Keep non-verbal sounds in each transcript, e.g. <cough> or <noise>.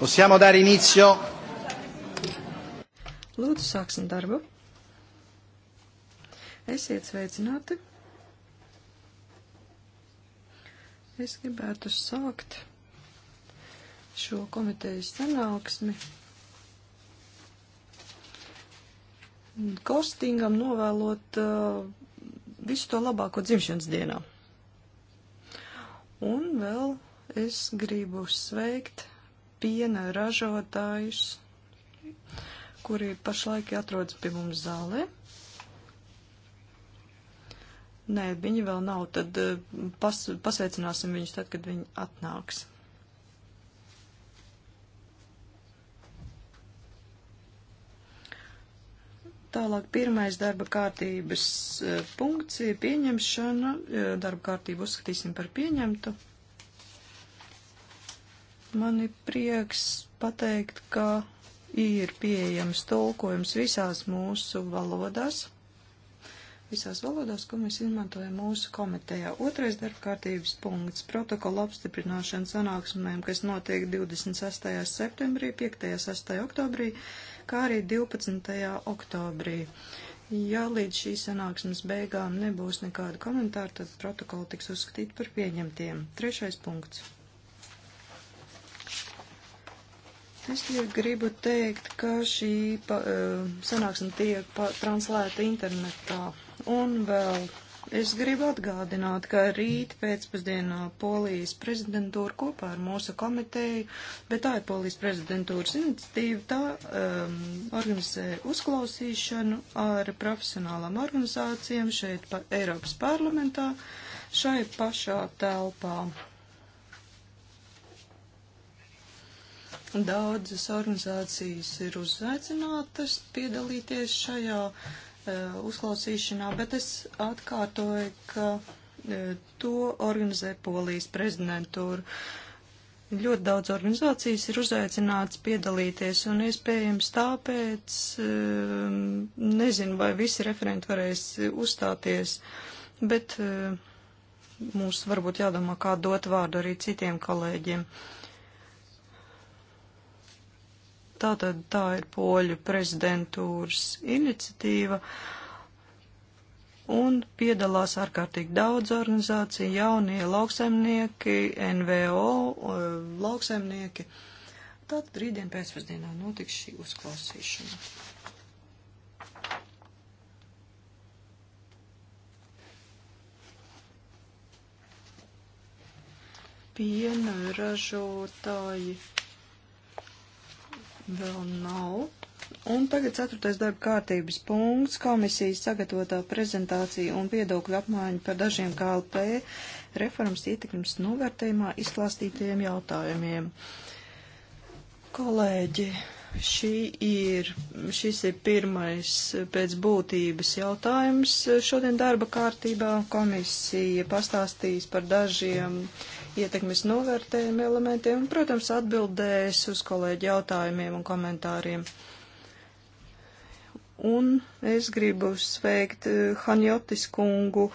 Possiamo dare inizio? Lūdzu, sāksim darbu. Esiet sveicināti. Es gribētu sākt šo komitejas sanāksmi. Kostingam novēlot uh, visu to labāko dzimšanas dienā. Un vēl es gribu sveikt piena ražotājus, kuri pašlaik atrodas pie mums zālē. Nē, viņi vēl nav, tad eh, pas, pasveicināsim viņus tad, kad viņi atnāks. Tālāk pirmais darba kārtības eh, punkts ir pieņemšana. Eh, darba kārtību uzskatīsim par pieņemtu. Man ir prieks pateikt, ka ir pieejams tulkojums visās mūsu valodās. Visās valodās, ko mēs izmantojam mūsu komitejā. Otrais darbkārtības punkts - protokola apstiprināšana sanāksmēm, kas notiek 26. septembrī, 5. 6. oktobrī, kā arī 12. oktobrī. Ja līdz šīs sanāksmes beigām nebūs nekādu komentāru, tad protokoli tiks uzskatīt par pieņemtiem. Trešais punkts. Es tikai gribu teikt, ka šī pa, e, sanāksme tiek pa, translēta internetā. Un vēl es gribu atgādināt, ka rīt pēcpusdienā Polijas prezidentūra kopā ar mūsu komiteju, bet tā ir Polijas prezidentūras iniciatīva, tā um, organizē uzklausīšanu ar profesionālām organizācijām šeit pa, Eiropas parlamentā šai pašā telpā. Daudzas organizācijas ir uzaicinātas piedalīties šajā e, uzklausīšanā, bet es atkārtoju, ka e, to organizē Polijas prezidentūra. Ļoti daudz organizācijas ir uzaicināts piedalīties, un iespējams tāpēc e, nezinu, vai visi referenti varēs uzstāties, bet e, mums varbūt jādomā, kā dot vārdu arī citiem kolēģiem. Uh, Tātad tā ir poļu prezidentūras iniciatīva un piedalās ārkārtīgi daudz organizāciju, jaunie lauksaimnieki, NVO lauksaimnieki. Tātad rītdien pēcpusdienā notiks šī uzklausīšana. Piena ražotāji vēl nav. Un tagad ceturtais darba kārtības punkts - komisijas sagatavotā prezentācija un viedokļu apmaiņa par dažiem KLP reformas ietekmes novērtējumā izklāstītajiem jautājumiem. Kolēģi, šī ir, šis ir pirmais pēc būtības jautājums šodien darba kārtībā. Komisija pastāstīs par dažiem. Uh, ietekmes novērtējuma elementiem un, protams, atbildēs uz kolēģi jautājumiem un komentāriem. Un es gribu sveikt eh, Hanjotis kungu,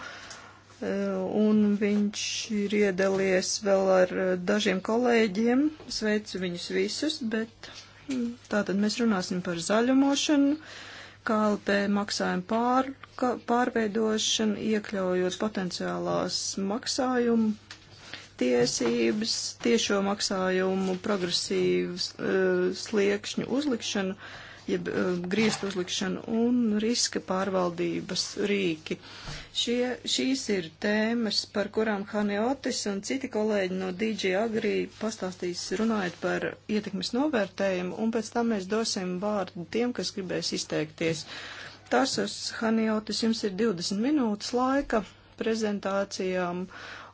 eh, un viņš ir iedalies vēl ar eh, dažiem kolēģiem. Sveicu viņus visus, bet mm, tātad mēs runāsim par zaļumošanu. KLP maksājumu pār, pārveidošanu, iekļaujot potenciālās maksājumu tiesības, tiešo maksājumu, progresīvas eh, sliekšņu uzlikšanu, jeb eh, griestu uzlikšanu un riska pārvaldības rīki. Šie, šīs ir tēmas, par kurām Haneotis un citi kolēģi no DJ Agri pastāstīs runājot par ietekmes novērtējumu, un pēc tam mēs dosim vārdu tiem, kas gribēs izteikties. Tāsas Haneotis, jums ir 20 minūtes laika prezentācijām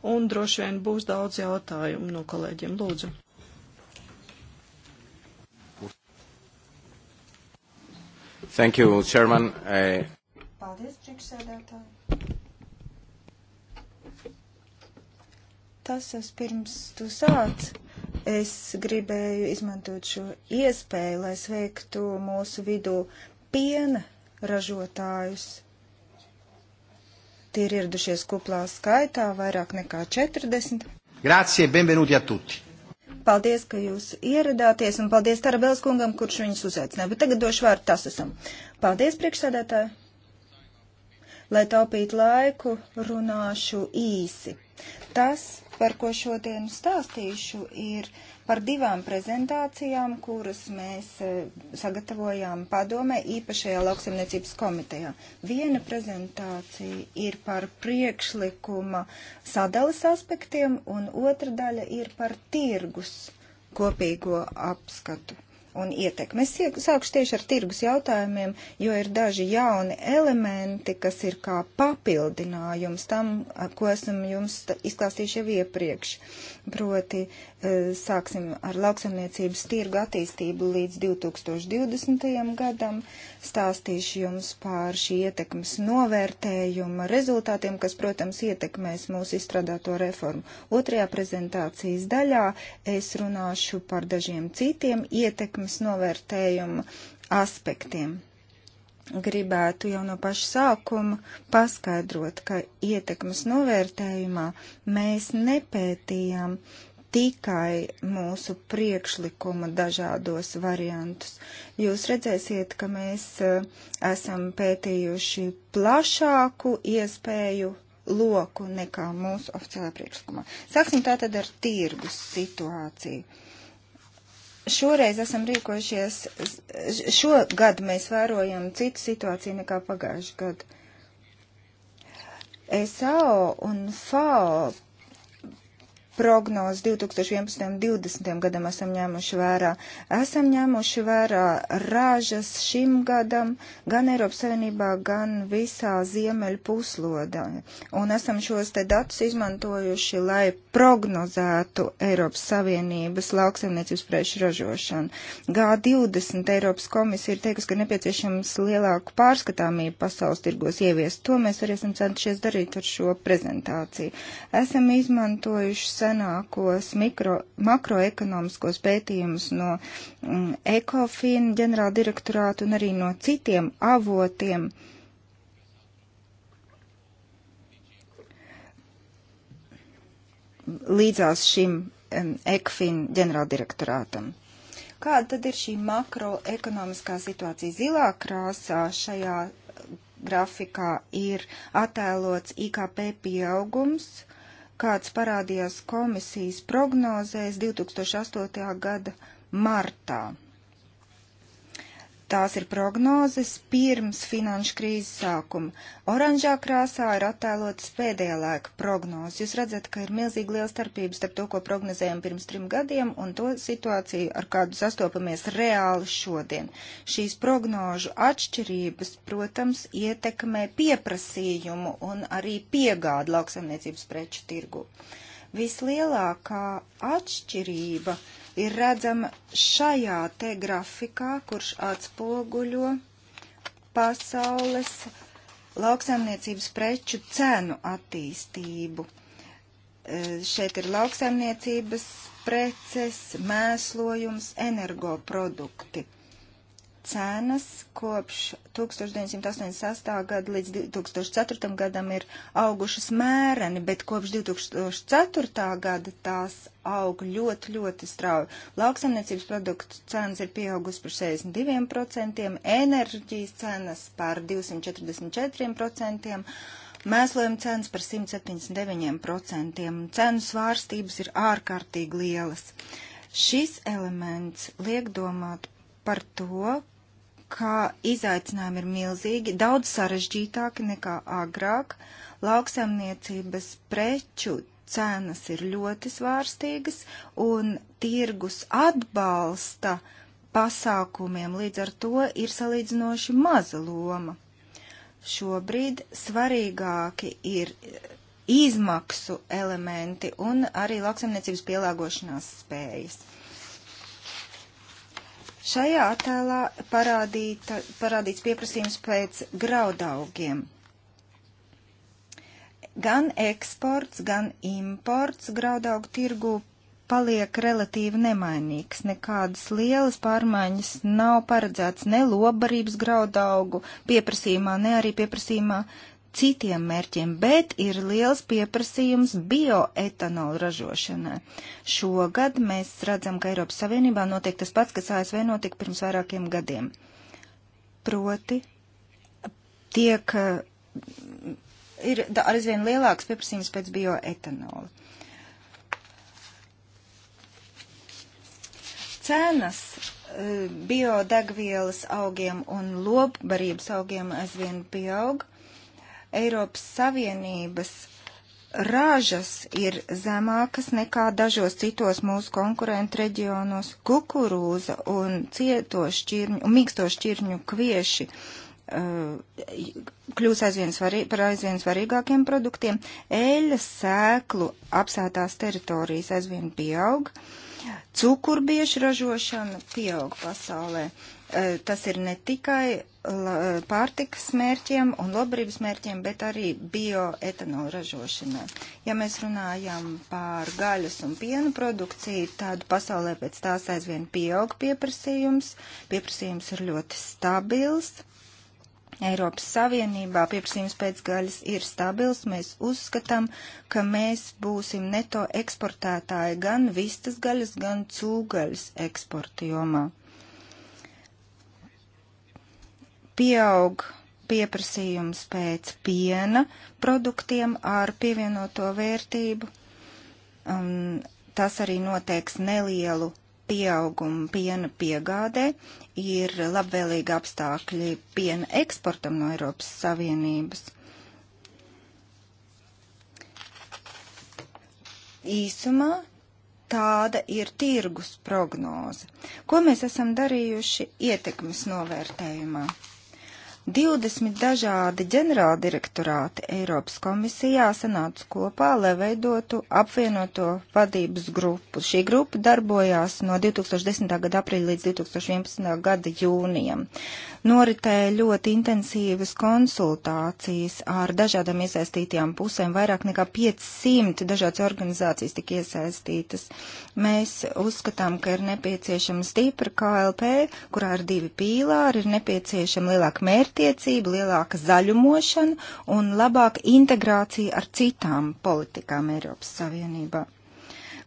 un droši vien būs daudz jautājumu no kolēģiem. Lūdzu. Thank you, Chairman. I... Eh, Paldies, priekšsēdētāji. Tas, es pirms tu sāc, es gribēju izmantot šo iespēju, lai sveiktu mūsu vidū piena ražotājus Tie ir ieradušies kuplā skaitā vairāk nekā 40. Grazie, benvenuti a tutti! Paldies, ka jūs ieradāties, un paldies Tarabels kungam, kurš viņus uzaicināja. Bet tagad došu vārdu tas esam. Paldies, priekšsēdētāji! Lai taupītu laiku, runāšu īsi. Tas par ko šodien stāstīšu, ir par divām prezentācijām, kuras mēs e, sagatavojām padomē īpašajā lauksimniecības komitejā. Viena prezentācija ir par priekšlikuma sadalas aspektiem, un otra daļa ir par tirgus kopīgo apskatu un ietekmi. Es sākušu tieši ar tirgus jautājumiem, jo ir daži jauni elementi, kas ir kā papildinājums tam, ko esam jums izklāstījuši jau iepriekš. Proti, e, sāksim ar lauksamniecības tirgu attīstību līdz 2020. gadam. Stāstīšu jums pār šī ietekmes novērtējuma rezultātiem, kas, protams, ietekmēs mūsu izstrādāto reformu. Otrajā prezentācijas daļā es runāšu par dažiem citiem ietekmes novērtējuma aspektiem gribētu jau no paša sākuma paskaidrot, ka ietekmes novērtējumā mēs nepētījām tikai mūsu priekšlikuma dažādos variantus. Jūs redzēsiet, ka mēs eh, esam pētījuši plašāku iespēju loku nekā mūsu oficiālajā priekšlikumā. Sāksim tātad ar tirgus situāciju. Šoreiz esam rīkojušies, šogad mēs vērojam citu situāciju nekā pagājušajā gadā. E SAO un FAO prognozes 2011. un 2020. gadam esam ņēmuši vērā. Esam ņēmuši vērā rāžas šim gadam gan Eiropas Savienībā, gan visā ziemeļu puslodā. Un esam šos te datus izmantojuši, lai prognozētu Eiropas Savienības lauksaimniecības preču ražošanu. G20 Eiropas komisija ir teikusi, ka nepieciešams lielāku pārskatāmību pasaules tirgos ieviest. To mēs arī esam centušies darīt ar šo prezentāciju. Esam izmantojuši senākos mikro, makroekonomiskos pētījumus no mm, ECOFIN ģenerāla direktorāta un arī no citiem avotiem. Līdzās šim mm, ECOFIN ģenerāla direktorātam. Kāda tad ir šī makroekonomiskā situācija? Zilā krāsā šajā grafikā ir attēlots IKP pieaugums kāds parādījās komisijas prognozēs 2008. gada martā. Tās ir prognozes pirms finanšu krīzes sākuma. Oranžā krāsā ir attēlotas pēdējā laika prognozes. Jūs redzat, ka ir milzīgi liela starpības starp to, ko prognozējām pirms trim gadiem, un to situāciju, ar kādu sastopamies reāli šodien. Šīs prognožu atšķirības, protams, ietekmē pieprasījumu un arī piegādu lauksaimniecības preču tirgu. Vislielākā atšķirība uh, ir redzama šajā te grafikā, kurš atspoguļo pasaules lauksaimniecības preču cenu attīstību. E, šeit ir lauksaimniecības preces, mēslojums, energoprodukti cenas kopš 1988. gada līdz 2004. gadam ir augušas mēreni, bet kopš 2004. gada tās aug ļoti, ļoti strauji. Lauksaimniecības produktu cenas ir pieaugusi par 62%, enerģijas cenas par 244%, mēslojuma cenas par 179%. Cenu svārstības ir ārkārtīgi lielas. Šis elements liek domāt par to, ka izaicinājumi ir milzīgi, daudz sarežģītāki nekā agrāk. Lauksaimniecības preču cenas ir ļoti svārstīgas un tirgus atbalsta pasākumiem, līdz ar to ir salīdzinoši maza loma. Šobrīd svarīgāki ir izmaksu elementi un arī lauksaimniecības pielāgošanās spējas. Šajā attēlā parādīta, parādīts pieprasījums pēc graudaugiem. Gan eksports, gan imports graudaugu tirgu paliek relatīvi nemainīgs. Nekādas lielas pārmaiņas nav paredzēts ne lobarības graudaugu pieprasījumā, ne arī pieprasījumā citiem mērķiem, bet ir liels pieprasījums bioetanolu ražošanai. Šogad mēs redzam, ka Eiropas Savienībā notiek tas pats, kas ASV notika pirms vairākiem gadiem. Proti tiek, ir arvien lielāks pieprasījums pēc bioetanola. Cenas eh, biodegvielas augiem un lopbarības augiem aizvien pieaug Eiropas Savienības ražas ir zemākas nekā dažos citos mūsu konkurentu reģionos. Kukurūza un cieto šķirņu, un mīksto šķirņu kvieši uh, kļūs aizvien svarī, par aizvien svarīgākiem produktiem. Eļas sēklu apsētās teritorijas aizvien pieaug. Cukurbiešu ražošana pieaug pasaulē. Uh, Eh, tas ir ne tikai eh, pārtikas mērķiem un labdarības mērķiem, bet arī bioetanola ražošanai. Ja mēs runājam par gaļas un pienu produkciju, tad pasaulē pēc tās aizvien pieaug pieprasījums. Pieprasījums ir ļoti stabils. Eiropas Savienībā pieprasījums pēc gaļas ir stabils. Mēs uzskatām, ka mēs būsim neto eksportētāji gan vistas gaļas, gan cūgaļas eksporta jomā. pieaug pieprasījums pēc piena produktiem ar pievienoto vērtību. Um, tas arī noteiks nelielu pieaugumu piena piegādē. Ir labvēlīgi apstākļi piena eksportam no Eiropas Savienības. Īsumā tāda ir tirgus prognoze. Ko mēs esam darījuši ietekmes novērtējumā? 20 dažādi ģenerāldirektorāti Eiropas komisijā sanāca kopā, lai veidotu apvienoto vadības grupu. Šī grupa darbojās no 2010. gada aprīļa līdz 2011. gada jūnijam. Noritēja ļoti intensīvas konsultācijas ar dažādām iesaistītajām pusēm, vairāk nekā 500 dažādas organizācijas tika iesaistītas. Mēs uzskatām, ka ir nepieciešama stipra KLP, kurā ir divi pīlāri, ir nepieciešama lielāka mērķa mērķtiecība, lielāka zaļumošana un labāka integrācija ar citām politikām Eiropas Savienībā.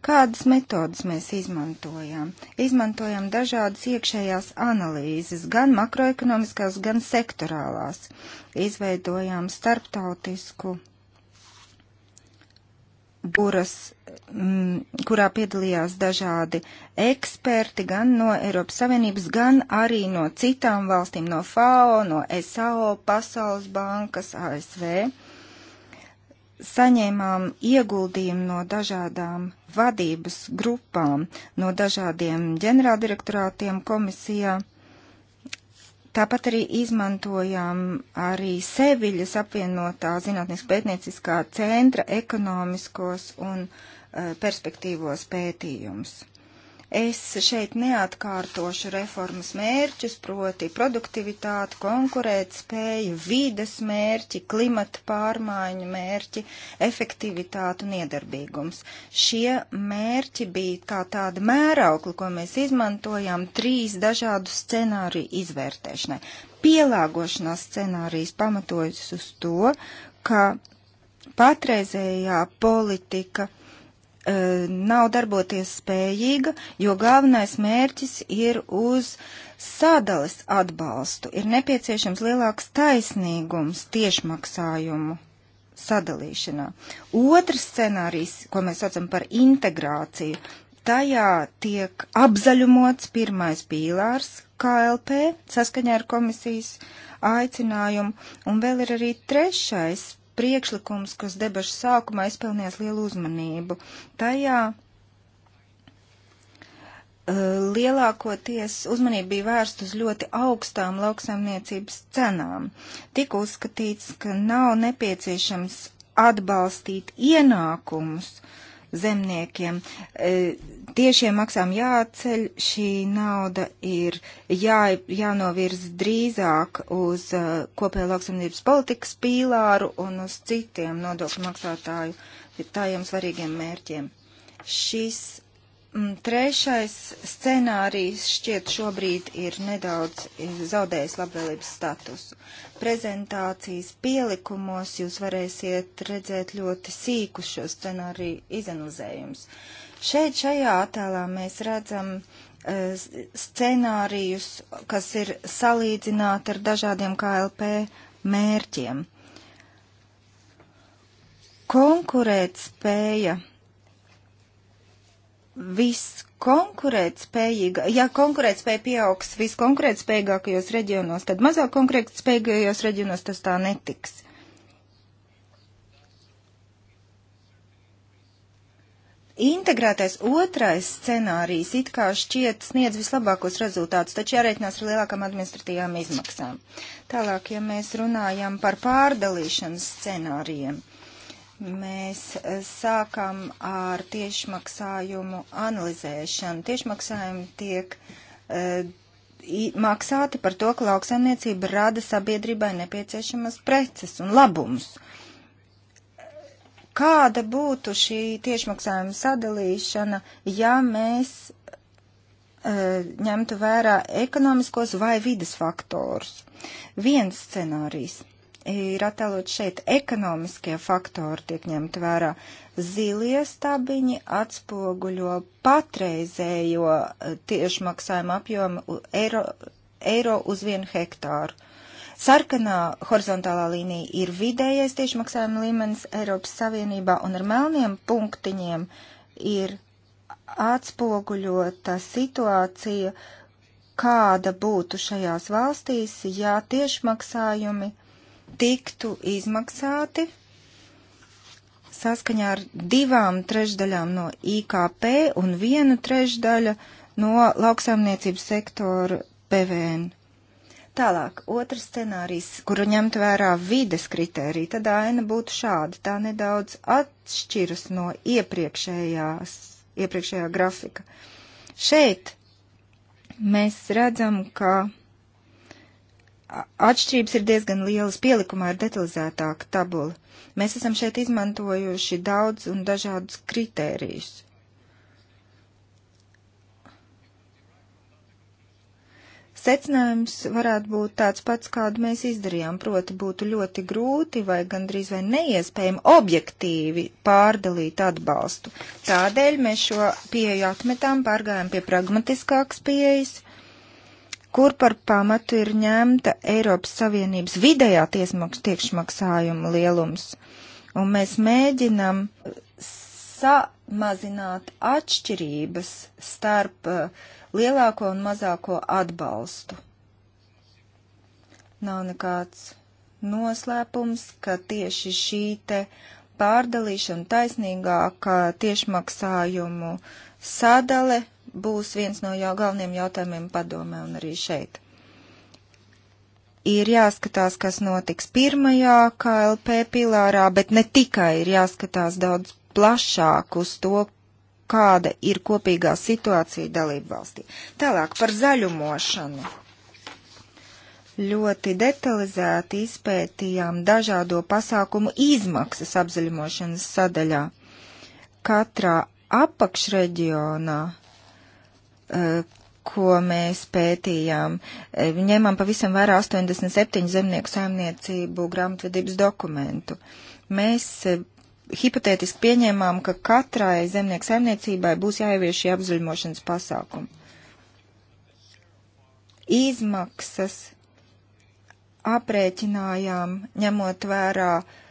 Kādas metodas mēs izmantojām? Izmantojām dažādas iekšējās analīzes, gan makroekonomiskās, gan sektorālās. Izveidojām starptautisku buras Mm, kurā piedalījās dažādi eksperti gan no Eiropas Savienības, gan arī no citām valstīm, no FAO, no SAO, Pasaules bankas, ASV. Saņēmām ieguldījumu no dažādām vadības grupām, no dažādiem ģenerāldirektorātiem komisijā. Tāpat arī izmantojām arī Seviļas apvienotā zinātniska pētnieciskā centra ekonomiskos un uh, Eh, perspektīvos pētījumus. Es šeit neatkārtošu reformas mērķus, proti produktivitāti, konkurētspēju, vides mērķi, klimata pārmaiņu mērķi, efektivitāti un iedarbīgums. Šie mērķi bija kā tāda mēraukli, ko mēs izmantojām trīs dažādu scenāriju izvērtēšanai. Pielāgošanās scenārijas pamatojas uz to, ka patreizējā politika – E, nav darboties spējīga, jo galvenais mērķis ir uz sadales atbalstu. Ir nepieciešams lielāks taisnīgums tiešmaksājumu sadalīšanā. Otrs scenārijs, ko mēs saucam par integrāciju, tajā tiek apzaļumots pirmais pīlārs KLP saskaņā ar komisijas aicinājumu, un vēl ir arī trešais priekšlikums, kas debašu sākumā izpelnījās lielu uzmanību. Tajā eh, lielākoties uzmanība bija vērsta uz ļoti augstām lauksaimniecības cenām. Tika uzskatīts, ka nav nepieciešams atbalstīt ienākumus, uh, zemniekiem. E, Tiešiem maksām jāceļ, šī nauda ir jā, jānovirz drīzāk uz e, kopējo lauksamības politikas pīlāru un uz citiem nodokļu maksātāju tājiem svarīgiem mērķiem. Šis Mm, trešais scenārijs šķiet šobrīd ir nedaudz zaudējis labvēlības statusu. Prezentācijas pielikumos jūs varēsiet redzēt ļoti sīku šo scenāriju izanalizējumus. Šeit šajā attēlā mēs redzam uh, scenārijus, kas ir salīdzināti ar dažādiem KLP mērķiem. Konkurēt spēja viss konkurētspējīga, ja konkurētspēja pieaugs viss konkurētspējīgākajos reģionos, tad mazāk konkurētspējīgajos reģionos tas tā netiks. Integrētais otrais scenārijs it kā šķiet sniedz vislabākos rezultātus, taču jārēķinās ar lielākām administratīvām izmaksām. Tālāk, ja mēs runājam par pārdalīšanas scenārijiem. Uh, Mēs eh, sākam ar tiešmaksājumu analizēšanu. Tiešmaksājumi tiek uh, maksāti par to, ka lauksaimniecība rada sabiedrībai nepieciešamas preces un labumus. Kāda būtu šī tiešmaksājuma sadalīšana, ja mēs eh, ņemtu vērā ekonomiskos vai vidas faktorus. Viens scenārijs ir attēlot šeit. Ekonomiskie faktori tiek ņemt vērā. Zilie stabiņi atspoguļo patreizējo eh, tiešmaksājumu apjomu eiro, eiro uz vienu hektāru. Sarkanā horizontālā līnija ir vidējais tiešmaksājuma līmenis Eiropas Savienībā, un ar melniem punktiņiem ir atspoguļota situācija, kāda būtu šajās valstīs, ja tiešmaksājumi tiktu izmaksāti saskaņā ar divām trešdaļām no IKP un vienu trešdaļu no lauksaimniecības sektora PVN. Tālāk, otrs scenārijs, kuru ņemt vērā vides kritērija, tad aina būtu šāda. Tā nedaudz atšķiras no iepriekšējās, iepriekšējā grafika. Šeit mēs redzam, ka atšķirības ir diezgan lielas. Pielikumā ir detalizētāka tabula. Mēs esam šeit izmantojuši daudz un dažādus kritērijus. Secinājums varētu būt tāds pats, kādu mēs izdarījām, proti būtu ļoti grūti vai gandrīz vai neiespējami objektīvi pārdalīt atbalstu. Tādēļ mēs šo pieeju atmetām, pārgājām pie pragmatiskākas pieejas kur par pamatu ir ņemta Eiropas Savienības vidējā tiesmaks tiekšmaksājuma lielums. Un mēs mēģinam samazināt atšķirības starp eh, lielāko un mazāko atbalstu. Nav nekāds noslēpums, ka tieši šī te pārdalīšana taisnīgāka tiešmaksājumu sadale būs viens no jau galveniem jautājumiem padomē un arī šeit. Ir jāskatās, kas notiks pirmajā KLP pilārā, bet ne tikai ir jāskatās daudz plašāk uz to, kāda ir kopīgā situācija dalību valstī. Tālāk par zaļumošanu ļoti detalizēti izpētījām dažādo pasākumu izmaksas apzaļumošanas sadaļā. Katrā apakšreģionā Eh, ko mēs pētījām. Eh, Ņēmām pavisam vērā 87 zemnieku saimniecību grāmatvedības dokumentu. Mēs eh, hipotētiski pieņēmām, ka katrai zemnieku saimniecībai būs jāievieš šie apzaļmošanas pasākumi. Izmaksas aprēķinājām ņemot vērā uh,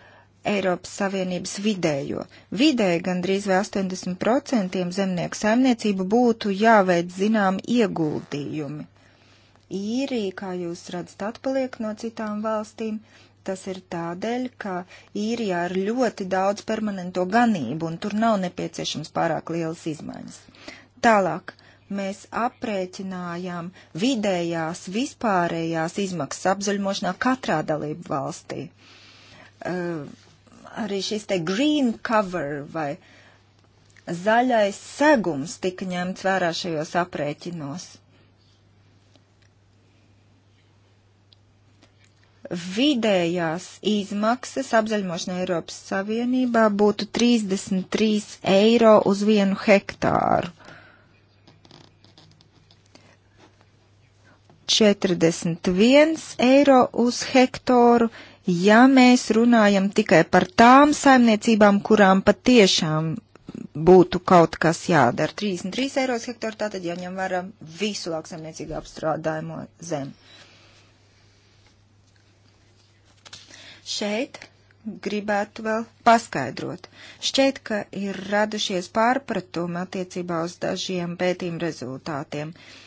Eiropas Savienības vidējo. Vidēji gandrīz vai 80% zemnieku saimniecību būtu jāveic zinām ieguldījumi. Īrija, kā jūs redzat, atpaliek no citām valstīm. Tas ir tādēļ, ka īrijā ir ļoti daudz permanento ganību un tur nav nepieciešams pārāk lielas izmaiņas. Tālāk mēs aprēķinājām vidējās vispārējās izmaksas apzaļmošanā katrā dalību valstī. Uh, arī šis te green cover vai zaļais segums tika ņemts vērā šajos aprēķinos. Vidējās izmaksas apzaļmošanai Eiropas Savienībā būtu 33 eiro uz vienu hektāru. 41 eiro uz hektāru ja mēs runājam tikai par tām saimniecībām, kurām patiešām būtu kaut kas jādara. 33 eiro hektāru tātad jāņem vērā visu lauksaimniecību apstrādājumu zemi. Šeit gribētu vēl paskaidrot. Šķiet, ka ir radušies pārpratumi attiecībā uz dažiem pētījumu rezultātiem. Uh,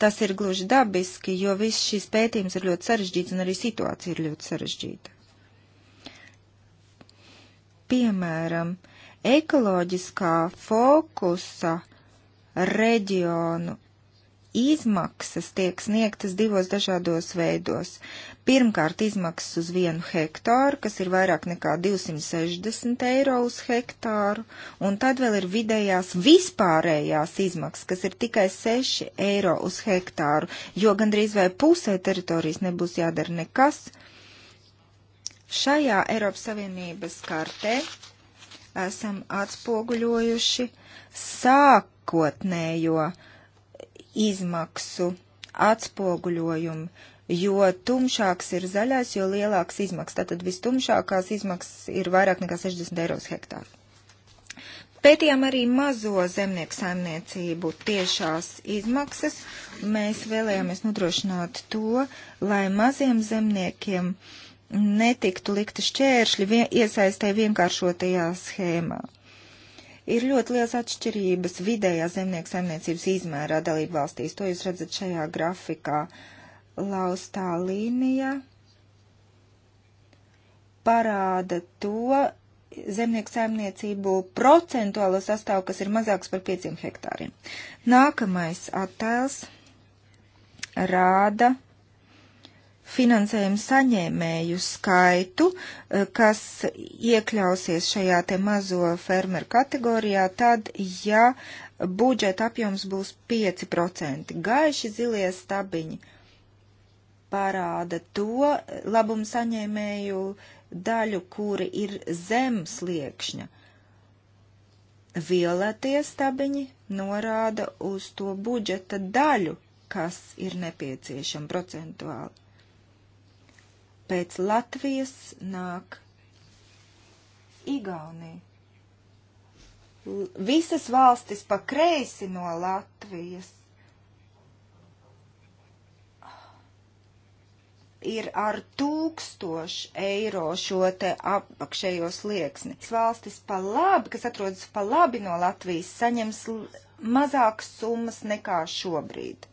Tas ir gluži dabiski, jo viss šis pētījums ir ļoti sarežģīts un arī situācija ir ļoti sarežģīta. Piemēram, ekoloģiskā fokusa reģionu Izmaksas tiek sniegtas divos dažādos veidos. Pirmkārt, izmaksas uz vienu hektāru, kas ir vairāk nekā 260 eiro uz hektāru, un tad vēl ir vidējās vispārējās izmaksas, kas ir tikai 6 eiro uz hektāru, jo gandrīz vai pusē teritorijas nebūs jādara nekas. Šajā Eiropas Savienības kartē esam atspoguļojuši sākotnējo izmaksu atspoguļojumu, jo tumšāks ir zaļais, jo lielāks izmaksas. Tātad vistumšākās izmaksas ir vairāk nekā 60 eiro uz hektāru. Pētījām arī mazo zemnieku saimniecību tiešās izmaksas. Mēs vēlējāmies nodrošināt to, lai maziem zemniekiem netiktu likta šķēršļi vien, iesaistē vienkāršotajā schēmā. Ir ļoti liels atšķirības vidējā zemnieku saimniecības izmērā dalību valstīs. To jūs redzat šajā grafikā. Laustā līnija parāda to zemnieku saimniecību procentuālo sastāvu, kas ir mazāks par 5 hektāriem. Nākamais attēls rāda finansējumu saņēmēju skaitu, eh, kas iekļausies šajā te mazo fermeru kategorijā, tad, ja budžeta apjoms būs 5%. Gaiši zilie stabiņi parāda to labumu saņēmēju daļu, kuri ir zem sliekšņa. Violetie stabiņi norāda uz to budžeta daļu, kas ir nepieciešama procentuāli. Pēc Latvijas nāk Igaunija. Visas valstis pa kreisi no Latvijas ir ar tūkstošu eiro šo te apakšējo slieksni. Valstis pa labi, kas atrodas pa labi no Latvijas, saņems mazākas summas nekā šobrīd.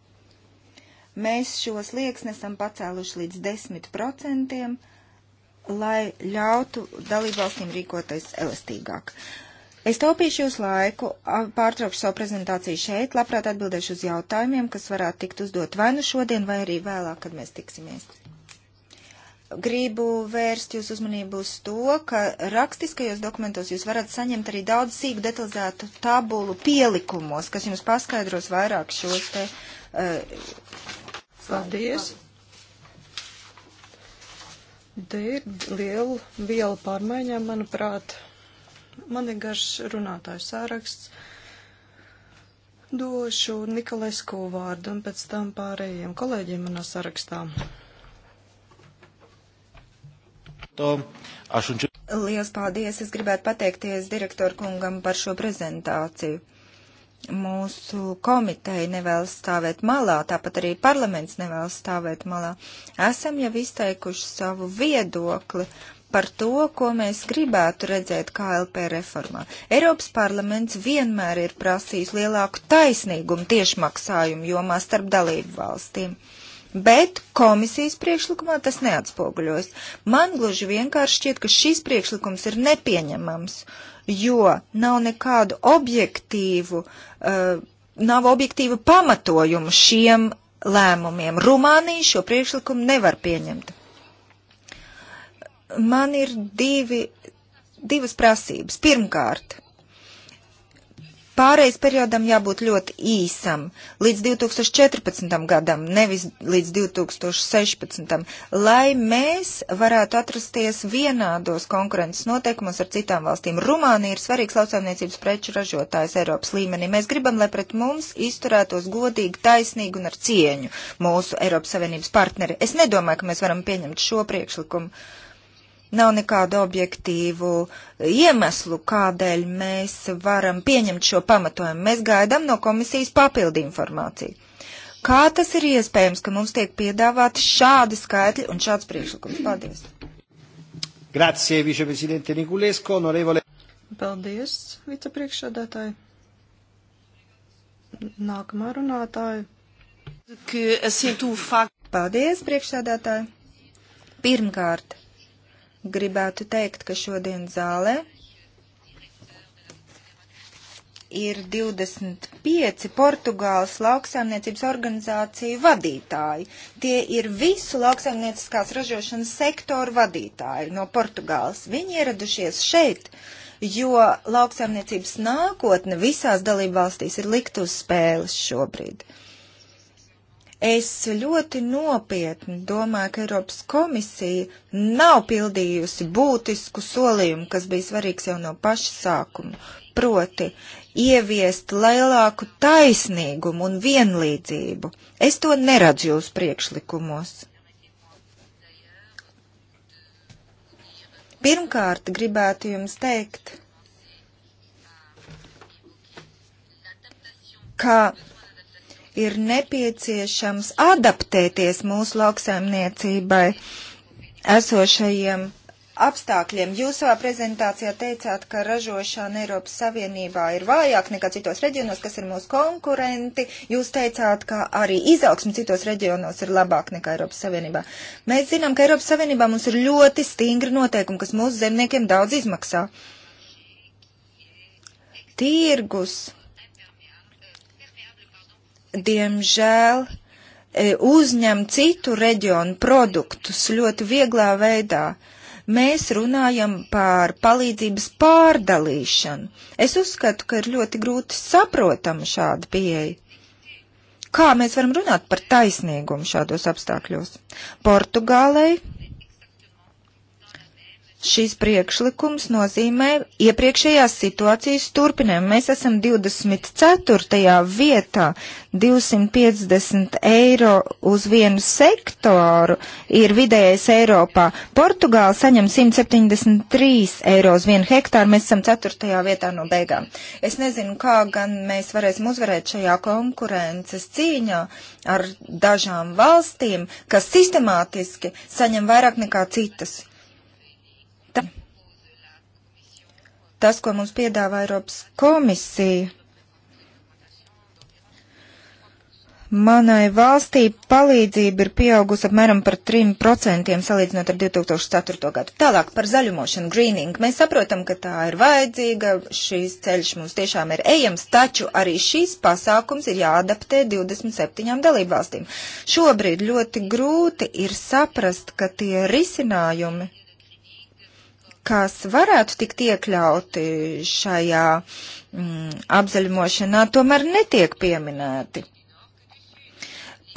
Mēs šos liekas nesam pacēluši līdz 10%, lai ļautu dalībvalstīm rīkoties elastīgāk. Es taupīšu jūs laiku, pārtraukšu savu prezentāciju šeit, labprāt atbildēšu uz jautājumiem, kas varētu tikt uzdot vai nu šodien, vai arī vēlāk, kad mēs tiksimies gribu vērst jūsu uzmanību uz to, ka rakstiskajos dokumentos jūs varat saņemt arī daudz sīku detalizētu tabulu pielikumos, kas jums paskaidros vairāk šos te uh, Paldies! Te ir liela viela pārmaiņām, manuprāt. Man ir garš runātāju sāraksts. Došu Nikolesku vārdu un pēc tam pārējiem kolēģiem manā sarakstā. Liels paldies! Es gribētu pateikties direktoru kungam par šo prezentāciju mūsu komiteja nevēlas stāvēt malā, tāpat arī parlaments nevēlas stāvēt malā. Esam jau izteikuši savu viedokli par to, ko mēs gribētu redzēt KLP reformā. Eiropas parlaments vienmēr ir prasījis lielāku taisnīgumu tiešmaksājumu jomā starp dalību valstīm. Uh, bet komisijas priekšlikumā tas neatspoguļojas. Man gluži vienkārši šķiet, ka šis priekšlikums ir nepieņemams, jo nav nekādu objektīvu, uh, nav objektīvu pamatojumu šiem lēmumiem. Rumānija šo priekšlikumu nevar pieņemt. Man ir divi, divas prasības. Pirmkārt, Pārejas periodam jābūt ļoti īsam, līdz 2014. gadam, nevis līdz 2016. lai mēs varētu atrasties vienādos konkurences noteikumos ar citām valstīm. Rumānija ir svarīgs lauksaimniecības preču ražotājs Eiropas līmenī. Mēs gribam, lai pret mums izturētos godīgi, taisnīgi un ar cieņu mūsu Eiropas Savienības partneri. Es nedomāju, ka mēs varam pieņemt šo priekšlikumu. Nav nekādu objektīvu iemeslu, kādēļ mēs varam pieņemt šo pamatojumu. Mēs gaidām no komisijas papildi informāciju. Kā tas ir iespējams, ka mums tiek piedāvāti šādi skaitļi un šāds priekšlikums? Paldies! Grazie, viceprezidente Nikulesko, onorevole. Paldies, vicepriekšsādātāji. Nākamā runātāja. Eh, Paldies, priekšsādātāji. Pirmkārt, Gribētu teikt, ka šodien zālē ir 25 Portugāles lauksaimniecības organizāciju vadītāji. Tie ir visu lauksaimnieciskās ražošanas sektoru vadītāji no Portugāles. Viņi ieradušies šeit, jo lauksaimniecības nākotne visās dalībvalstīs ir likt uz spēles šobrīd. Uh, Es ļoti nopietni domāju, ka Eiropas komisija nav pildījusi būtisku solījumu, kas bija svarīgs jau no paša sākuma, proti ieviest lielāku taisnīgumu un vienlīdzību. Es to neredzu jūsu priekšlikumos. Pirmkārt, gribētu jums teikt, ka ir nepieciešams adaptēties mūsu lauksaimniecībai esošajiem apstākļiem. Jūs savā prezentācijā teicāt, ka ražošana Eiropas Savienībā ir vājāk nekā citos reģionos, kas ir mūsu konkurenti. Jūs teicāt, ka arī izaugsme citos reģionos ir labāk nekā Eiropas Savienībā. Mēs zinām, ka Eiropas Savienībā mums ir ļoti stingri noteikumi, kas mūsu zemniekiem daudz izmaksā. Tirgus diemžēl, e, uzņem citu reģionu produktus ļoti vieglā veidā. Mēs runājam par palīdzības pārdalīšanu. Es uzskatu, ka ir ļoti grūti saprotama šāda pieeja. Kā mēs varam runāt par taisnīgumu šādos apstākļos? Portugālei Šis priekšlikums nozīmē iepriekšējās situācijas turpinājumu. Mēs esam 24. vietā, 250 eiro uz vienu sektoru ir vidējais Eiropā. Portugāla saņem 173 eiro uz vienu hektāru, mēs esam 4. vietā no beigām. Es nezinu, kā gan mēs varēsim uzvarēt šajā konkurences cīņā ar dažām valstīm, kas sistemātiski saņem vairāk nekā citas. tas, ko mums piedāvā Eiropas komisija. Manai valstī palīdzība ir pieaugusi apmēram par 3% salīdzinot ar 2004. gadu. Tālāk par zaļumošanu, greening. Mēs saprotam, ka tā ir vajadzīga, šīs ceļš mums tiešām ir ejams, taču arī šīs pasākums ir jāadaptē 27 dalību valstīm. Šobrīd ļoti grūti ir saprast, ka tie risinājumi kas varētu tikt iekļauti šajā mm, apzaļumošanā, tomēr netiek pieminēti.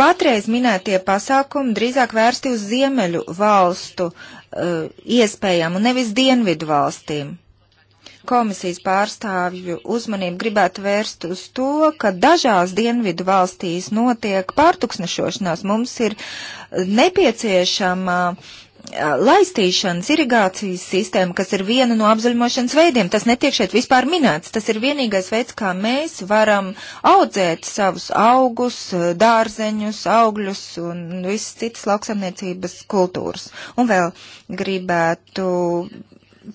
Patreiz minētie pasākumi drīzāk vērsti uz ziemeļu valstu uh, iespējām un nevis dienvidu valstīm. Komisijas pārstāvju uzmanību gribētu vērst uz to, ka dažās dienvidu valstīs notiek pārtuksnešošanās. Mums ir nepieciešama uh, laistīšanas irigācijas sistēma, kas ir viena no apzaļmošanas veidiem, tas netiek šeit vispār minēts. Tas ir vienīgais veids, kā mēs varam audzēt savus augus, dārzeņus, augļus un visas citas lauksamniecības kultūras. Un vēl gribētu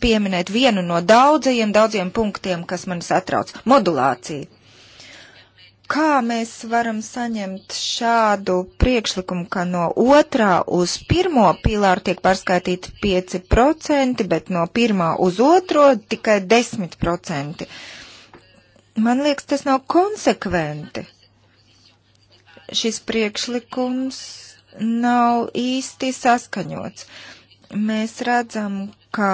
pieminēt vienu no daudzajiem, daudziem punktiem, kas man satrauc - modulācija kā mēs varam saņemt šādu priekšlikumu, ka no otrā uz pirmo pīlāru tiek pārskaitīti 5%, bet no pirmā uz otro tikai 10%? Man liekas, tas nav konsekventi. Šis priekšlikums nav īsti saskaņots. Mēs redzam, ka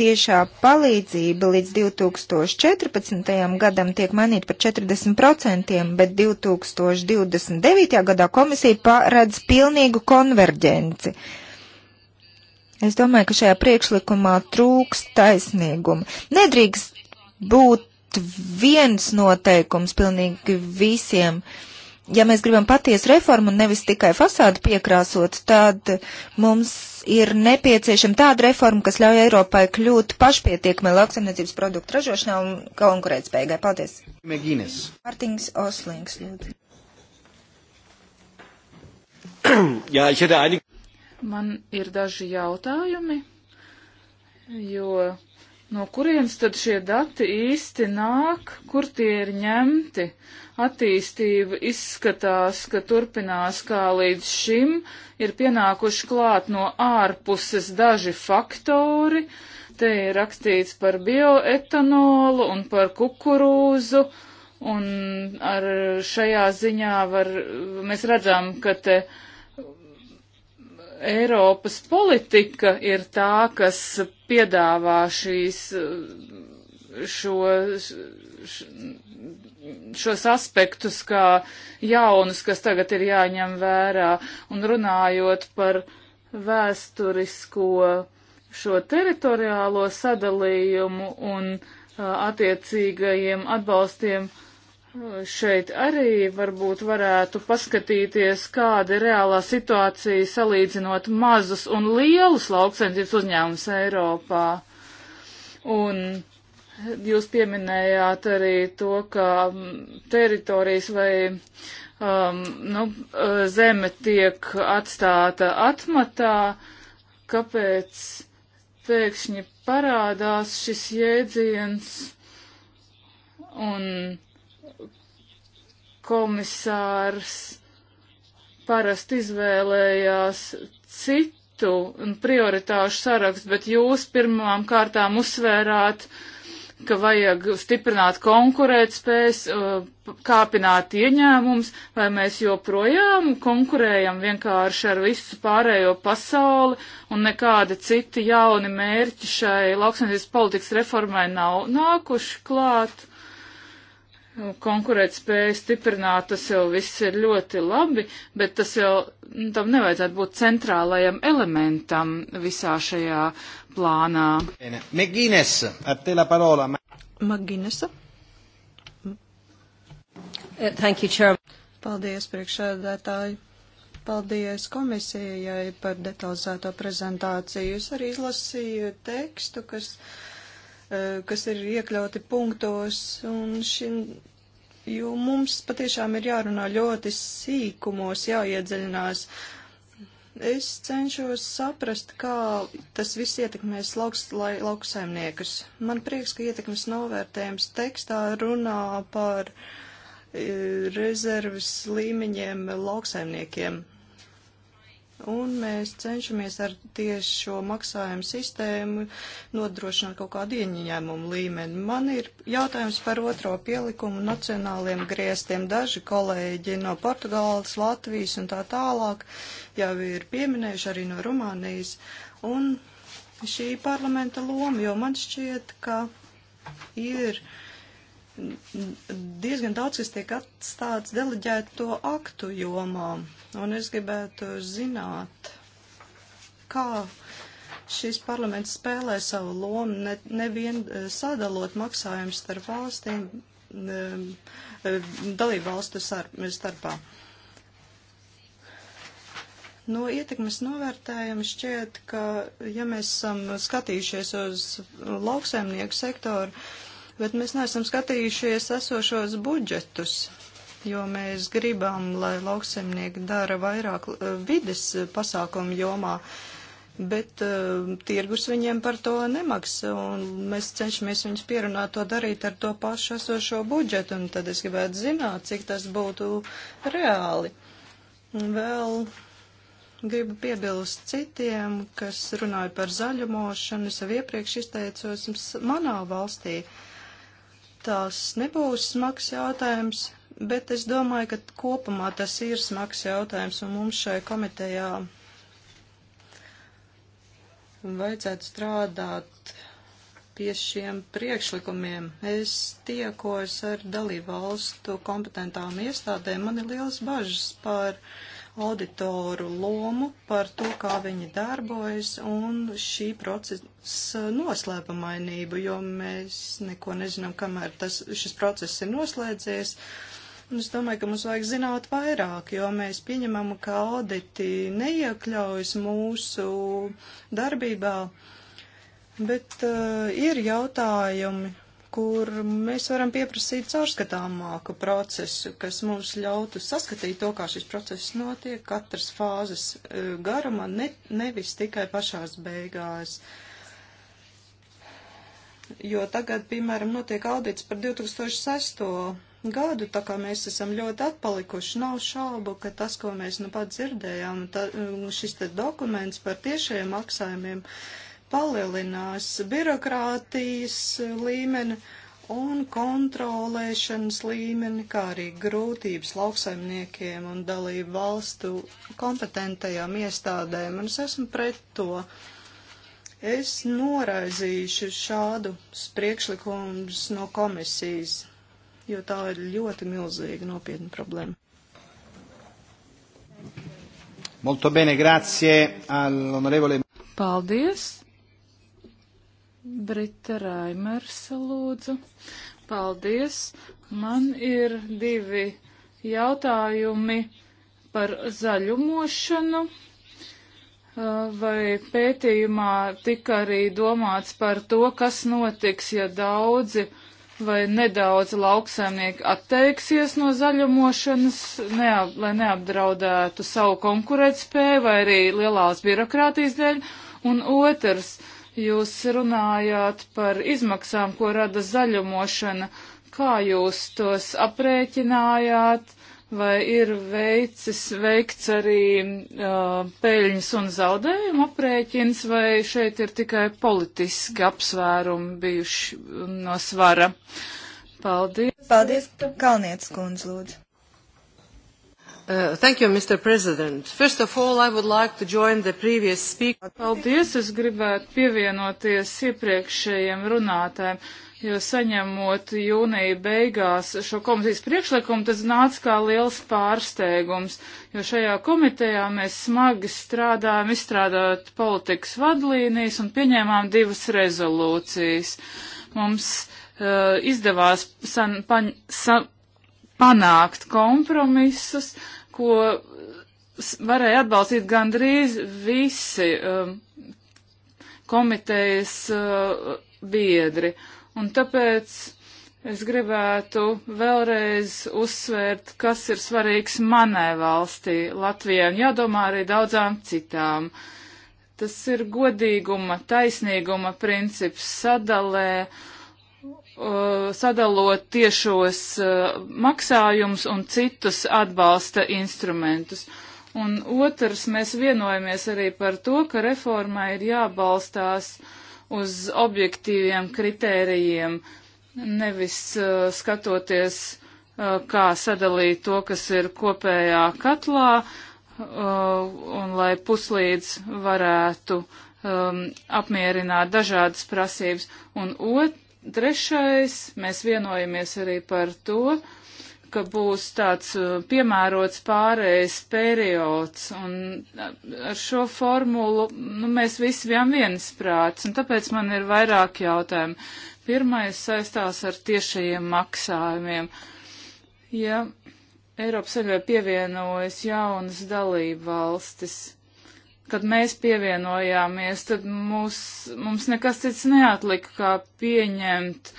tiešā palīdzība līdz 2014. gadam tiek mainīta par 40%, bet 2029. gadā komisija paredz pilnīgu konverģenci. Es domāju, ka šajā priekšlikumā trūks taisnīguma. Nedrīkst būt viens noteikums pilnīgi visiem uh, ja mēs gribam patiesu reformu un nevis tikai fasādu piekrāsot, tad mums ir nepieciešama tāda reforma, kas ļauj Eiropai kļūt pašpietiekamai lauksaimniecības produktu ražošanā un konkurētspējīgai. Paldies! Mēģinies! Mārtiņš Oslings, lūdzu. <clears throat> Jā, ja, Man ir daži jautājumi, jo No kurienes tad šie dati īsti nāk, kur tie ir ņemti? Attīstība izskatās, ka turpinās kā līdz šim, ir pienākuši klāt no ārpuses daži faktori, te ir rakstīts par bioetanolu un par kukurūzu, un ar šajā ziņā var, mēs redzam, ka te uh, Eiropas politika ir tā, kas piedāvā šīs, šo, šos aspektus kā jaunus, kas tagad ir jāņem vērā. Un runājot par vēsturisko šo teritoriālo sadalījumu un attiecīgajiem atbalstiem, uh, Šeit arī varbūt varētu paskatīties, kāda ir reālā situācija salīdzinot mazus un lielus lauksaimniecības uzņēmumus Eiropā. Un jūs pieminējāt arī to, ka mm, teritorijas vai um, nu, zeme tiek atstāta atmatā, kāpēc pēkšņi parādās šis jēdziens un komisārs parasti izvēlējās citu prioritāšu sarakstu, bet jūs pirmām kārtām uzsvērāt, ka vajag stiprināt konkurētspējas, uh, kāpināt ieņēmums, vai mēs joprojām konkurējam vienkārši ar visu pārējo pasauli un nekādi citi jauni mērķi šai lauksaimniecības politikas reformai nav nākuši klāt konkurētspēju stiprināt, tas jau viss ir ļoti labi, bet tas jau nu, tam nevajadzētu būt centrālajam elementam visā šajā plānā. Megines, ar te la parola. Magines. Uh, thank you, Chair. Paldies, priekšsēdētāji. Paldies komisijai par detalizēto prezentāciju. Jūs arī izlasīju tekstu, kas uh, kas ir iekļauti punktos, un šim jo mums patiešām ir jārunā ļoti sīkumos, jāiedziļinās. Es cenšos saprast, kā tas viss ietekmēs lauks, lai, lauksaimniekus. Man prieks, ka ietekmes novērtējums tekstā runā par e, rezerves līmeņiem lauksaimniekiem un mēs cenšamies ar tieši šo maksājumu sistēmu nodrošināt kaut kādu ieņēmumu līmeni. Man ir jautājums par otro pielikumu nacionāliem griestiem. Daži kolēģi no Portugāles, Latvijas un tā tālāk jau ir pieminējuši arī no Rumānijas. Un šī parlamenta loma, jo man šķiet, ka ir. Uh, diezgan daudz, kas tiek atstāts deleģēto aktu jomā, un es gribētu zināt, kā šis parlaments spēlē savu lomu, ne, nevien eh, sadalot maksājumus starp valstīm, ehm, ehm, dalību valstu starpā. No ietekmes novērtējuma šķiet, ka, ja mēs esam skatījušies uz lauksaimnieku sektoru, bet mēs neesam skatījušies esošos budžetus, jo mēs gribam, lai lauksemnieki dara vairāk eh, vides pasākumu jomā, bet uh, tirgus viņiem par to nemaksā, un mēs cenšamies viņus pierunāt to darīt ar to pašu esošo budžetu, un tad es gribētu zināt, cik tas būtu reāli. Un vēl gribu piebilst citiem, kas runāja par zaļumošanu, es jau iepriekš izteicos manā valstī. Uh, tas nebūs smags jautājums, bet es domāju, ka kopumā tas ir smags jautājums, un mums šai komitejā vajadzētu strādāt pie šiem priekšlikumiem. Es tiekos ar dalību valstu kompetentām iestādēm. Man ir liels bažas par uh, auditoru lomu par to, kā viņi darbojas un šī procesa noslēpamainību, jo mēs neko nezinām, kamēr tas, šis process ir noslēdzies. Un es domāju, ka mums vajag zināt vairāk, jo mēs pieņemam, ka auditi neiekļaujas mūsu darbībā, bet uh, ir jautājumi, kur mēs varam pieprasīt caurskatāmāku procesu, kas mums ļautu saskatīt to, kā šis process notiek, katras fāzes e, garumā, ne, nevis tikai pašās beigās. Jo tagad, piemēram, notiek audits par 2006. gadu, tā kā mēs esam ļoti atpalikuši, nav šaubu, ka tas, ko mēs nu pat dzirdējām, ta, šis te dokuments par tiešajiem maksājumiem, uh, palielinās birokrātijas līmeni un kontrolēšanas līmeni, kā arī grūtības lauksaimniekiem un dalību valstu kompetentajām iestādēm, un es esmu pret to. Es noraizīšu šādu priekšlikumus no komisijas, jo tā ir ļoti milzīga nopietna problēma. Molto bene, grazie all'onorevole. Paldies Brita Raimers, lūdzu. Paldies. Man ir divi jautājumi par zaļumošanu. Uh, vai pētījumā tika arī domāts par to, kas notiks, ja daudzi vai nedaudz lauksaimnieki atteiksies no zaļumošanas, neap, lai neapdraudētu savu konkurētspēju vai arī lielās birokrātijas dēļ? Un otrs, uh, Jūs runājāt par izmaksām, ko rada zaļumošana. Kā jūs tos aprēķinājāt? Vai ir veicis, veikts arī uh, peļņas un zaudējumu aprēķins, vai šeit ir tikai politiski apsvērumi bijuši no svara? Paldies. Paldies, Kalnietis kundze, lūdzu. Uh, thank you, Mr. President. First of all, I would like to join the previous speaker. Paldies, es gribētu pievienoties iepriekšējiem runātājiem, jo saņemot jūnija beigās šo komisijas priekšlikumu, tas nāca kā liels pārsteigums, jo šajā komitejā mēs smagi strādājam, izstrādājot politikas vadlīnijas un pieņēmām divas rezolūcijas. Mums uh, izdevās san, paņ, san, panākt kompromisus, ko varēja atbalstīt gandrīz visi um, komitejas uh, biedri. Un tāpēc es gribētu vēlreiz uzsvērt, kas ir svarīgs manai valstī, Latvijai, un jādomā arī daudzām citām. Tas ir godīguma, taisnīguma princips sadalē Uh, sadalot tiešos uh, maksājumus un citus atbalsta instrumentus. Un otrs, mēs vienojamies arī par to, ka reformai ir jābalstās uz objektīviem kritērijiem, nevis uh, skatoties, uh, kā sadalīt to, kas ir kopējā katlā, uh, un lai puslīdz varētu um, apmierināt dažādas prasības. Un ot, Trešais, mēs vienojamies arī par to, ka būs tāds uh, piemērots pārējais periods, un uh, ar šo formulu nu, mēs visi bijām viensprāts, un tāpēc man ir vairāk jautājumu. Pirmais saistās ar tiešajiem maksājumiem. Ja Eiropas Savienībai pievienojas jaunas dalība valstis, kad mēs pievienojāmies, tad mūs, mums nekas cits neatlika, kā pieņemt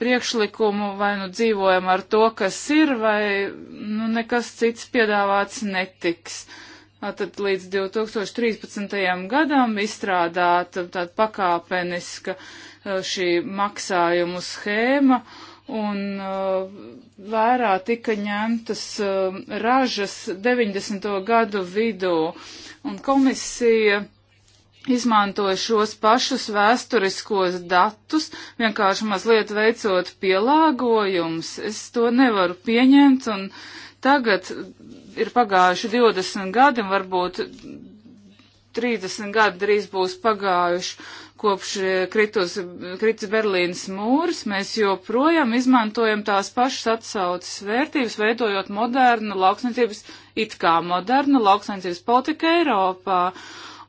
priekšlikumu, vai nu dzīvojam ar to, kas ir, vai nu, nekas cits piedāvāts netiks. Tad līdz 2013. gadam izstrādāta tāda pakāpeniska eh, šī maksājumu schēma, uh, un uh, vērā tika ņemtas uh, ražas 90. gadu vidū, un komisija izmantoja šos pašus vēsturiskos datus, vienkārši mazliet veicot pielāgojums. Es to nevaru pieņemt, un tagad ir pagājuši 20 gadi, un varbūt 30 gadi drīz būs pagājuši, kopš eh, kritus, kritis Berlīnas mūrs, mēs joprojām izmantojam tās pašas atsaucas vērtības, veidojot modernu lauksniecības, it kā modernu lauksniecības politiku Eiropā.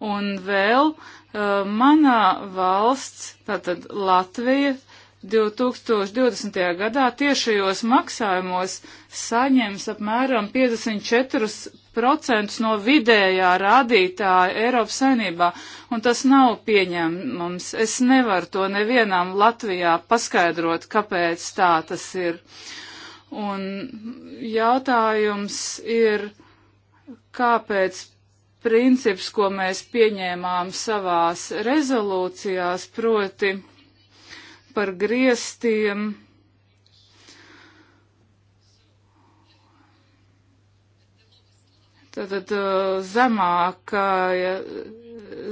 Un vēl uh, manā valsts, tātad Latvija, 2020. gadā tiešajos maksājumos saņems apmēram 54 procentus no vidējā rādītāja Eiropas saimnībā, un tas nav pieņemams. Es nevaru to nevienam Latvijā paskaidrot, kāpēc tā tas ir. Un jautājums ir, kāpēc princips, ko mēs pieņēmām savās rezolūcijās, proti par griestiem, Tātad uh, zemākā,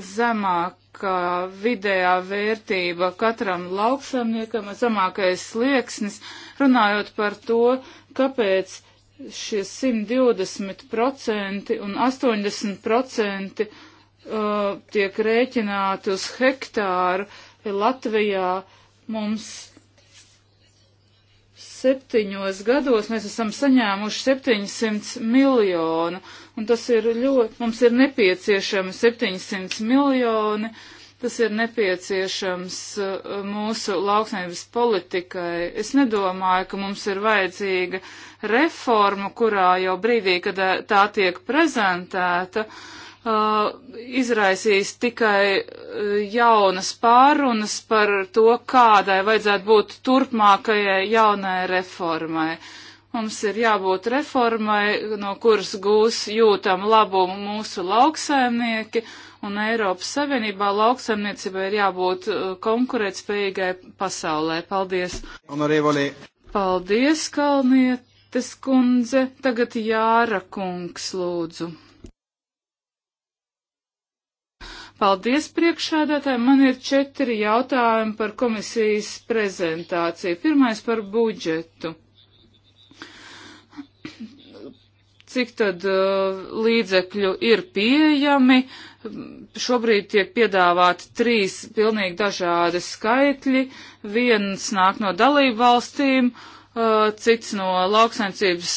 zemākā vidējā vērtība katram lauksamniekam, zemākais slieksnis, runājot par to, kāpēc šie 120% un 80% uh, tiek rēķināti uz hektāru. Latvijā mums septiņos gados mēs esam saņēmuši 700 miljonu, un tas ir ļoti, mums ir nepieciešami 700 miljoni, tas ir nepieciešams uh, mūsu lauksnības politikai. Es nedomāju, ka mums ir vajadzīga reforma, kurā jau brīdī, kad uh, tā tiek prezentēta, uh, uh, izraisīs tikai uh, jaunas pārunas par to, kādai vajadzētu būt turpmākajai jaunai reformai. Mums ir jābūt reformai, no kuras gūs jūtam labumu mūsu lauksaimnieki, un Eiropas Savienībā lauksaimniecībai ir jābūt uh, konkurētspējīgai pasaulē. Paldies! Honorevoli. Paldies, Kalnietes kundze! Tagad Jāra kungs lūdzu! Paldies priekšādātāji. Man ir četri jautājumi par komisijas prezentāciju. Pirmais par budžetu. Cik tad uh, līdzekļu ir pieejami? Šobrīd tiek piedāvāti trīs pilnīgi dažādi skaitļi. Viens nāk no dalību valstīm, uh, cits no lauksaimniecības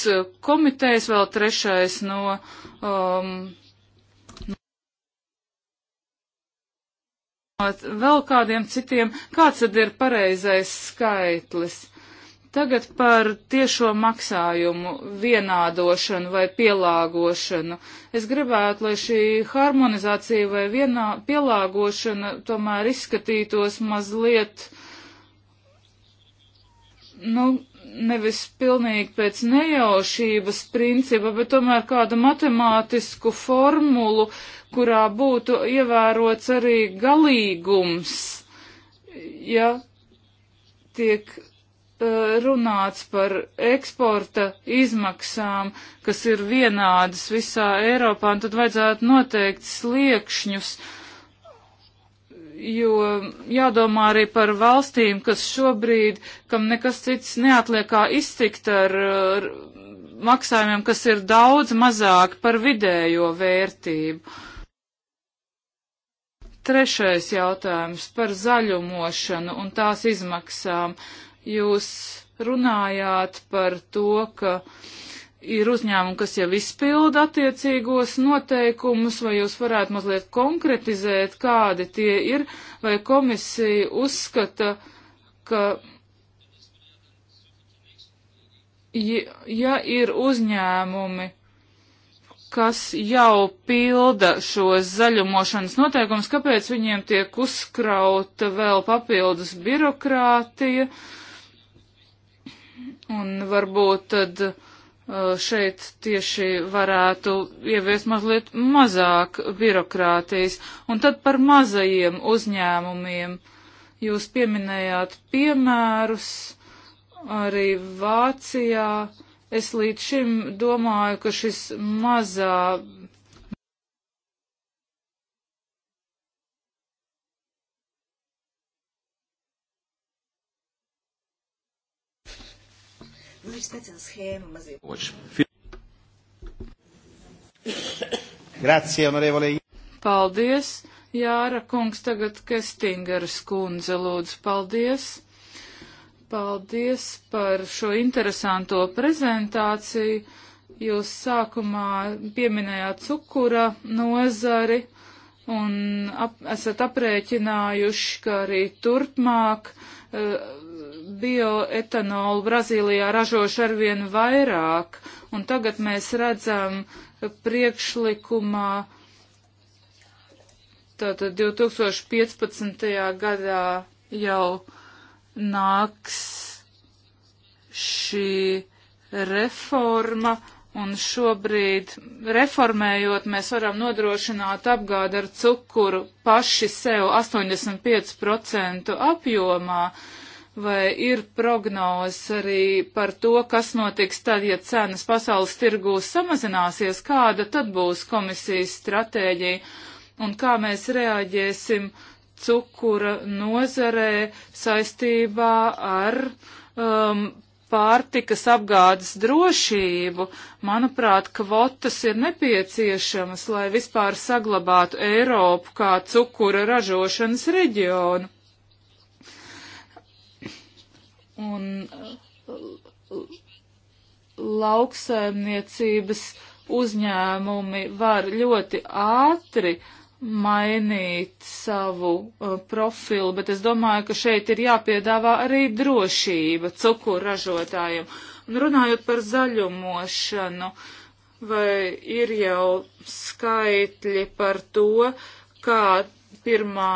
komitejas, vēl trešais no um, vēl kādiem citiem, kāds tad ir pareizais skaitlis. Tagad par tiešo maksājumu vienādošanu vai pielāgošanu. Es gribētu, lai šī harmonizācija vai vienā, pielāgošana tomēr izskatītos mazliet, nu, nevis pilnīgi pēc nejaušības principa, bet tomēr kādu matemātisku formulu, uh, kurā būtu ievērots arī galīgums, ja tiek eh, runāts par eksporta izmaksām, kas ir vienādas visā Eiropā, un tad vajadzētu noteikt sliekšņus, jo jādomā arī par valstīm, kas šobrīd, kam nekas cits neatliekā iztikt ar, ar maksājumiem, kas ir daudz mazāk par vidējo vērtību. Trešais jautājums par zaļumošanu un tās izmaksām. Jūs runājāt par to, ka ir uzņēmumi, kas jau izpilda attiecīgos noteikumus, vai jūs varētu mazliet konkretizēt, kādi tie ir, vai komisija uzskata, ka ja, ja ir uzņēmumi, kas jau pilda šos zaļumošanas noteikumus, kāpēc viņiem tiek uzkrauta vēl papildus birokrātija. Un varbūt tad uh, šeit tieši varētu ieviest mazliet mazāk birokrātijas. Un tad par mazajiem uzņēmumiem. Jūs pieminējāt piemērus arī Vācijā Es līdz šim domāju, ka šis mazā. Nu, ir speciāla schēma maziem. Grazie, onorevole. Paldies, Jāra kungs, tagad Kestingeras kundze, lūdzu, paldies. Paldies par šo interesanto prezentāciju. Jūs sākumā pieminējāt cukura nozari un ap, esat aprēķinājuši, ka arī turpmāk eh, bioetanolu Brazīlijā ražošu arvien vairāk. Un tagad mēs redzam priekšlikumā tātad 2015. gadā jau nāks šī reforma, un šobrīd reformējot mēs varam nodrošināt apgādi ar cukuru paši sev 85% apjomā, vai ir prognozes arī par to, kas notiks tad, ja cenas pasaules tirgūs samazināsies, kāda tad būs komisijas stratēģija un kā mēs reaģēsim uh, cukura nozarē saistībā ar um, pārtikas apgādes drošību. Manuprāt, kvotas ir nepieciešamas, lai vispār saglabātu Eiropu kā cukura ražošanas reģionu. Un lauksaimniecības uzņēmumi var ļoti ātri uh, mainīt savu uh, profilu, bet es domāju, ka šeit ir jāpiedāvā arī drošība cukurražotājiem. Un runājot par zaļumošanu, vai ir jau skaitļi par to, kā pirmā,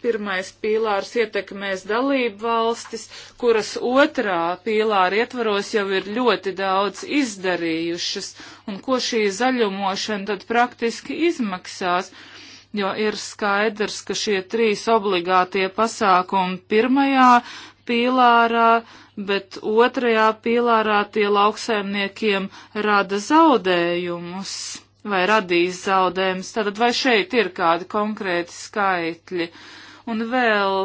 pirmais pīlārs ietekmēs dalību valstis, kuras otrā pīlāra ietvaros jau ir ļoti daudz izdarījušas, un ko šī zaļumošana tad praktiski izmaksās? jo ir skaidrs, ka šie trīs obligātie pasākumi pirmajā pīlārā, bet otrajā pīlārā tie lauksaimniekiem rada zaudējumus vai radīs zaudējumus. Tātad vai šeit ir kādi konkrēti skaitļi? Un vēl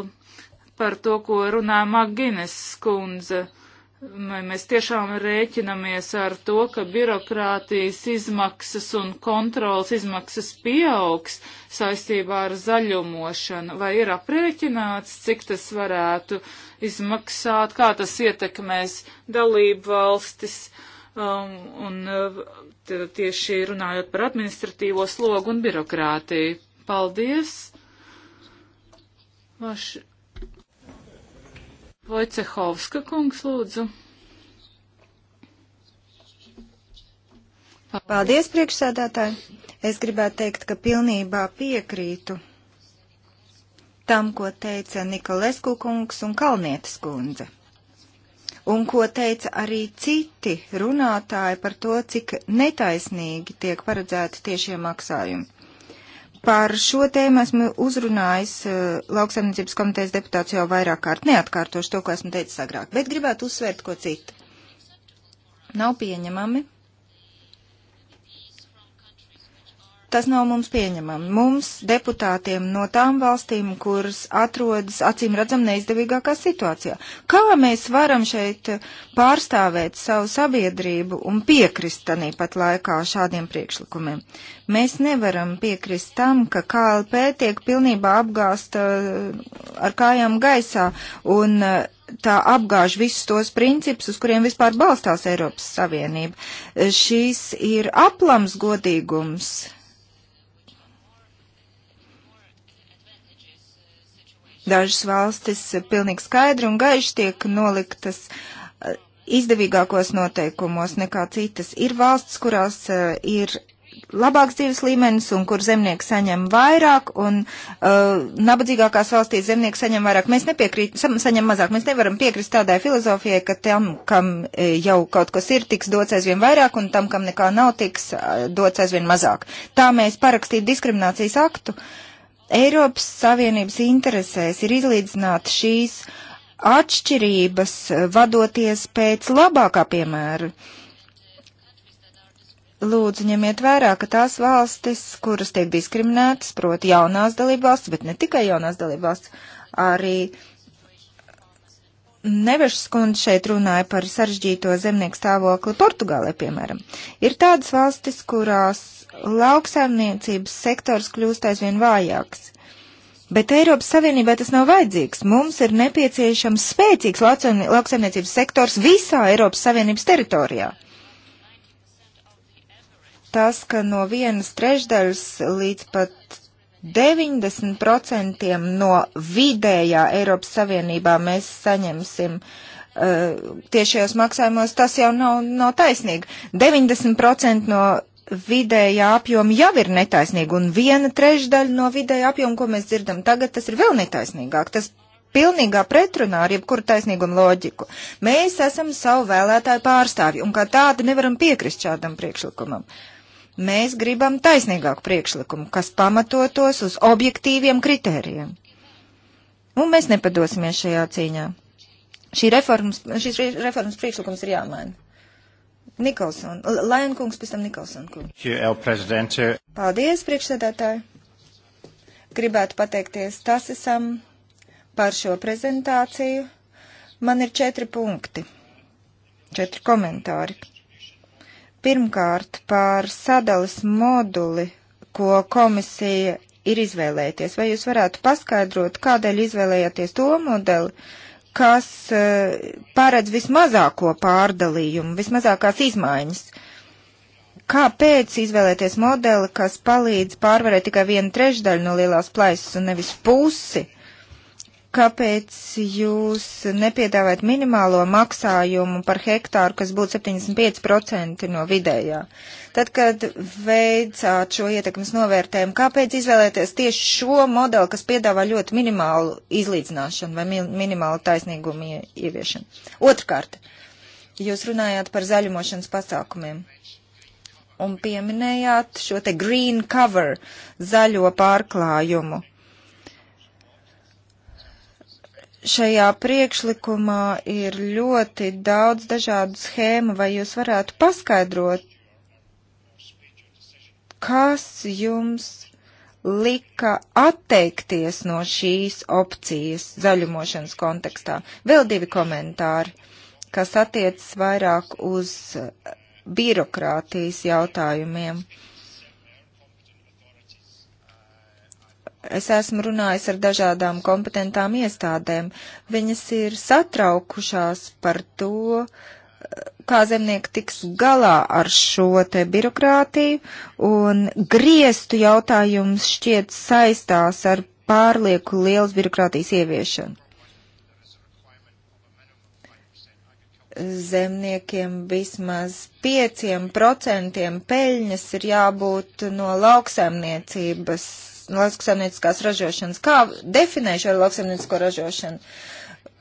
par to, ko runā Maginis skundze. Uh, vai mēs tiešām rēķinamies ar to, ka birokrātijas izmaksas un kontrolas izmaksas pieaugs saistībā ar zaļumošanu, vai ir aprēķināts, cik tas varētu izmaksāt, kā tas ietekmēs dalību valstis, um, un uh, tieši runājot par administratīvo slogu un birokrātiju. Paldies! Vaši Vojcehovska kungs, lūdzu. Paldies, priekšsēdētāji. Es gribētu teikt, ka pilnībā piekrītu tam, ko teica Nikolesku kungs un Kalnietes kundze. Un ko teica arī citi runātāji par to, cik netaisnīgi tiek paredzēti tiešie maksājumi. Par šo tēmu esmu uzrunājis uh, lauksaimniecības komitejas deputāts jau vairāk kārt. Neatkārtošu to, ko esmu teicis agrāk, bet gribētu uzsvērt ko citu. Nav pieņemami, Tas nav mums pieņemam. Mums, deputātiem no tām valstīm, kuras atrodas acīm redzam neizdevīgākā situācijā. Kā mēs varam šeit pārstāvēt savu sabiedrību un piekrist tanī pat laikā šādiem priekšlikumiem? Mēs nevaram piekrist tam, ka KLP tiek pilnībā apgāsta uh, ar kājām gaisā un uh, tā apgāž visus tos principus, uz kuriem vispār balstās Eiropas Savienība. Šīs ir aplams godīgums Dažas valstis pilnīgi skaidri un gaiši tiek noliktas eh, izdevīgākos noteikumos nekā citas. Ir valsts, kurās eh, ir labāks dzīves līmenis un kur zemnieki saņem vairāk, un uh, nabadzīgākās valstīs zemnieki saņem vairāk. Mēs nepiekrīt, sa saņem mazāk. Mēs nevaram piekrist tādai filozofijai, ka tam, kam jau kaut kas ir, tiks dots aizvien vairāk, un tam, kam nekā nav, tiks uh, dots aizvien mazāk. Tā mēs parakstītu diskriminācijas aktu. Uh, Eiropas Savienības interesēs ir izlīdzināt šīs atšķirības, vadoties pēc labākā piemēra. Lūdzu, ņemiet vērā, ka tās valstis, kuras tiek diskriminētas, proti jaunās dalībvalstis, bet ne tikai jaunās dalībvalstis, arī Nevešas kundze šeit runāja par sarežģīto zemnieku stāvokli Portugālē, piemēram. Ir tādas valstis, kurās lauksaimniecības sektors kļūst aizvien vājāks. Bet Eiropas Savienībai tas nav vajadzīgs. Mums ir nepieciešams spēcīgs lauksaimniecības sektors visā Eiropas Savienības teritorijā. Tas, ka no vienas trešdaļas līdz pat 90% no vidējā Eiropas Savienībā mēs saņemsim uh, tiešajos maksājumos, tas jau nav, nav taisnīgi. 90% no vidējā apjoma jau ir netaisnīga, un viena trešdaļa no vidējā apjoma, ko mēs dzirdam tagad, tas ir vēl netaisnīgāk. Tas pilnīgā pretrunā ar jebkuru taisnīgumu loģiku. Mēs esam savu vēlētāju pārstāvji, un kā tādi nevaram piekrist šādam priekšlikumam. Mēs gribam taisnīgāku priekšlikumu, kas pamatotos uz objektīviem kritērijiem. Un mēs nepadosimies šajā cīņā. Šī reformas, šis reformas priekšlikums ir jāmaina. Nikolson, Lajankungs, pēc tam Nikolson kungs. Paldies, priekšsēdētāji. Gribētu pateikties Tasisam par šo prezentāciju. Man ir četri punkti, četri komentāri. Pirmkārt, par sadalas moduli, ko komisija ir izvēlēties. Vai jūs varētu paskaidrot, kādēļ izvēlējāties to modeli, kas e, paredz vismazāko pārdalījumu, vismazākās izmaiņas. Kāpēc izvēlēties modeli, kas palīdz pārvarēt tikai vienu trešdaļu no lielās plaisas un nevis pusi? Kāpēc jūs nepiedāvājat minimālo maksājumu par hektāru, kas būtu 75% no vidējā? Tad, kad veicāt šo ietekmes novērtējumu, kāpēc izvēlēties tieši šo modeli, kas piedāvā ļoti minimālu izlīdzināšanu vai minimālu taisnīgumu ieviešanu? Otrkārt, jūs runājāt par zaļumošanas pasākumiem un pieminējāt šo te green cover, zaļo pārklājumu. šajā priekšlikumā ir ļoti daudz dažādu schēmu, vai jūs varētu paskaidrot, kas jums lika atteikties no šīs opcijas zaļumošanas kontekstā? Vēl divi komentāri, kas attiecas vairāk uz birokrātijas jautājumiem. Uh, Es esmu runājis ar dažādām kompetentām iestādēm. Viņas ir satraukušās par to, kā zemnieki tiks galā ar šo te birokrātiju, un griestu jautājums šķiet saistās ar pārlieku lielas birokrātijas ieviešanu. Zemniekiem vismaz 5% peļņas ir jābūt no lauksaimniecības lauksaimnieciskās ražošanas. Kā definē šo lauksaimniecisko ražošanu?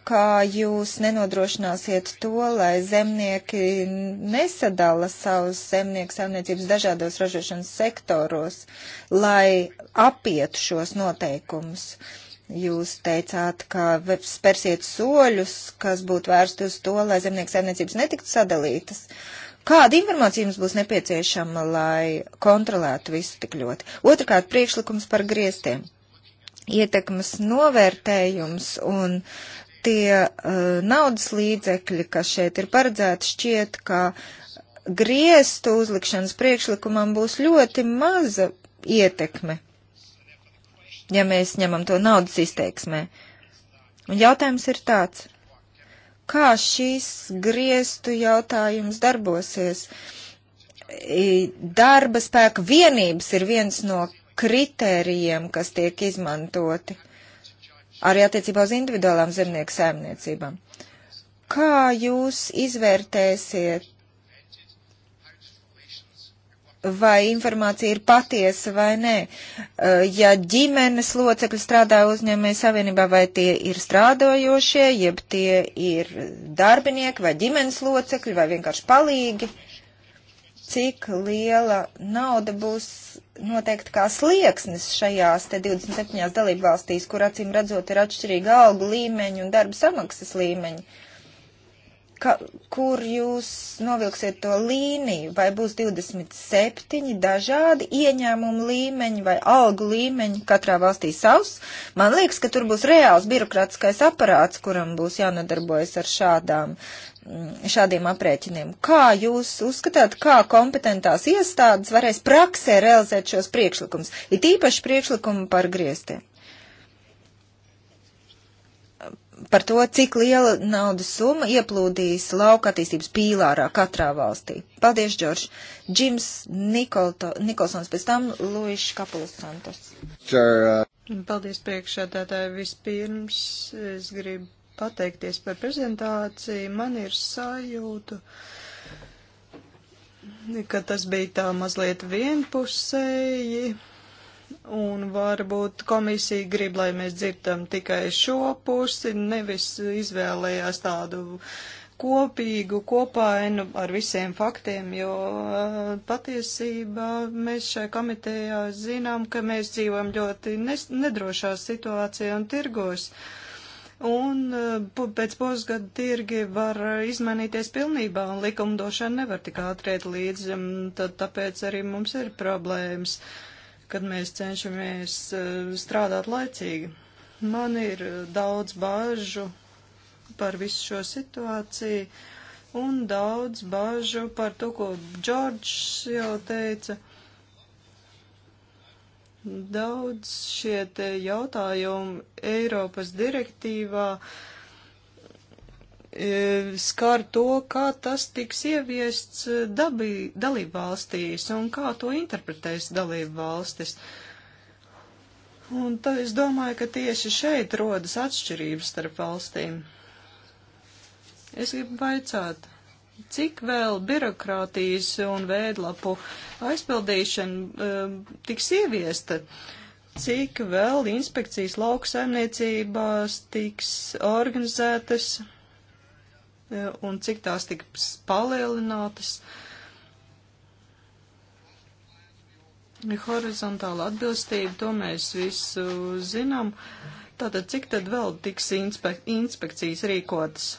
Kā jūs nenodrošināsiet to, lai zemnieki nesadala savus zemnieku saimniecības dažādos ražošanas sektoros, lai apietu šos noteikumus? Jūs teicāt, ka spērsiet soļus, kas būtu vērsti uz to, lai zemnieku saimniecības netiktu sadalītas. Uh, Kāda informācija jums būs nepieciešama, lai kontrolētu visu tik ļoti? Otrakārt, priekšlikums par griestiem. Ietekmes novērtējums un tie uh, naudas līdzekļi, kas šeit ir paredzēti, šķiet, ka griestu uzlikšanas priekšlikumam būs ļoti maza ietekme, ja mēs ņemam to naudas izteiksmē. Un jautājums ir tāds, kā šīs griestu jautājums darbosies. Darba spēka vienības ir viens no kritērijiem, kas tiek izmantoti arī attiecībā uz individuālām zemnieku saimniecībām. Kā jūs izvērtēsiet vai informācija ir patiesa vai nē. Uh, ja ģimenes locekļi strādā uzņēmēja savienībā, vai tie ir strādojošie, jeb tie ir darbinieki vai ģimenes locekļi vai vienkārši palīgi, cik liela nauda būs noteikti kā slieksnis šajās te 27 dalībvalstīs, kur acīm redzot ir atšķirīga algu līmeņa un darba samaksas līmeņa. Uh, ka, kur jūs novilksiet to līniju, vai būs 27 dažādi ieņēmumu līmeņi vai algu līmeņi, katrā valstī savs. Man liekas, ka tur būs reāls birokrātiskais aparāts, kuram būs jānodarbojas ar šādām, mm, šādiem aprēķiniem. Kā jūs uzskatāt, kā kompetentās iestādes varēs praksē realizēt šos priekšlikumus, it īpaši priekšlikumu par grieztiem? par to, cik liela naudas summa ieplūdīs lauka attīstības pīlārā katrā valstī. Paldies, Džordž. Džims Nikolto, Nikolsons, pēc tam Luišs Kapulis Santos. Paldies, priekšādātāji. Vispirms es gribu pateikties par prezentāciju. Man ir sajūta, ka tas bija tā mazliet vienpusēji Un varbūt komisija grib, lai mēs dzirdam tikai šo pusi, nevis izvēlējās tādu kopīgu kopainu ar visiem faktiem, jo eh, patiesībā mēs šai komitejā zinām, ka mēs dzīvojam ļoti nedrošā situācijā un tirgos. Un eh, pēc pusgada tirgi var izmainīties pilnībā, un likumdošana nevar tik ātriet līdz, mm, tad tāpēc arī mums ir problēmas. Uh, kad mēs cenšamies eh, strādāt laicīgi. Man ir eh, daudz bāžu par visu šo situāciju un daudz bāžu par to, ko Džordžs jau teica. Daudz šie te jautājumi Eiropas direktīvā uh, E, skar to, kā tas tiks ieviests e, dabī, dalību valstīs un kā to interpretēs dalību valstis. Un tad es domāju, ka tieši šeit rodas atšķirības starp valstīm. Es gribu vaicāt, cik vēl birokrātijas un vēdlapu aizpildīšana um, tiks ieviesta, cik vēl inspekcijas lauksaimniecībās tiks organizētas Eh, un cik tās tika palielinātas. Horizontāla atbilstība, to mēs visu zinām. Tātad, cik tad vēl tiks inspek inspekcijas rīkotas?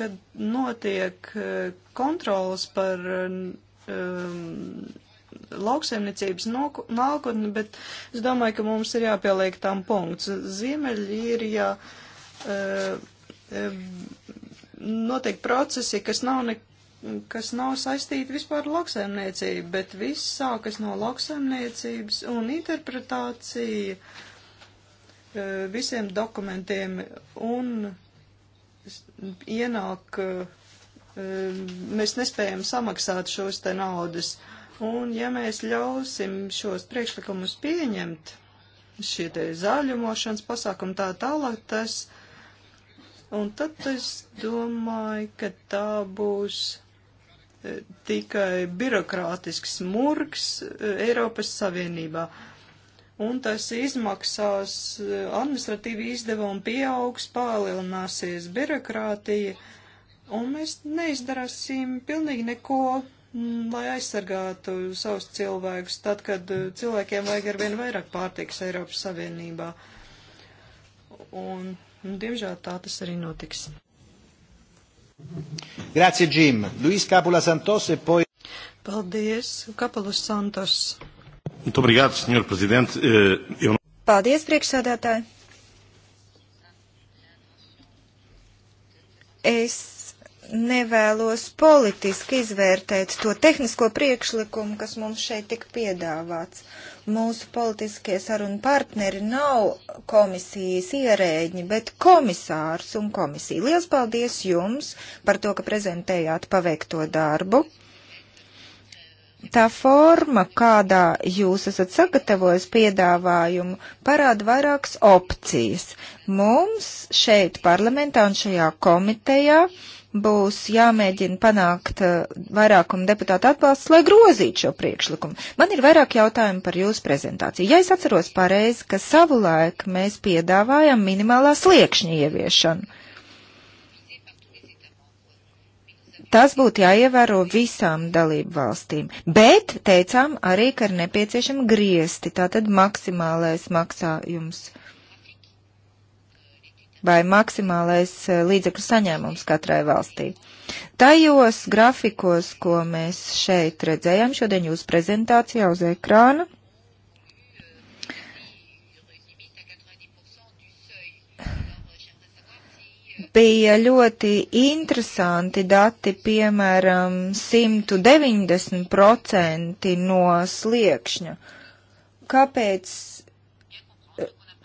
Kad notiek eh, kontrolas par um, lauksaimniecības nākotni, bet es domāju, ka mums ir jāpieliek tām punkts. Ziemeļīrijā. Ja Eh, eh, notiek procesi, kas nav, ne, kas nav saistīti vispār ar lauksaimniecību, bet viss sākas no lauksaimniecības un interpretācija eh, visiem dokumentiem un ienāk, mēs nespējam samaksāt šos te naudas. Un ja mēs ļausim šos priekšlikumus pieņemt, šie te zaļumošanas pasākumi tā tālāk, tas Un tad es domāju, ka tā būs e, tikai birokrātisks murgs e, Eiropas Savienībā. Un tas izmaksās e, administratīvi izdevumi pieaugs, palielināsies birokrātija, un mēs neizdarāsim pilnīgi neko, mm, lai aizsargātu savus cilvēkus, tad, kad cilvēkiem vajag arvien vairāk pārtiks Eiropas Savienībā. Un Un, nu, diemžēl tā tas arī notiks. Grazie, Jim. Luis Capula Santos e poi... Paldies, Kapalus Santos. Muito obrigado, senhor presidente. Eh, eu... Paldies, priekšsādātāji. Es nevēlos politiski izvērtēt to tehnisko priekšlikumu, kas mums šeit tika piedāvāts. Uh, Mūsu politiskie sarunu partneri nav komisijas ierēģi, bet komisārs un komisija. Lielas paldies jums par to, ka prezentējāt paveikto darbu tā forma, kādā jūs esat sagatavojis piedāvājumu, parāda vairākas opcijas. Mums šeit parlamentā un šajā komitejā būs jāmēģina panākt eh, vairākumu deputātu atbalsts, lai grozītu šo priekšlikumu. Man ir vairāk jautājumu par jūsu prezentāciju. Ja es atceros pareizi, ka savulaik mēs piedāvājam minimālā sliekšņa ieviešanu. Tas būtu jāievēro visām dalību valstīm, bet teicām arī, ka ir nepieciešama griesti, tātad maksimālais maksājums. Uh, vai maksimālais eh, līdzekļu saņēmums katrai valstī. Tajos grafikos, ko mēs šeit redzējām šodien jūsu prezentācijā uz ekrāna, bija ļoti interesanti dati, piemēram, 190% no sliekšņa. Kāpēc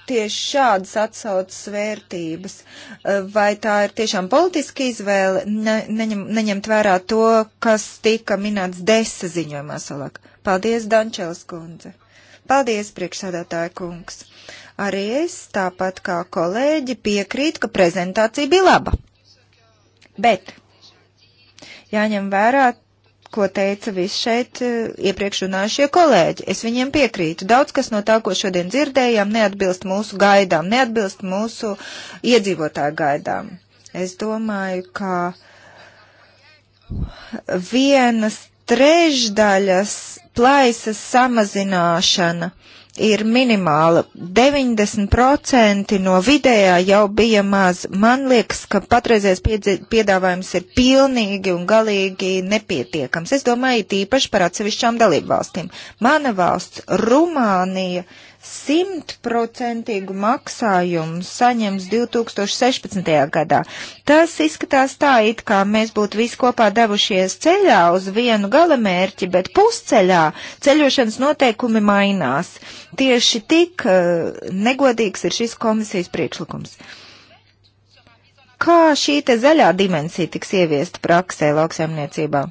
tieši šādas atsaucas vērtības? Eh, vai tā ir tiešām politiska izvēle, ne, neņem, neņemt vērā to, kas tika minēts desa ziņojumā salāk? Paldies, Dančels kundze! Paldies, priekšsādātāja kungs! Arī es, tāpat kā kolēģi, piekrītu, ka prezentācija bija laba. Bet jāņem vērā ko teica visi šeit eh, iepriekš runājušie kolēģi. Es viņiem piekrītu. Daudz kas no tā, ko šodien dzirdējām, neatbilst mūsu gaidām, neatbilst mūsu iedzīvotāju gaidām. Es domāju, ka vienas trešdaļas plaisas samazināšana uh, ir minimāla. 90% no vidējā jau bija maz. Man liekas, ka patreizējais piedāvājums ir pilnīgi un galīgi nepietiekams. Es domāju, tīpaši par atsevišķām dalībvalstīm. Mana valsts, Rumānija, uh, simtprocentīgu maksājumu saņems 2016. gadā. Tas izskatās tā, it kā mēs būtu visi kopā devušies ceļā uz vienu galamērķi, bet pusceļā ceļošanas noteikumi mainās. Tieši tik uh, negodīgs ir šis komisijas priekšlikums. Kā šī te zaļā dimensija tiks ieviesta praksē lauksaimniecībā?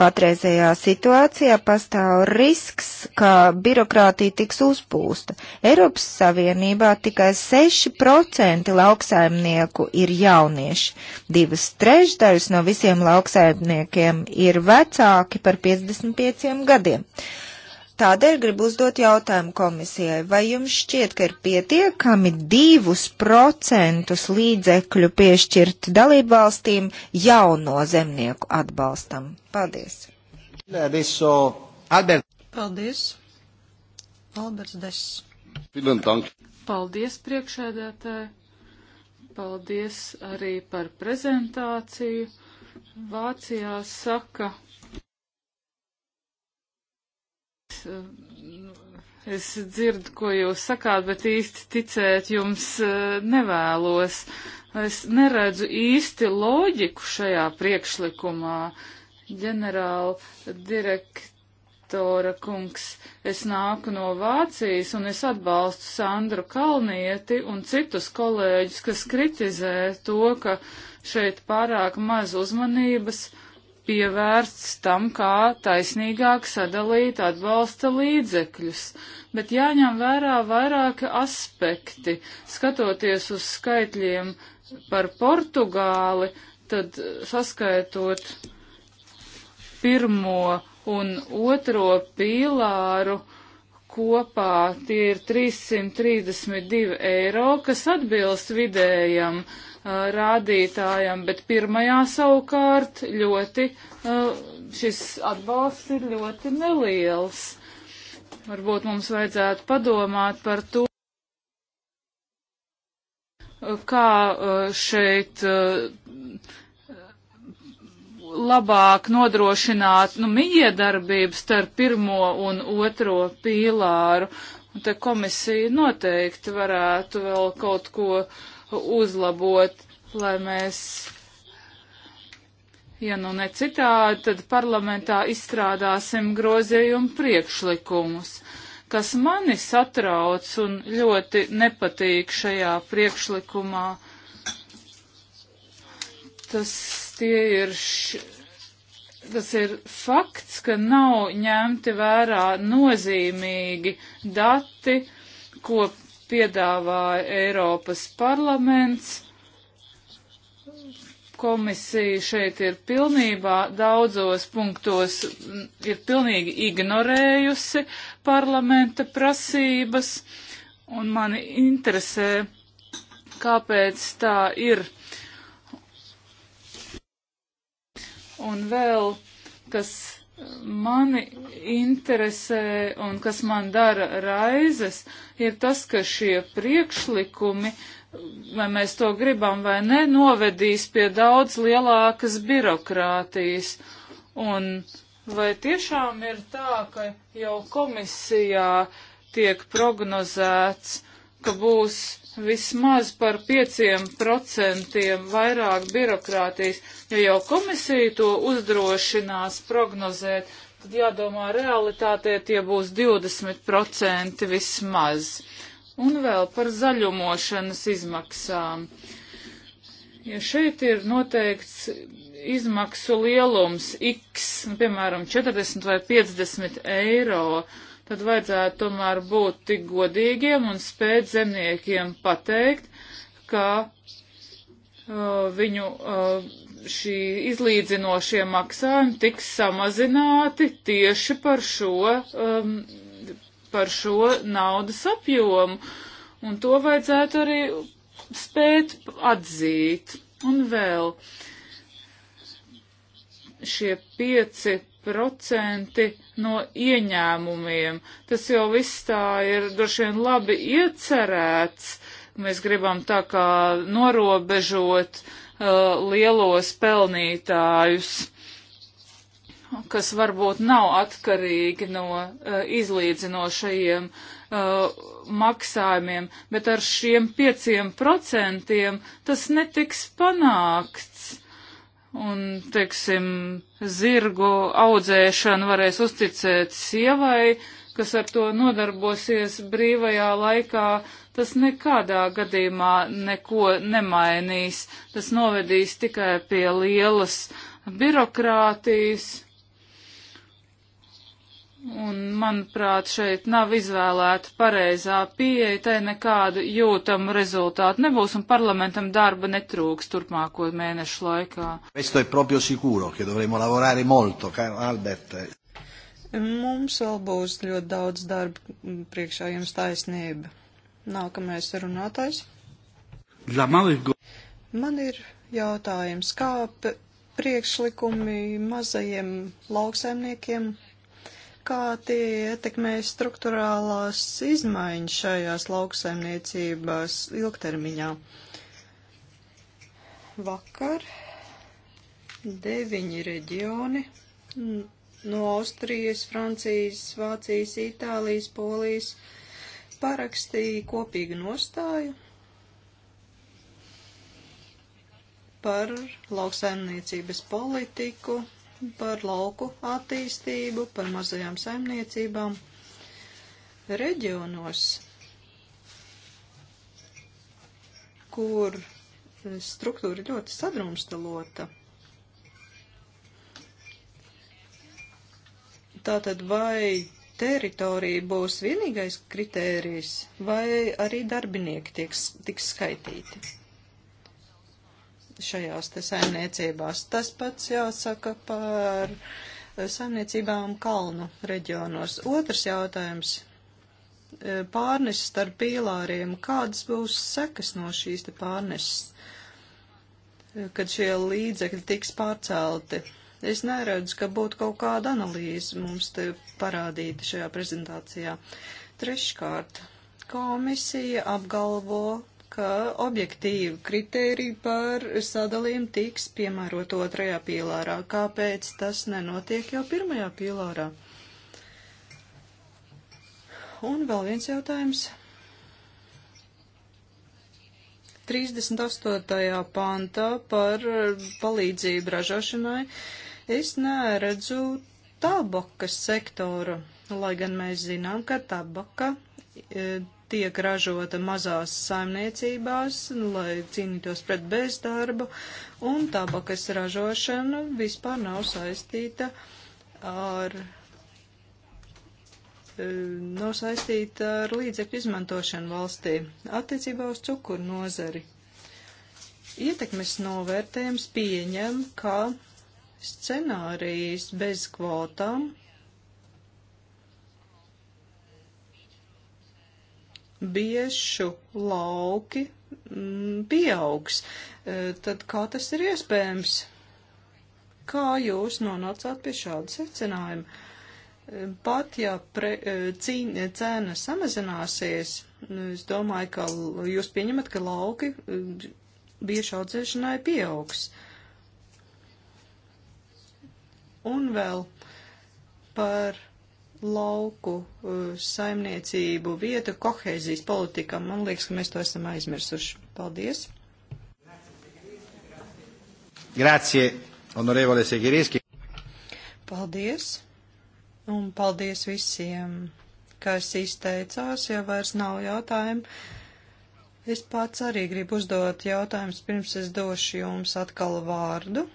Patreizējā situācijā pastāv risks, ka birokrātija tiks uzpūsta. Eiropas Savienībā tikai 6% lauksaimnieku ir jaunieši. Divas trešdaļas no visiem lauksaimniekiem ir vecāki par 55 gadiem. Uh, Tādēļ gribu uzdot jautājumu komisijai, vai jums šķiet, ka ir pietiekami divus procentus līdzekļu piešķirt dalībvalstīm jauno zemnieku atbalstam? Paldies! Paldies! Alberts Des. Paldies, priekšēdētāji! Paldies arī par prezentāciju. Vācijā saka, es dzirdu, ko jūs sakāt, bet īsti ticēt jums e, nevēlos. Es neredzu īsti loģiku šajā priekšlikumā. Ģenerāla direktora kungs, es nāku no Vācijas un es atbalstu Sandru Kalnieti un citus kolēģus, kas kritizē to, ka šeit pārāk maz uzmanības pievērsts tam, kā taisnīgāk sadalīt atbalsta līdzekļus, bet jāņem vērā vairāki aspekti. Skatoties uz skaitļiem par Portugāli, tad saskaitot pirmo un otro pīlāru kopā tie ir 332 eiro, kas atbilst vidējam uh, rādītājam, bet pirmajā savukārt ļoti, šis atbalsts ir ļoti neliels. Varbūt mums vajadzētu padomāt par to, kā šeit labāk nodrošināt nu, mijiedarbību starp pirmo un otro pīlāru. Un te komisija noteikti varētu vēl kaut ko uh, uzlabot, lai mēs, ja nu ne citādi, tad parlamentā izstrādāsim grozījumu priekšlikumus. Kas mani satrauc un ļoti nepatīk šajā priekšlikumā, tas tie ir š... Tas ir fakts, ka nav ņemti vērā nozīmīgi dati, ko piedāvāja Eiropas parlaments. Komisija šeit ir pilnībā daudzos punktos, ir pilnīgi ignorējusi parlamenta prasības, un mani interesē, kāpēc tā ir. Un vēl, kas mani interesē un kas man dara raizes, ir tas, ka šie priekšlikumi, vai mēs to gribam vai ne, novedīs pie daudz lielākas birokrātijas. Un vai tiešām ir tā, ka jau komisijā tiek prognozēts, ka būs vismaz par 5% vairāk birokrātijas. Ja jau komisija to uzdrošinās prognozēt, tad jādomā realitātē tie būs 20% vismaz. Un vēl par zaļumošanas izmaksām. Ja šeit ir noteikts izmaksu lielums X, piemēram, 40 vai 50 eiro, tad vajadzētu tomēr būt tik godīgiem un spēt zemniekiem pateikt, ka uh, viņu uh, šī izlīdzinošie maksājumi tiks samazināti tieši par šo, um, par šo naudas apjomu. Un to vajadzētu arī spēt atzīt. Un vēl šie pieci procenti no ieņēmumiem. Tas jau viss tā ir droši vien labi iecerēts. Mēs gribam tā kā norobežot uh, lielos pelnītājus, kas varbūt nav atkarīgi no uh, izlīdzinošajiem uh, maksājumiem, bet ar šiem pieciem procentiem tas netiks panākts un, teiksim, zirgu audzēšanu varēs uzticēt sievai, kas ar to nodarbosies brīvajā laikā, tas nekādā gadījumā neko nemainīs. Tas novedīs tikai pie lielas birokrātijas Un, manuprāt, šeit nav izvēlēta pareizā pieeja, tai nekādu jūtamu rezultātu nebūs, un parlamentam darba netrūks turpmāko mēnešu laikā. Sicuro, molto, Mums vēl būs ļoti daudz darba, priekšā jums taisnība. Nākamais runātājs. Man ir jautājums, kā priekšlikumi mazajiem lauksaimniekiem kā tie ietekmē struktūrālās izmaiņas šajās lauksaimniecībās ilgtermiņā. Vakar deviņi reģioni no Austrijas, Francijas, Vācijas, Itālijas, Polijas parakstīja kopīgu nostāju par lauksaimniecības politiku par lauku attīstību, par mazajām saimniecībām reģionos, kur struktūra ļoti sadrumstalota. Tātad vai teritorija būs vienīgais kritērijs, vai arī darbinieki tiks, tiks skaitīti? šajās te saimniecībās. Tas pats jāsaka par saimniecībām kalnu reģionos. Otrs jautājums e, - pārnes starp pīlāriem. Kādas būs sekas no šīs te pārnes, e, kad šie līdzekļi tiks pārcelti? Es neredzu, ka būtu kaut kāda analīze mums te parādīta šajā prezentācijā. Treškārt, komisija apgalvo, ka objektīvi kriteriji par sadalījumu tiks piemērot otrajā pīlārā. Kāpēc tas nenotiek jau pirmajā pīlārā? Un vēl viens jautājums. 38. pantā par palīdzību ražošanai es neredzu tabakas sektoru, lai gan mēs zinām, ka tabaka e, tiek ražota mazās saimniecībās, lai cīnītos pret bezdarbu, un tabakas ražošana vispār nav saistīta ar e, nav saistīta ar līdzekļu izmantošanu valstī attiecībā uz cukuru nozari. Ietekmes novērtējums pieņem, ka scenārijs bez kvotām biešu lauki mm, pieaugs, e, tad kā tas ir iespējams? Kā jūs nonācāt pie šāda secinājuma? E, pat ja pre, e, cīn, cēna samazināsies, nu, es domāju, ka jūs pieņemat, ka lauki biešu audzēšanai pieaugs. Un vēl par lauku uh, saimniecību vieta kohēzijas politikam. Man liekas, ka mēs to esam aizmirsuši. Paldies! Grazie, honorevole Segirieski! Paldies! Un paldies visiem, kas izteicās, ja vairs nav jautājumu. Es pats arī gribu uzdot jautājumus, pirms es došu jums atkal vārdu.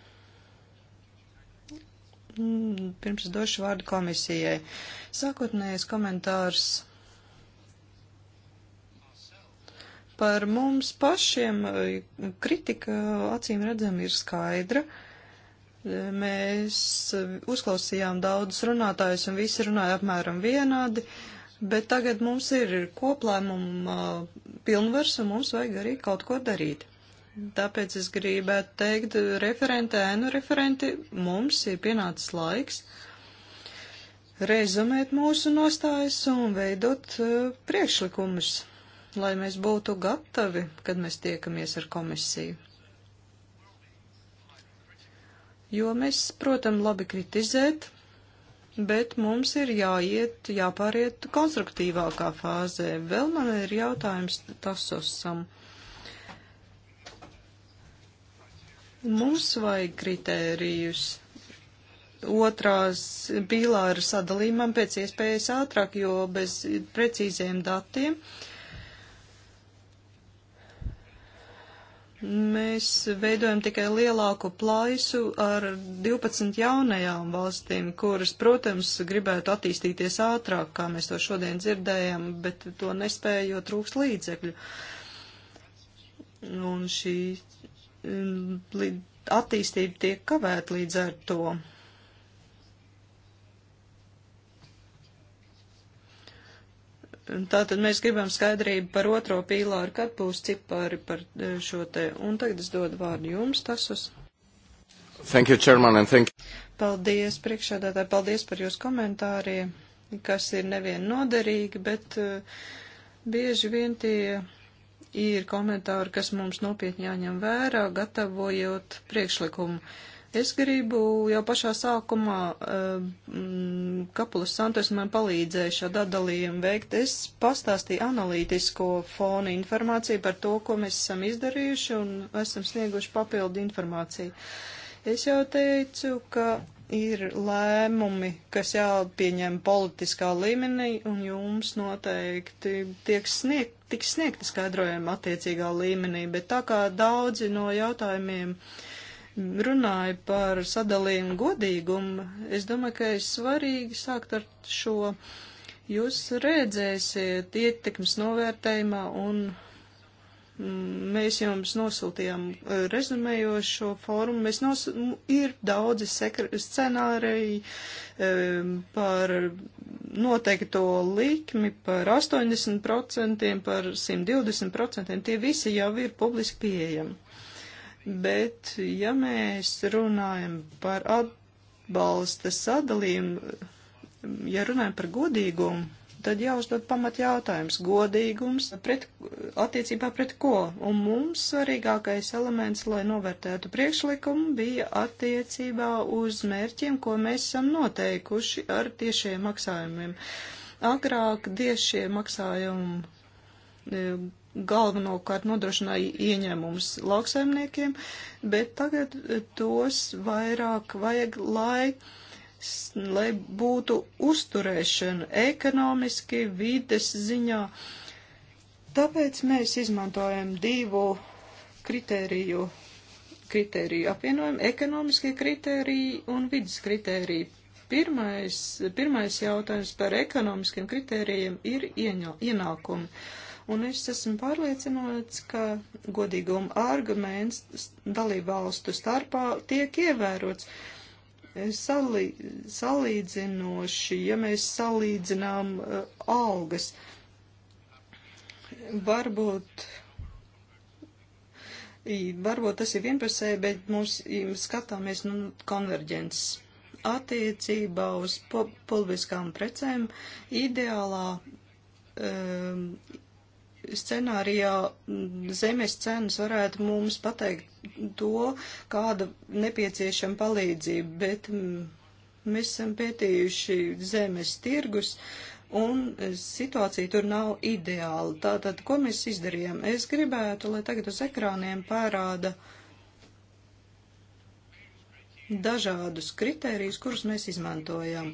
Mm, pirms es došu vārdu komisijai. Sākotnējais komentārs par mums pašiem eh, kritika acīm redzam ir skaidra. Mēs eh, uzklausījām daudzus runātājus un visi runāja apmēram vienādi, bet tagad mums ir koplēmuma eh, pilnvars un mums vajag arī kaut ko darīt. Tāpēc es gribētu teikt referente, ēnu referenti, mums ir pienācis laiks rezumēt mūsu nostājas un veidot eh, priekšlikumus, lai mēs būtu gatavi, kad mēs tiekamies ar komisiju. Jo mēs, protams, labi kritizēt, bet mums ir jāiet, jāpāriet konstruktīvākā fāzē. Vēl man ir jautājums tasosam. Um, Mums vajag kritērijus otrās pīlāra sadalījumam pēc iespējas ātrāk, jo bez precīziem datiem mēs veidojam tikai lielāku plaisu ar 12 jaunajām valstīm, kuras, protams, gribētu attīstīties ātrāk, kā mēs to šodien dzirdējam, bet to nespēja, jo trūks līdzekļu. Un šī attīstība tiek kavēta līdz ar to. Tātad mēs gribam skaidrību par otro pīlāru, kad būs cipari par e, šo te. Un tagad es dodu vārdu jums, Tasus. Thank you, Chairman, and thank you. Paldies, priekšādātāji, paldies par jūsu komentāriem, kas ir nevien noderīgi, bet uh, bieži vien tie ir komentāri, kas mums nopietni jāņem vērā, gatavojot priekšlikumu. Es gribu jau pašā sākumā um, eh, mm, Kapulus Santos man palīdzēja šo dadalījumu veikt. Es pastāstīju analītisko fonu informāciju par to, ko mēs esam izdarījuši un esam snieguši papildu informāciju. Es jau teicu, ka ir lēmumi, kas jāpieņem politiskā līmenī un jums noteikti tiek sniegt tiks sniegti skaidrojumi attiecīgā līmenī, bet tā kā daudzi no jautājumiem runāja par sadalījumu godīgumu, es domāju, ka ir svarīgi sākt ar šo. Jūs redzēsiet ietekmes novērtējumā un Mēs jums nosūtījām eh, rezumējošo formu. Mēs nos, ir daudzi scenāriji eh, par noteikto likmi, par 80%, par 120%. Tie visi jau ir publiski pieejami. Bet, ja mēs runājam par atbalsta sadalījumu, ja runājam par godīgumu, tad jāuzdod pamat jautājums - godīgums pret, attiecībā pret ko? Un mums svarīgākais elements, lai novērtētu priekšlikumu, bija attiecībā uz mērķiem, ko mēs esam noteikuši ar tiešiem maksājumiem. Agrāk tiešie maksājumi e, galvenokārt nodrošināja ieņēmumus lauksaimniekiem, bet tagad tos vairāk vajag, lai lai būtu uzturēšana ekonomiski, vides ziņā. Tāpēc mēs izmantojam divu kritēriju, kritēriju apvienojumu - ekonomiskie kritēriji un vidas kritēriji. Pirmais, pirmais jautājums par ekonomiskiem kritērijiem ir ienākumi un es esmu pārliecināts, ka godīguma arguments dalībvalstu starpā tiek ievērots salī, salīdzinoši, ja mēs salīdzinām uh, algas. Varbūt, varbūt tas ir vienpusēji, bet mums skatāmies nu, konverģences. Attiecībā uz po, politiskām precēm ideālā um, uh, scenārijā mm, zemes cenas varētu mums pateikt to, kāda nepieciešama palīdzība, bet mm, mēs esam pētījuši zemes tirgus. Un e, situācija tur nav ideāla. Tātad, ko mēs izdarījām? Es gribētu, lai tagad uz ekrāniem parāda dažādus kritērijus, kurus mēs izmantojam.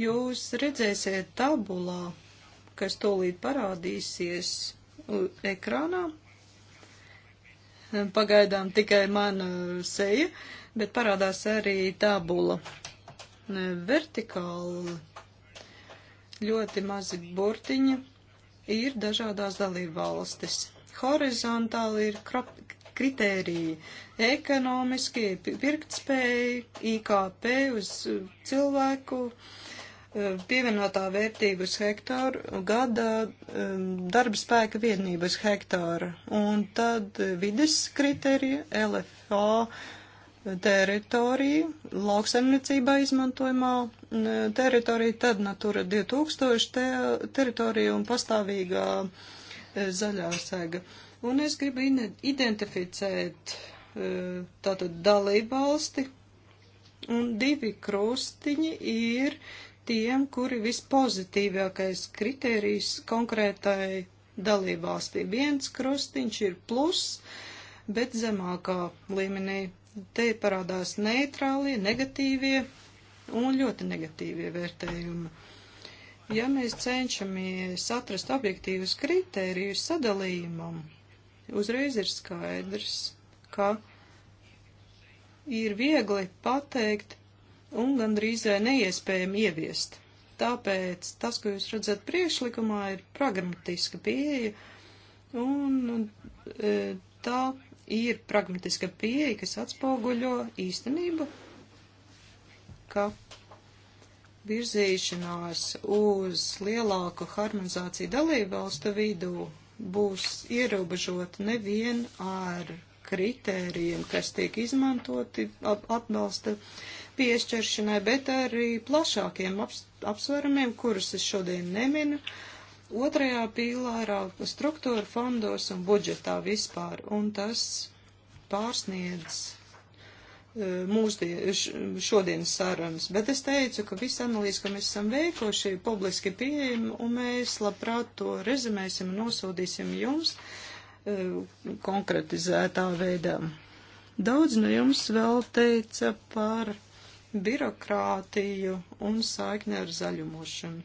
Jūs redzēsiet tabulā, kas tūlīt parādīsies, ekrānā. Pagaidām tikai mana seja, bet parādās arī tabula. Vertikāli ļoti mazi burtiņi ir dažādās dalībvalstis. Horizontāli ir krop, kritēriji - ekonomiskie, pirktspēja, IKP uz cilvēku. Uh, pievienotā vērtība uz hektāru gada um, darba spēka vienība uz hektāru. Un tad vides kriterija, LFO teritorija, lauksaimniecībā izmantojumā um, teritorija, tad Natura 2000 te, teritorija un pastāvīgā eh, zaļā sēga. Un es gribu identificēt eh, tātad dalībvalsti, un divi krustiņi ir uh, tiem, kuri vispozitīvākais kritērijs konkrētai dalībvalstī. Viens krustiņš ir plus, bet zemākā līmenī. Te parādās neitrālie, negatīvie un ļoti negatīvie vērtējumi. Ja mēs cenšamies atrast objektīvus kritērijus sadalījumam, uzreiz ir skaidrs, ka ir viegli pateikt, un gandrīz eh, neiespējami ieviest. Tāpēc tas, ko jūs redzat priekšlikumā, ir pragmatiska pieeja, un e, tā ir pragmatiska pieeja, kas atspoguļo īstenību, ka virzīšanās uz lielāku harmonizāciju dalībvalstu vidū būs ierobežota nevien ar kritērijiem, kas tiek izmantoti atbalsta piešķiršanai, bet arī plašākiem aps, apsvērumiem, kurus es šodien neminu. Otrajā pīlārā struktūra fondos un budžetā vispār, un tas pārsniedz e, mūsdien, šodienas sarunas, bet es teicu, ka visa analīze, ko mēs esam veikuši, ir publiski pieejama, un mēs labprāt to rezumēsim un nosūtīsim jums e, konkretizētā veidā. Daudz no jums vēl teica par birokrātiju un saikni ar zaļumošanu.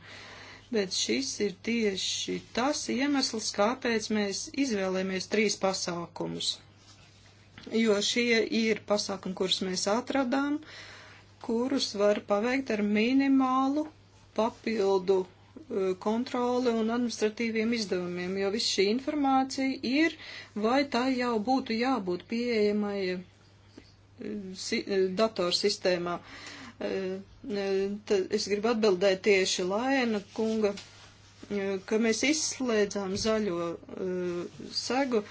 Bet šis ir tieši tas iemesls, kāpēc mēs izvēlēmies trīs pasākumus. Jo šie ir pasākumi, kurus mēs atradām, kurus var paveikt ar minimālu papildu e, kontroli un administratīviem izdevumiem, jo viss šī informācija ir, vai tā jau būtu jābūt pieejamai si datorsistēmā. Eh, eh, tad es gribu atbildēt tieši Laina kunga, eh, ka mēs izslēdzām zaļo segu,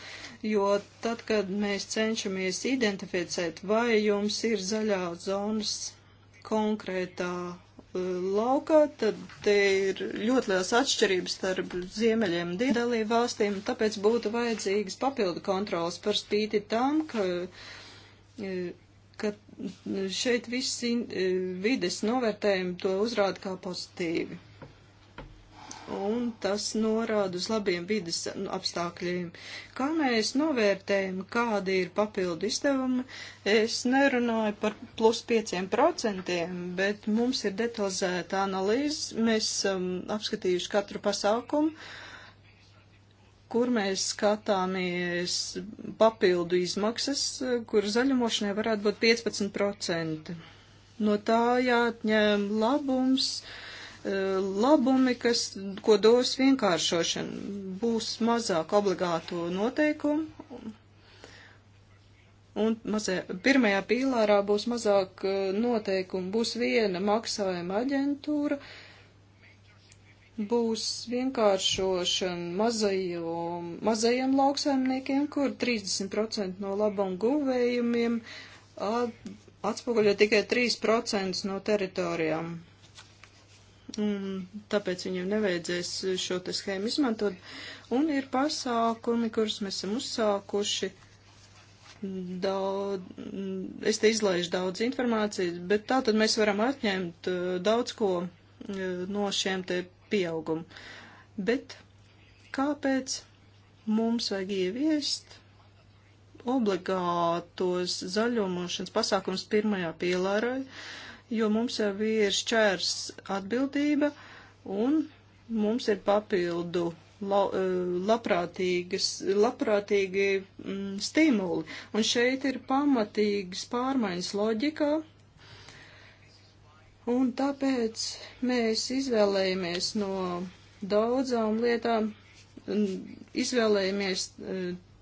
jo tad, kad mēs cenšamies identificēt, vai jums ir zaļā zonas konkrētā laukā, tad te ir ļoti liels atšķirības starp ziemeļiem un dienvidalību valstīm, tāpēc būtu vajadzīgas papildu kontrolas par spīti tam, ka uh, ka e, šeit visi e, vides novērtējumi to uzrāda kā pozitīvi. Un tas norāda uz labiem vides nu, apstākļiem. Kā mēs novērtējam, kādi ir papildu izdevumi, es nerunāju par plus 5%, bet mums ir detalizēta analīze. Mēs esam um, apskatījuši katru pasākumu. Uh, kur mēs skatāmies papildu izmaksas, eh, kur zaļumošanai varētu būt 15%. No tā jāatņem labums, eh, labumi, kas, ko dos vienkāršošana. Būs mazāk obligāto noteikumu, un mazē, pirmajā pīlārā būs mazāk eh, noteikumu, būs viena maksājuma aģentūra, uh, būs vienkāršošana mazajo, mazajiem lauksaimniekiem, kur 30% no labam guvējumiem atspoguļo tikai 3% no teritorijām. Un tāpēc viņiem nevajadzēs šo te schēmu izmantot. Un ir pasākumi, kurus mēs esam uzsākuši. Daudz, es te izlaižu daudz informācijas, bet tā tad mēs varam atņemt uh, daudz ko uh, no šiem te pieaugumu. Bet kāpēc mums vajag ieviest obligātos zaļumošanas pasākums pirmajā pielārā, jo mums jau ir šķērs atbildība un mums ir papildu la, e, labprātīgas, labprātīgi mm, stimuli. Un šeit ir pamatīgas pārmaiņas loģikā, Un tāpēc mēs izvēlējamies no daudzām lietām, izvēlējamies e,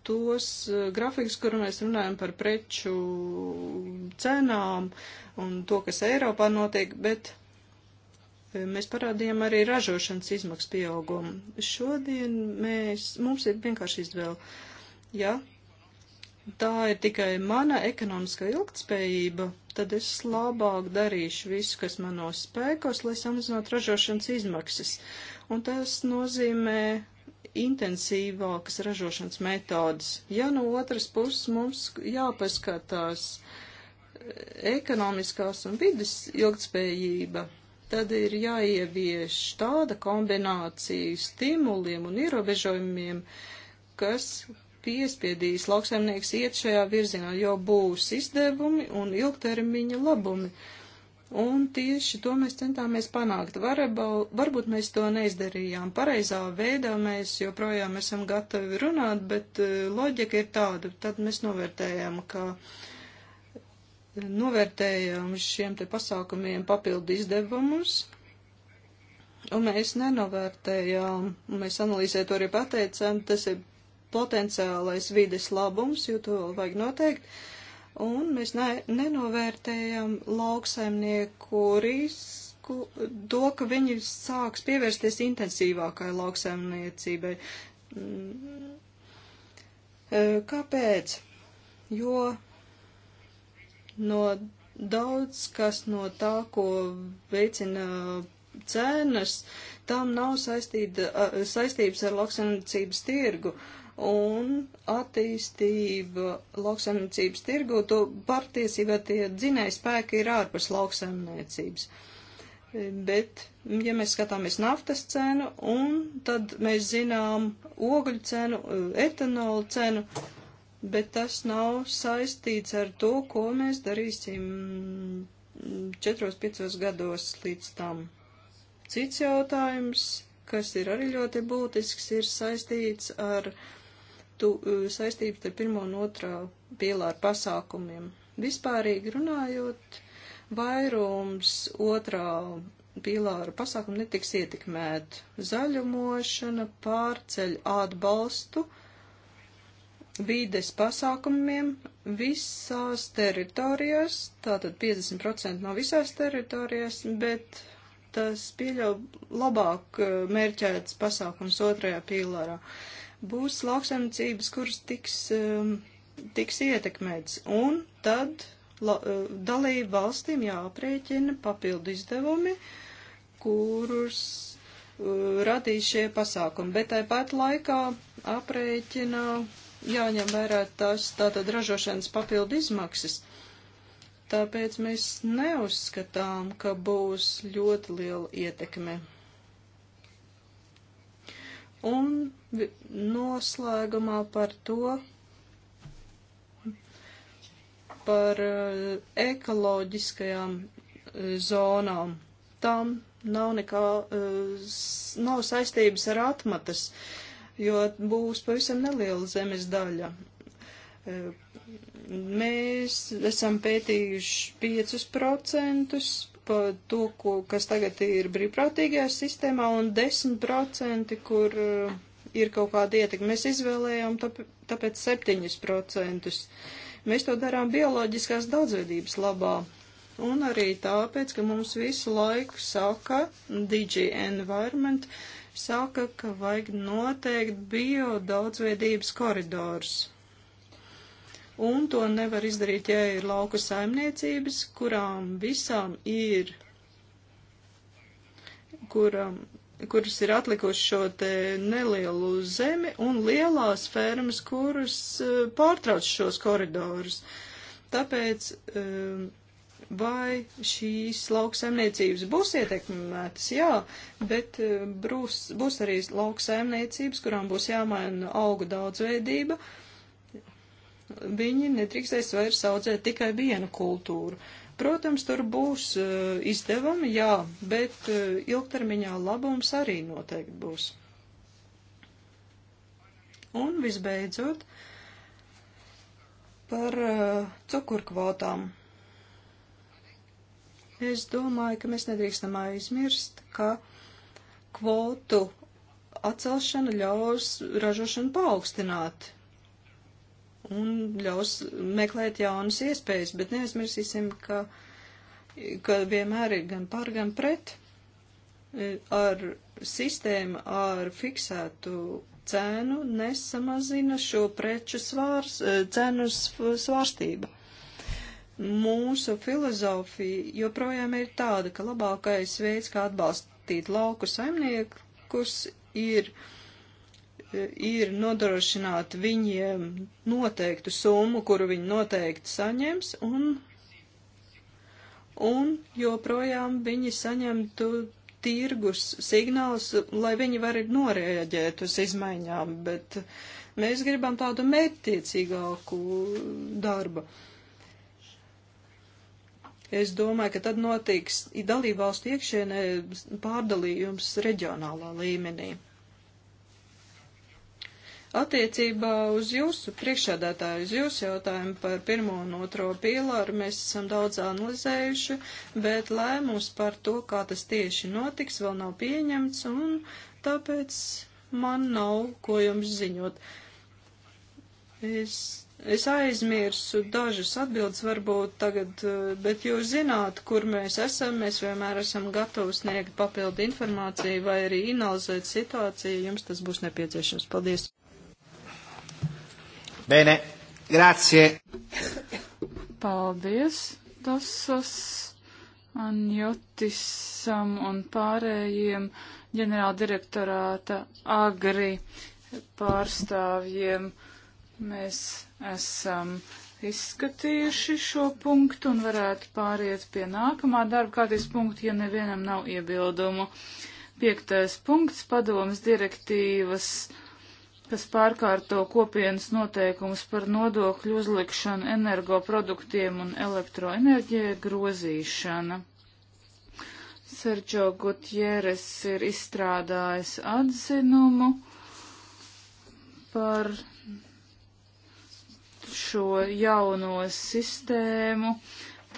tos e, grafikus, kur mēs runājam par preču cenām un to, kas Eiropā notiek, bet e, mēs parādījām arī ražošanas izmaksu pieaugumu. Šodien mēs, mums ir vienkārši izvēle. Ja tā ir tikai mana ekonomiskā ilgtspējība, tad es labāk darīšu visu, kas manos spēkos, lai samazinātu ražošanas izmaksas. Un tas nozīmē intensīvākas ražošanas metodas. Ja no otras puses mums jāpaskatās eh, ekonomiskās un vidas ilgtspējība, tad ir jāievieš tāda kombinācija stimuliem un ierobežojumiem, kas piespiedīs lauksaimnieks iet šajā virzienā, jo būs izdevumi un ilgtermiņa labumi. Un tieši to mēs centāmies panākt. Varabal, varbūt mēs to neizdarījām pareizā veidā, mēs joprojām esam gatavi runāt, bet eh, loģika ir tāda. Tad mēs novērtējām, ka novērtējām šiem te pasākumiem papildu izdevumus, un mēs nenovērtējām, un mēs analīzē to arī pateicām, tas ir potenciālais vides labums, jo to vēl vajag noteikt, un mēs ne, nenovērtējam lauksaimnieku risku, to, ka viņi sāks pievērsties intensīvākai lauksaimniecībai. Mm. E, kāpēc? Jo no daudz kas no tā, ko veicina cenas, tam nav saistīta, saistības ar lauksaimniecības tirgu. Uh, un attīstība lauksaimniecības tirgu, to patiesībā tie dzinēja spēki ir ārpus lauksaimniecības. Bet, ja mēs skatāmies naftas cenu, un tad mēs zinām ogļu cenu, etanola cenu, bet tas nav saistīts ar to, ko mēs darīsim 4-5 gados līdz tam. Cits jautājums, kas ir arī ļoti būtisks, ir saistīts ar uh, būtu e, saistības ar pirmo un otrā pīlāra pasākumiem. Vispārīgi runājot, vairums otrā pīlāra pasākumu netiks ietekmēt. Zaļumošana pārceļ atbalstu vīdes pasākumiem visās teritorijās, tātad 50% no visās teritorijās, bet tas pieļauj labāk e, mērķētas pasākums otrajā pīlārā būs lauksaimniecības, kuras tiks, um, tiks ietekmētas. Un tad la, uh, dalību valstīm jāaprēķina papildu izdevumi, kurus uh, radīs šie pasākumi, bet tāpat laikā aprēķinā jāņem vērā tās tātad ražošanas papildu izmaksas. Tāpēc mēs neuzskatām, ka būs ļoti liela ietekme. Un noslēgumā par to, par eh, ekoloģiskajām eh, zonām. Tam nav nekā, eh, nav saistības ar atmatas, jo būs pavisam neliela zemes daļa. Mēs esam pētījuši 5% par to, ko, kas tagad ir brīvprātīgajā sistēmā, un 10%, kur uh, ir kaut kāda ietekme. Mēs izvēlējām tāpēc 7%. Mēs to darām bioloģiskās daudzveidības labā. Un arī tāpēc, ka mums visu laiku saka, DG Environment saka, ka vajag noteikt bio daudzveidības koridors. Un to nevar izdarīt, ja ir lauku saimniecības, kurām visām ir kuram kuras ir atlikuši šo te nelielu zemi, un lielās fermas, kuras eh, pārtrauc šos koridorus. Tāpēc eh, vai šīs lauksaimniecības būs ietekmētas, jā, bet eh, būs, būs arī lauksaimniecības, kurām būs jāmaina auga daudzveidība. Viņi nedrīkstēs vairs audzēt tikai vienu kultūru. Uh, Protams, tur būs uh, izdevumi, jā, bet uh, ilgtermiņā labums arī noteikti būs. Un visbeidzot, par uh, cukurkvotām. Es domāju, ka mēs nedrīkstam aizmirst, ka kvotu atcelšana ļaus ražošanu paaugstināt, un ļaus meklēt jaunas iespējas, bet neaizmirsīsim, ka, ka vienmēr ir gan par, gan pret e, ar sistēmu ar fiksētu cēnu nesamazina šo preču svārs, e, cēnu svārstība. Mūsu filozofija joprojām ir tāda, ka labākais veids, kā atbalstīt lauku saimniekus, ir uh, ir nodrošināt viņiem noteiktu summu, kuru viņi noteikti saņems, un, un joprojām viņi saņemtu tirgus signāls, lai viņi var norēģēt uz izmaiņām, bet mēs gribam tādu mērķtiecīgāku darbu. Es domāju, ka tad notiks dalībvalstu iekšēnē pārdalījums reģionālā līmenī. Attiecībā uz jūsu priekšādātāju, uz jūsu jautājumu par pirmo un otro pīlāru mēs esam daudz analizējuši, bet lēmums par to, kā tas tieši notiks, vēl nav pieņemts, un tāpēc man nav ko jums ziņot. Es, es aizmirsu dažas atbildes varbūt tagad, bet jūs zināt, kur mēs esam, mēs vienmēr esam gatavi sniegt papildu informāciju vai arī analizēt situāciju, jums tas būs nepieciešams. Paldies! Bene, grazie. Paldies, Dasas, Anjotisam un pārējiem ģenerāldirektorāta agri pārstāvjiem. Mēs esam izskatījuši šo punktu un varētu pāriet pie nākamā darba kārtības punkta, ja nevienam nav iebildumu. Piektais punkts - padomas direktīvas kas pārkārto kopienas noteikumus par nodokļu uzlikšanu energoproduktiem un elektroenerģijai grozīšana. Sergio Gutieres ir izstrādājis atzinumu par šo jauno sistēmu,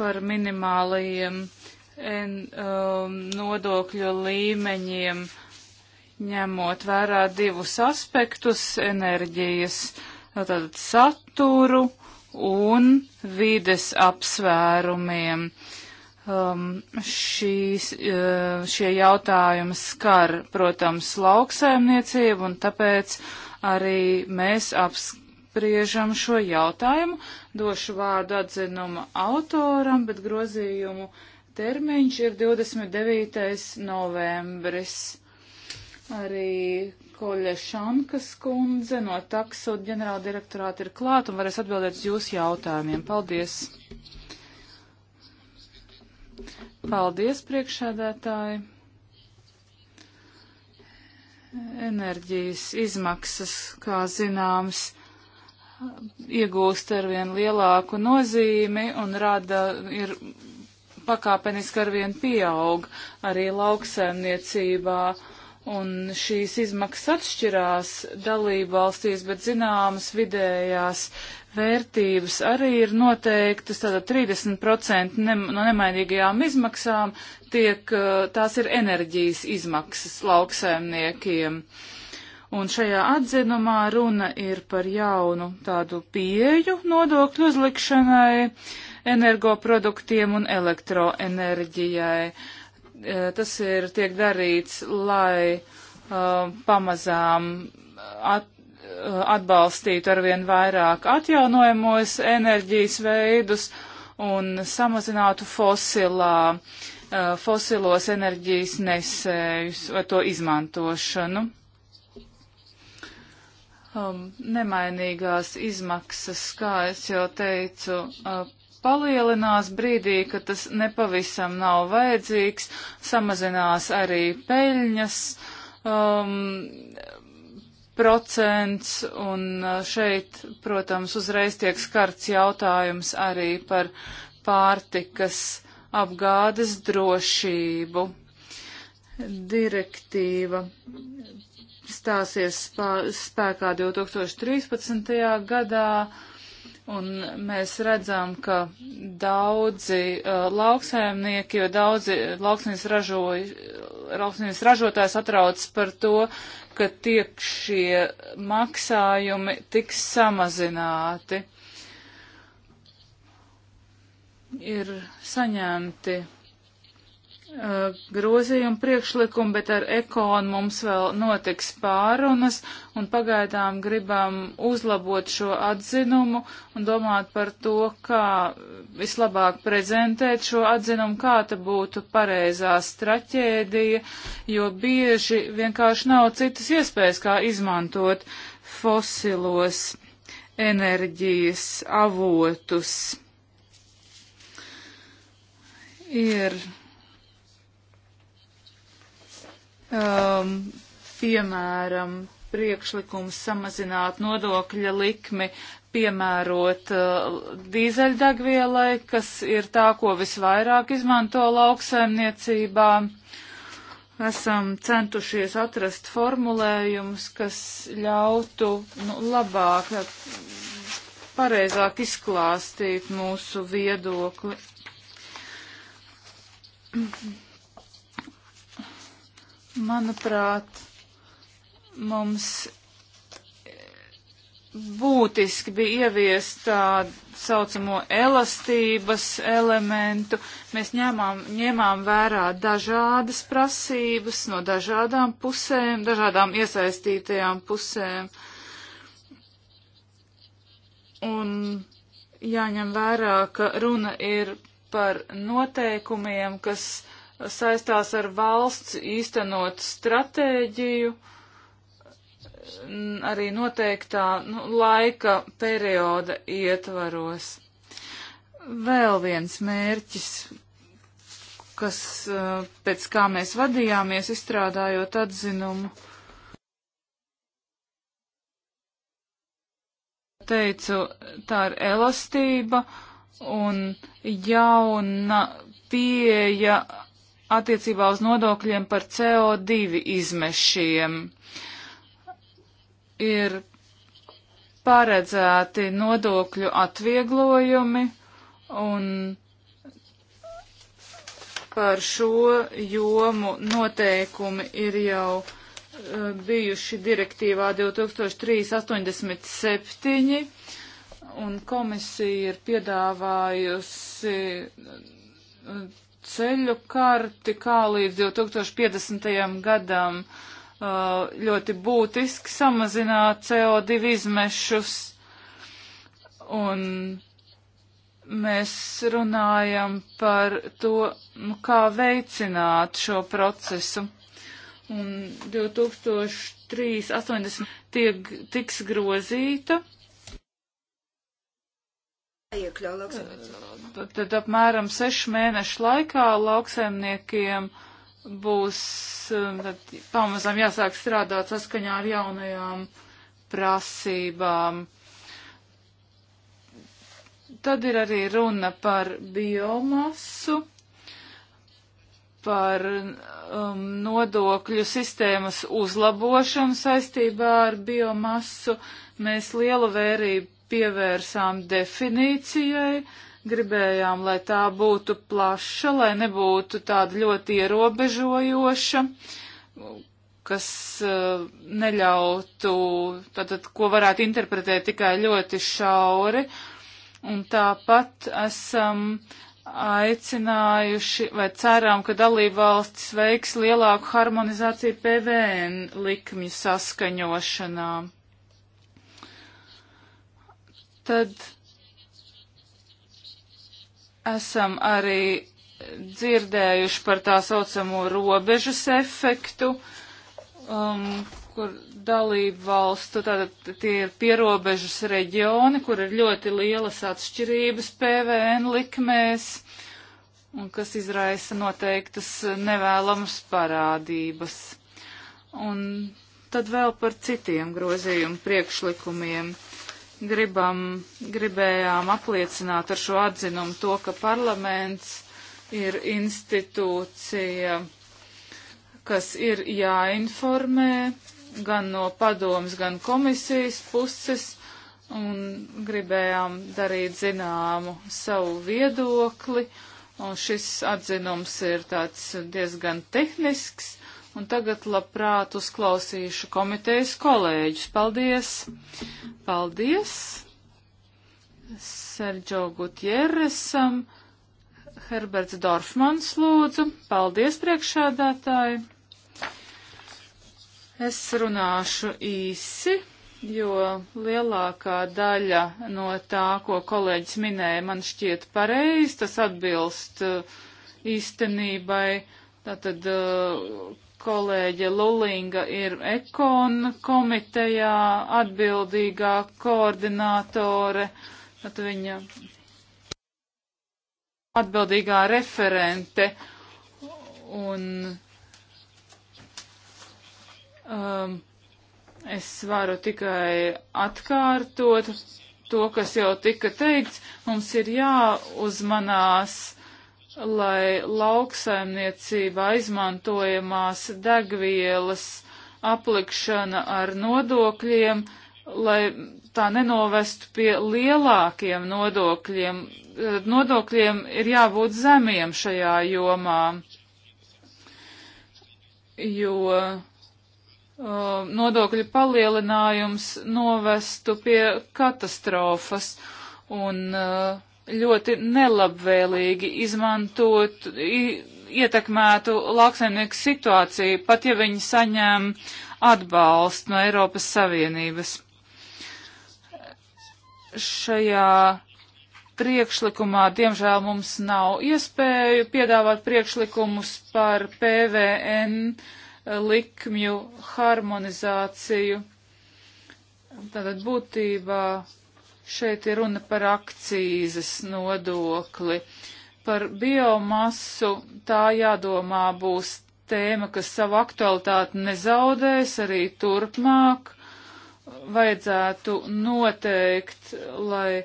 par minimālajiem en, um, nodokļu līmeņiem ņemot vērā divus aspektus - enerģijas tātad, saturu un vides apsvērumiem. Um, šīs, uh, šie jautājumi skar, protams, lauksaimniecību, un tāpēc arī mēs apspriežam šo jautājumu. Došu vārdu atzinuma autoram, bet grozījumu termiņš ir 29. novembris. Arī Koļa Šankas kundze no taksot ģenerāla direktorāta ir klāt un varēs atbildēt uz jūsu jautājumiem. Paldies! Paldies, priekšādētāji! Enerģijas izmaksas, kā zināms, iegūst arvien lielāku nozīmi un rada, ir pakāpeniski arvien pieaug arī lauksaimniecībā un šīs izmaksas atšķirās dalību valstīs, bet zināmas vidējās vērtības arī ir noteiktas, tātad 30% ne, no nemainīgajām izmaksām tiek, tās ir enerģijas izmaksas lauksaimniekiem. Un šajā atzinumā runa ir par jaunu tādu pieju nodokļu uzlikšanai energoproduktiem un elektroenerģijai. Uh, tas ir tiek darīts, lai uh, pamazām at, atbalstītu arvien vairāk atjaunojamos enerģijas veidus un samazinātu fosilā, uh, fosilos enerģijas nesējus vai to izmantošanu. Um, nemainīgās izmaksas, kā es jau teicu, uh, palielinās brīdī, kad tas nepavisam nav vajadzīgs, samazinās arī peļņas um, procents, un uh, šeit, protams, uzreiz tiek skarts jautājums arī par pārtikas apgādes drošību. Direktīva stāsies spā, spēkā 2013. gadā Un mēs redzam, ka daudzi uh, lauksēmnieki, jo daudzi lauksnīs, ražoja, lauksnīs ražotājs atrauc par to, ka tiek šie maksājumi tiks samazināti. Ir saņemti Uh, grozījumu priekšlikumu, bet ar ekonu mums vēl notiks pārunas, un pagaidām gribam uzlabot šo atzinumu un domāt par to, kā vislabāk prezentēt šo atzinumu, kā ta būtu pareizā straķēdija, jo bieži vienkārši nav citas iespējas, kā izmantot fosilos enerģijas avotus. Ir um, piemēram, priekšlikums samazināt nodokļa likmi, piemērot uh, dīzeļdegvielai, kas ir tā, ko visvairāk izmanto lauksaimniecībā. Esam centušies atrast formulējumus, kas ļautu nu, labāk, pareizāk izklāstīt mūsu viedokli. Manuprāt, mums būtiski bija ieviest tādu saucamo elastības elementu. Mēs ņēmām, ņēmām vērā dažādas prasības no dažādām pusēm, dažādām iesaistītajām pusēm. Un jāņem vērā, ka runa ir par noteikumiem, kas saistās ar valsts īstenot stratēģiju, arī noteiktā nu, laika perioda ietvaros. Vēl viens mērķis, kas uh, pēc kā mēs vadījāmies, izstrādājot atzinumu, teicu, tā ir elastība un jauna pieeja attiecībā uz nodokļiem par CO2 izmešiem. Ir paredzēti nodokļu atvieglojumi un par šo jomu noteikumi ir jau eh, bijuši direktīvā 2387 un komisija ir piedāvājusi eh, ceļu karti, kā līdz 2050. gadam uh, ļoti būtiski samazināt CO2 izmešus. Un mēs runājam par to, nu, kā veicināt šo procesu. Un 2003.80 tiek, tiks grozīta Iekļau lauksaimniecību. Tad, tad apmēram sešu mēnešu laikā lauksaimniekiem būs um, tad, pamazām jāsāk strādāt saskaņā ar jaunajām prasībām. Tad ir arī runa par biomasu, par um, nodokļu sistēmas uzlabošanu saistībā ar biomasu. Mēs lielu vērību pievērsām definīcijai, gribējām, lai tā būtu plaša, lai nebūtu tāda ļoti ierobežojoša, kas uh, neļautu, tātad, ko varētu interpretēt tikai ļoti šauri. Un tāpat esam aicinājuši vai ceram, ka dalībvalstis veiks lielāku harmonizāciju PVN likmju saskaņošanām. Tad esam arī dzirdējuši par tā saucamo robežas efektu, um, kur dalību valstu, tātad tie ir pierobežas reģioni, kur ir ļoti lielas atšķirības PVN likmēs un kas izraisa noteiktas nevēlamas parādības. Un tad vēl par citiem grozījumu priekšlikumiem gribam, gribējām apliecināt ar šo atzinumu to, ka parlaments ir institūcija, kas ir jāinformē gan no padomas, gan komisijas puses, un gribējām darīt zināmu savu viedokli, un šis atzinums ir tāds diezgan tehnisks, Un tagad labprāt uzklausīšu komitejas kolēģus. Paldies! Paldies! Sergio Gutierresam, Herberts Dorfmans lūdzu. Paldies priekšādātāji! Es runāšu īsi, jo lielākā daļa no tā, ko kolēģis minēja, man šķiet pareizi, tas atbilst uh, īstenībai. Tātad uh, kolēģe Lulinga ir ekon komitejā atbildīgā koordinātore, tad viņa atbildīgā referente un um, es varu tikai atkārtot to, kas jau tika teikts, mums ir jāuzmanās lai lauksaimniecībā izmantojamās degvielas aplikšana ar nodokļiem, lai tā nenovestu pie lielākiem nodokļiem. Eh, nodokļiem ir jābūt zemiem šajā jomā, jo um, nodokļu palielinājums novestu pie katastrofas un uh, ļoti nelabvēlīgi izmantot, ietekmētu lauksaimnieku situāciju, pat ja viņi saņem atbalstu no Eiropas Savienības. Šajā priekšlikumā, diemžēl, mums nav iespēju piedāvāt priekšlikumus par PVN likmju harmonizāciju. Tātad būtībā Šeit ir runa par akcīzes nodokli. Par biomasu tā jādomā būs tēma, kas savu aktualitāti nezaudēs arī turpmāk. Vajadzētu noteikt, lai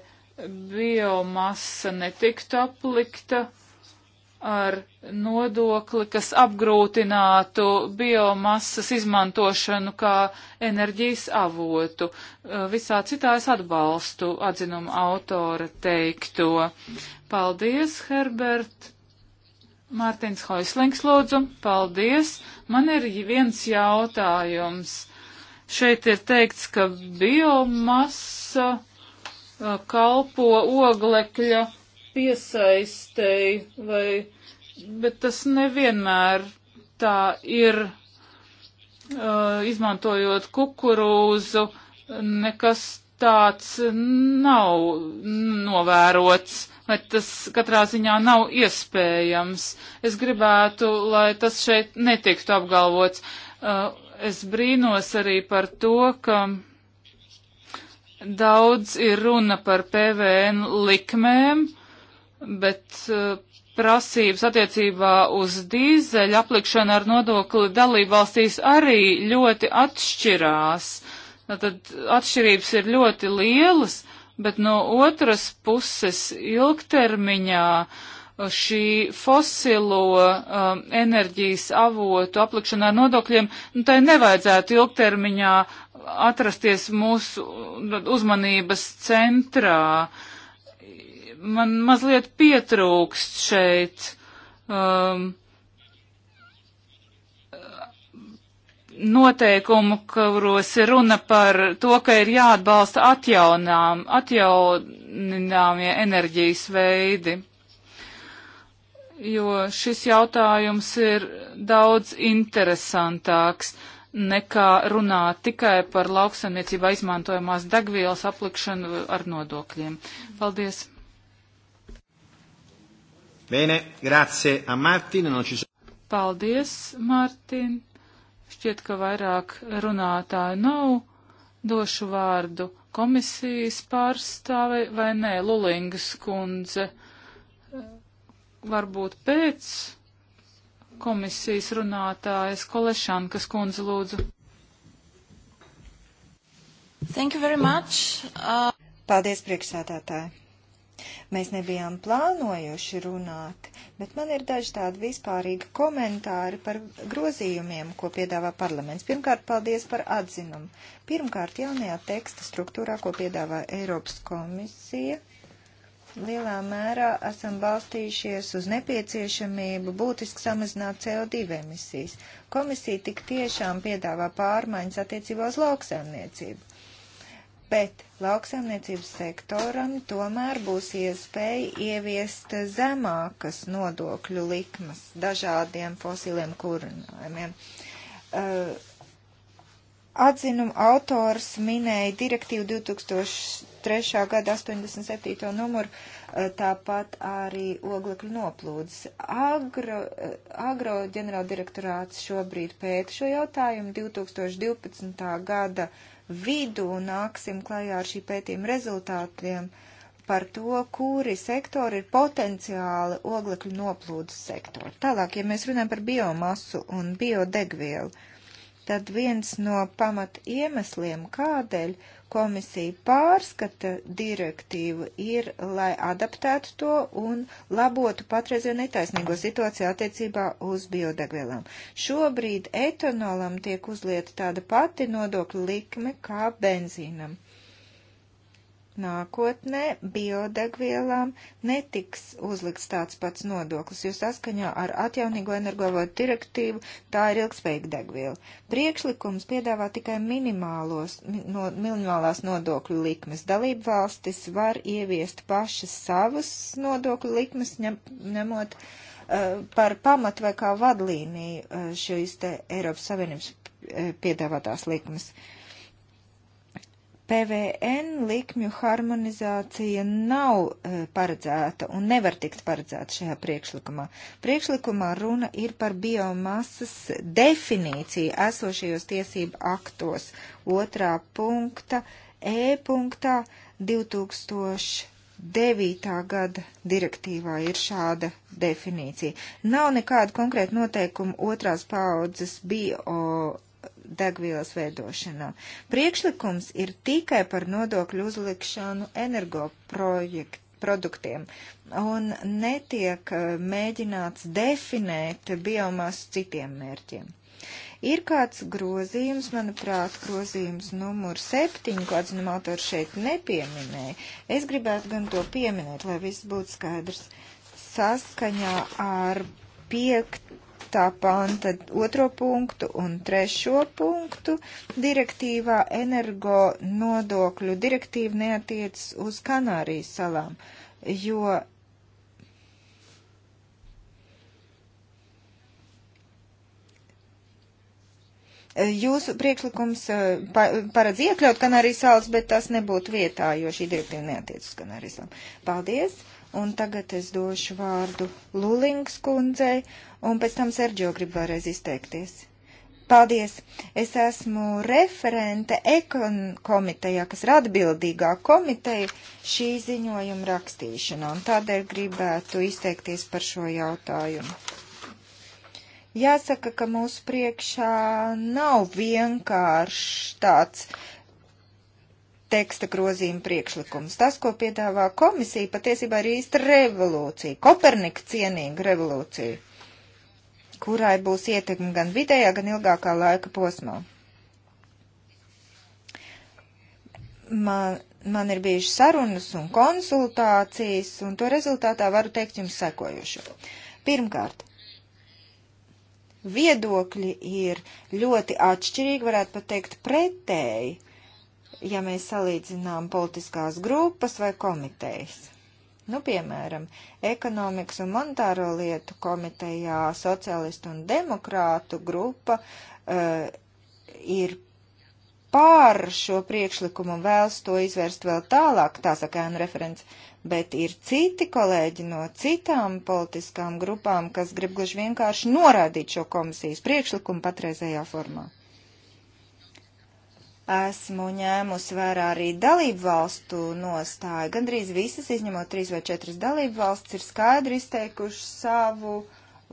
biomasa netiktu aplikta ar nodokli, kas apgrūtinātu biomasas izmantošanu kā enerģijas avotu. Visā citā es atbalstu atzinumu autora teikto. Paldies, Herbert! Mārtiņš Hoislings, lūdzu, paldies. Man ir viens jautājums. Šeit ir teikts, ka biomasa kalpo oglekļa piesaistei, vai, bet tas nevienmēr tā ir, uh, izmantojot kukurūzu, nekas tāds nav novērots, vai tas katrā ziņā nav iespējams. Es gribētu, lai tas šeit netiktu apgalvots. Uh, es brīnos arī par to, ka daudz ir runa par PVN likmēm, uh, bet uh, prasības attiecībā uz dīzeļu aplikšanu ar nodokli dalībvalstīs arī ļoti atšķirās. Nu, tad atšķirības ir ļoti lielas, bet no otras puses ilgtermiņā eh, šī fosilo um, enerģijas avotu aplikšana ar nodokļiem, nu, tai nevajadzētu ilgtermiņā atrasties mūsu nu, uzmanības centrā. Uh, man mazliet pietrūkst šeit um, noteikumu, kuros ir runa par to, ka ir jāatbalsta atjaunām, atjaunināmie enerģijas veidi, jo šis jautājums ir daudz interesantāks nekā runāt tikai par lauksaimniecībā izmantojamās degvielas aplikšanu ar nodokļiem. Paldies! Bene, grazie a Martin. Non ci sono. Paldies, Martin. Šķiet, ka vairāk runātāju nav. Došu vārdu komisijas pārstāvei vai nē, Lulingas kundze. Varbūt pēc komisijas runātājas Kolešankas kundze lūdzu. Thank you very much. Uh... Paldies, priekšsēdētāji. Mēs nebijām plānojuši runāt, bet man ir daži tādi vispārīgi komentāri par grozījumiem, ko piedāvā parlaments. Pirmkārt, paldies par atzinumu. Pirmkārt, jaunajā teksta struktūrā, ko piedāvā Eiropas komisija, lielā mērā esam balstījušies uz nepieciešamību būtiski samazināt CO2 emisijas. Komisija tik tiešām piedāvā pārmaiņas attiecībā uz lauksaimniecību bet lauksaimniecības sektoram tomēr būs iespēja ieviest zemākas nodokļu likmas dažādiem fosiliem kurinājumiem. Uh, Atzinuma autors minēja direktīvu 2003. gada 87. numuru, uh, tāpat arī oglekļu noplūdes. Agro, uh, agro ģenerāldirektorāts šobrīd pēta šo jautājumu 2012. gada uh, vidū nāksim klajā ar šī pētījuma rezultātiem par to, kuri sektori ir potenciāli oglekļu noplūdes sektori. Tālāk, ja mēs runājam par biomasu un biodegvielu, tad viens no pamat iemesliem, kādēļ uh, Komisija pārskata direktīvu ir, lai adaptētu to un labotu patreizējo netaisnīgo situāciju attiecībā uz biodegvielām. Šobrīd etanolam tiek uzlieta tāda pati nodokļa likme kā benzīnam nākotnē biodegvielām netiks uzlikts tāds pats nodoklis, jo saskaņā ar atjaunīgo energoavotu direktīvu tā ir ilgspējīga degviela. Priekšlikums piedāvā tikai minimālos, no, minimālās nodokļu likmes. Dalību valstis var ieviest pašas savas nodokļu likmes, ņem, ņemot uh, par pamatu vai kā vadlīniju uh, šīs te Eiropas Savienības eh, piedāvātās likmes. Uh, PVN likmju harmonizācija nav uh, paredzēta un nevar tikt paredzēta šajā priekšlikumā. Priekšlikumā runa ir par biomasas definīciju esošajos tiesību aktos otrā punkta E punktā 2009. gada direktīvā ir šāda definīcija. Nav nekāda konkrēta noteikuma otrās paudzes bio degvielas veidošanā. Priekšlikums ir tikai par nodokļu uzlikšanu energoprojektu produktiem un netiek eh, mēģināts definēt biomasu citiem mērķiem. Ir kāds grozījums, manuprāt, grozījums numur septiņu, kāds no nu autors šeit nepieminēja. Es gribētu gan to pieminēt, lai viss būtu skaidrs. Saskaņā ar 5. 6. panta otro punktu un trešo punktu direktīvā energo nodokļu direktīva neatiec uz Kanārijas salām, jo Jūsu priekšlikums eh, paredz iekļaut Kanārijas salas, bet tas nebūtu vietā, jo šī direktīva neatiec uz Kanārijas salām. Paldies! Un tagad es došu vārdu Lulings kundzei, un pēc tam Sergio grib vēlreiz izteikties. Paldies! Es esmu referente ekon komitejā, kas ir atbildīgā komiteja šī ziņojuma rakstīšanā, un tādēļ gribētu izteikties par šo jautājumu. Jāsaka, ka mūsu priekšā nav vienkārši tāds uh, teksta grozījuma priekšlikums. Tas, ko piedāvā komisija, patiesībā ir īsta revolūcija, Kopernika cienīga revolūcija, kurai būs ietekme gan vidējā, gan ilgākā laika posmā. Man, man ir bijušas sarunas un konsultācijas, un to rezultātā varu teikt jums sekojušo. Pirmkārt, viedokļi ir ļoti atšķirīgi, varētu pat teikt pretēji ja mēs salīdzinām politiskās grupas vai komitejas. Nu, piemēram, ekonomikas un monetāro lietu komitejā socialistu un demokrātu grupa uh, ir pār šo priekšlikumu un vēlas to izvērst vēl tālāk, tā saka ēnu referents, bet ir citi kolēģi no citām politiskām grupām, kas grib gluži vienkārši norādīt šo komisijas priekšlikumu patreizējā formā esmu ņēmusi vērā arī dalību valstu nostāju. Gandrīz visas, izņemot trīs vai četras dalību valsts, ir skaidri izteikuši savu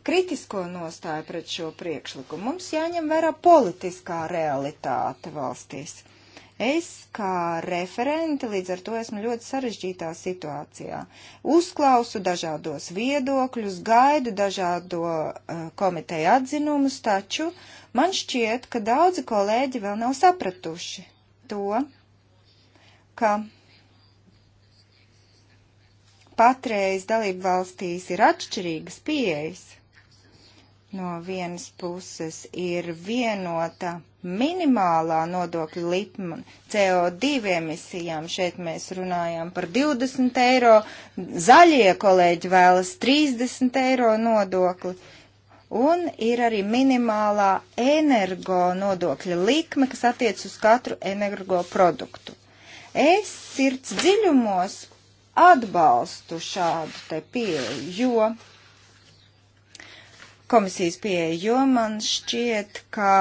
kritisko nostāju pret šo priekšlikumu. Mums jāņem vērā politiskā realitāte valstīs. Es, kā referente, līdz ar to esmu ļoti sarežģītā situācijā. Uzklausu dažādos viedokļus, gaidu dažādo uh, komiteju atzinumus, taču uh, Man šķiet, ka daudzi kolēģi vēl nav sapratuši to, ka patreiz dalību valstīs ir atšķirīgas pieejas. No vienas puses ir vienota minimālā nodokļa likme CO2 emisijām. Šeit mēs runājam par 20 eiro, zaļie kolēģi vēlas 30 eiro nodokli. Uh, Un ir arī minimālā energo nodokļa likme, kas attiec uz katru energo produktu. Es sirds dziļumos atbalstu šādu te pieeju, jo komisijas pieeja, jo man šķiet, ka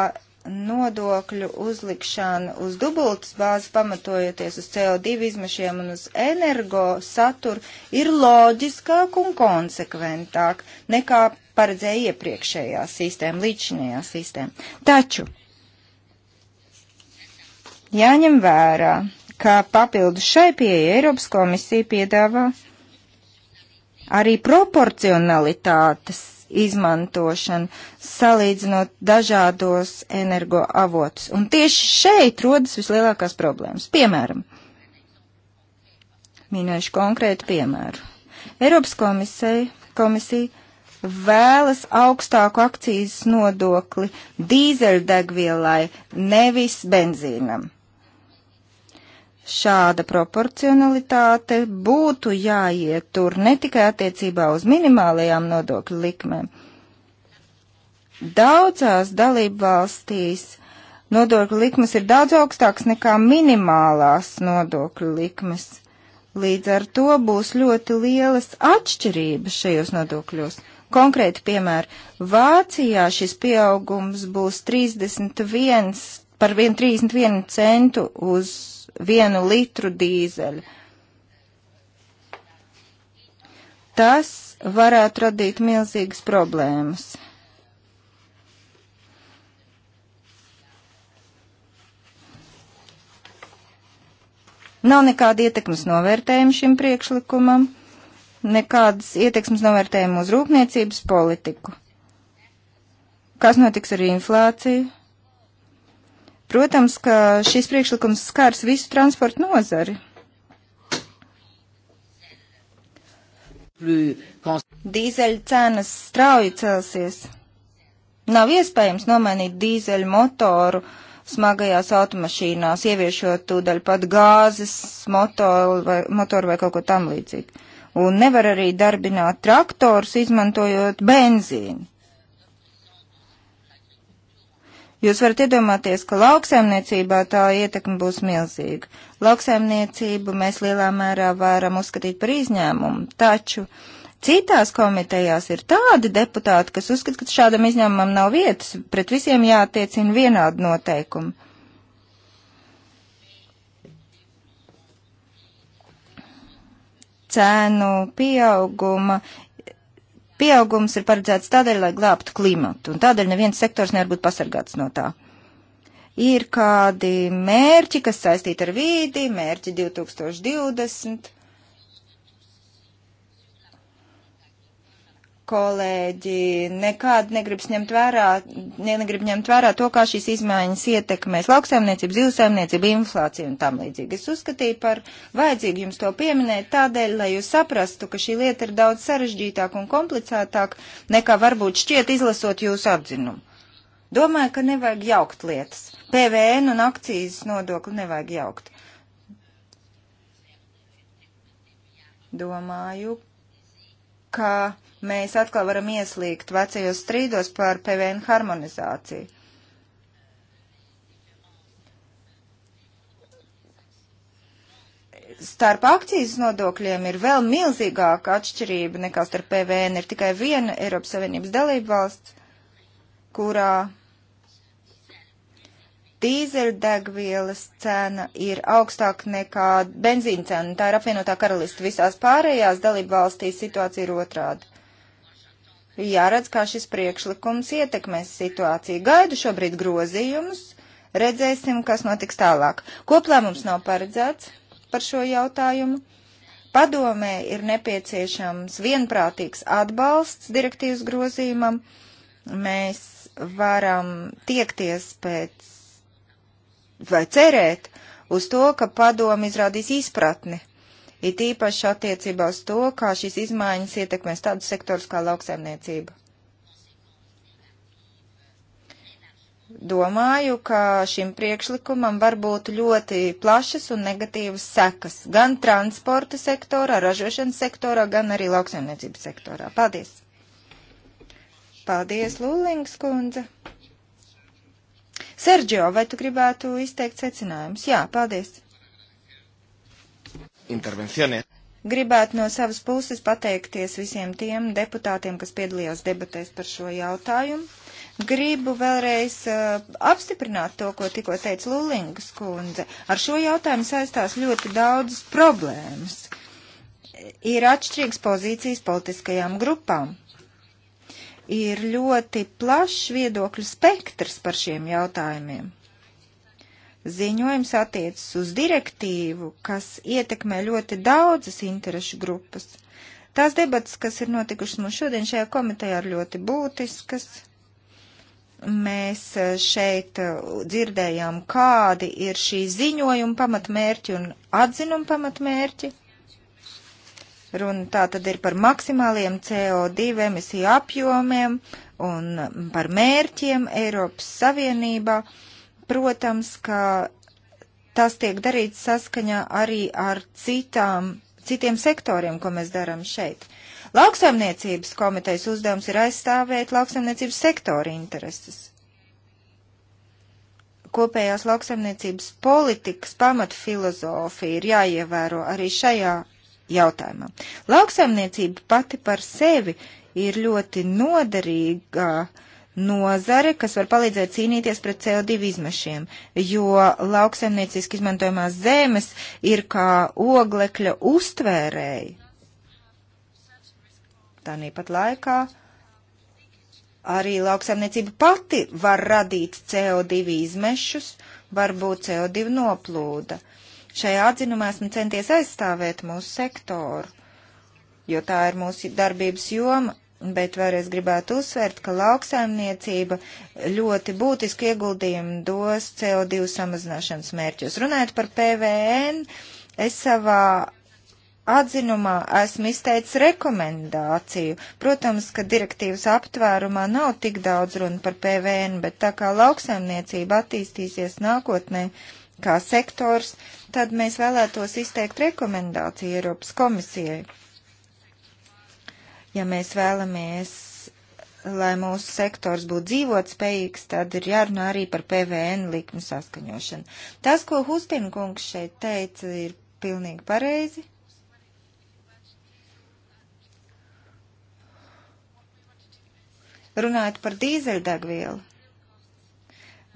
nodokļu uzlikšana uz dubultas bāzes, pamatojoties uz CO2 izmešiem un uz energo saturu, ir loģiskāk un konsekventāk nekā paredzēja iepriekšējā sistēma, līdzinējā sistēma. Taču jāņem vērā, ka papildus šai pieeja Eiropas komisija piedāvā arī proporcionalitātes izmantošanu, salīdzinot dažādos energoavotus. Un tieši šeit rodas vislielākās problēmas. Piemēram, minēšu konkrētu piemēru. Eiropas komisija, komisija vēlas augstāku akcijas nodokli dīzeļdegvielai, nevis benzīnam. Šāda proporcionalitāte būtu jāietur ne tikai attiecībā uz minimālajām nodokļu likmēm. Daudzās dalību valstīs nodokļu likmes ir daudz augstākas nekā minimālās nodokļu likmes. Līdz ar to būs ļoti lielas atšķirības šajos nodokļos. Konkrēti, piemēram, Vācijā šis pieaugums būs 31 par 1, 31 centu uz vienu litru dīzeļu. Tas varētu radīt milzīgas problēmas. Nav nekāda ietekmes novērtējuma šim priekšlikumam nekādas ietekmes novērtējumu uz rūpniecības politiku. Kas notiks ar inflāciju? Protams, ka šis priekšlikums skars visu transportu nozari. Dīzeļu cenas strauji celsies. Nav iespējams nomainīt dīzeļu motoru smagajās automašīnās, ieviešot tūdaļ pat gāzes motoru vai, motoru vai kaut ko tam līdzīgu un nevar arī darbināt traktors, izmantojot benzīnu. Jūs varat iedomāties, ka lauksaimniecībā tā ietekme būs milzīga. Lauksaimniecību mēs lielā mērā varam uzskatīt par izņēmumu, taču citās komitejās ir tādi deputāti, kas uzskata, ka šādam izņēmumam nav vietas, pret visiem jātiecina vienādi noteikumi. cēnu pieauguma. Pieaugums ir paredzēts tādēļ, lai glābtu klimatu, un tādēļ neviens sektors nevar būt pasargāts no tā ir kādi mērķi, kas saistīti ar vīdi, mērķi 2020. kolēģi nekād negrib ņemt vērā, negrib ņemt vērā to, kā šīs izmaiņas ietekmēs lauksaimniecību, zivsaimniecību, inflāciju un tam līdzīgi. Es uzskatīju par vajadzīgu jums to pieminēt tādēļ, lai jūs saprastu, ka šī lieta ir daudz sarežģītāk un komplicētāk nekā varbūt šķiet izlasot jūsu atzinumu. Domāju, ka nevajag jaukt lietas. PVN un akcijas nodokli nevajag jaukt. Domāju, ka mēs atkal varam ieslīgt vecajos strīdos par PVN harmonizāciju. Starp akcijas nodokļiem ir vēl milzīgāka atšķirība nekā starp PVN. Ir tikai viena Eiropas Savienības dalība valsts, kurā dīzeļdegvielas cena ir augstāka nekā benzīna cena. Tā ir apvienotā karalista. Visās pārējās dalība valstīs situācija ir otrāda jāredz, kā šis priekšlikums ietekmēs situāciju. Gaidu šobrīd grozījumus, redzēsim, kas notiks tālāk. Koplēmums nav paredzēts par šo jautājumu. Padomē ir nepieciešams vienprātīgs atbalsts direktīvas grozījumam. Mēs varam tiekties pēc vai cerēt uz to, ka padomi izrādīs izpratni it īpaši attiecībā uz to, kā šīs izmaiņas ietekmēs tādus sektors kā lauksaimniecība. Domāju, ka šim priekšlikumam var būt ļoti plašas un negatīvas sekas gan transporta sektorā, ražošanas sektorā, gan arī lauksaimniecības sektorā. Paldies! Paldies, Lūlings kundze! Sergio, vai tu gribētu izteikt secinājumus? Jā, paldies! intervenciones. Gribētu no savas puses pateikties visiem tiem deputātiem, kas piedalījās debatēs par šo jautājumu. Gribu vēlreiz uh, apstiprināt to, ko tikko teica Lulingas kundze. Ar šo jautājumu saistās ļoti daudzas problēmas. Ir atšķirīgas pozīcijas politiskajām grupām. Ir ļoti plašs viedokļu spektrs par šiem jautājumiem Ziņojums attiecas uz direktīvu, kas ietekmē ļoti daudzas interešu grupas. Tās debatas, kas ir notikušas mums šodien šajā komitejā, ir ļoti būtiskas. Mēs e, šeit e, dzirdējām, kādi ir šī ziņojuma pamatmērķi un atzinuma pamatmērķi. Runa tā tad ir par maksimāliem CO2 emisiju apjomiem un par mērķiem Eiropas Savienībā. Uh, Protams, ka tas tiek darīts saskaņā arī ar citām, citiem sektoriem, ko mēs darām šeit. Lauksaimniecības komitejas uzdevums ir aizstāvēt lauksaimniecības sektora intereses. Kopējās lauksaimniecības politikas pamatfilozofija ir jāievēro arī šajā jautājumā. Lauksaimniecība pati par sevi ir ļoti noderīga uh, nozare, kas var palīdzēt cīnīties pret CO2 izmešiem, jo lauksaimnieciski izmantojamās zemes ir kā oglekļa uztvērēji. Tāpat laikā arī lauksaimniecība pati var radīt CO2 izmešus, varbūt CO2 noplūda. Šajā atzinumā esmu centies aizstāvēt mūsu sektoru, jo tā ir mūsu darbības joma, bet vēlreiz gribētu uzsvērt, ka lauksaimniecība ļoti būtisku ieguldījumu dos CO2 samazināšanas mērķus. Runājot par PVN, es savā atzinumā esmu izteicis rekomendāciju. Protams, ka direktīvas aptvērumā nav tik daudz runa par PVN, bet tā kā lauksaimniecība attīstīsies nākotnē kā sektors, tad mēs vēlētos izteikt rekomendāciju Eiropas komisijai Ja mēs vēlamies, lai mūsu sektors būtu dzīvotspējīgs, tad ir jārunā arī par PVN likmu saskaņošanu. Tas, ko Hustinkungs šeit teica, ir pilnīgi pareizi. Runājot par dīzeļdegvielu,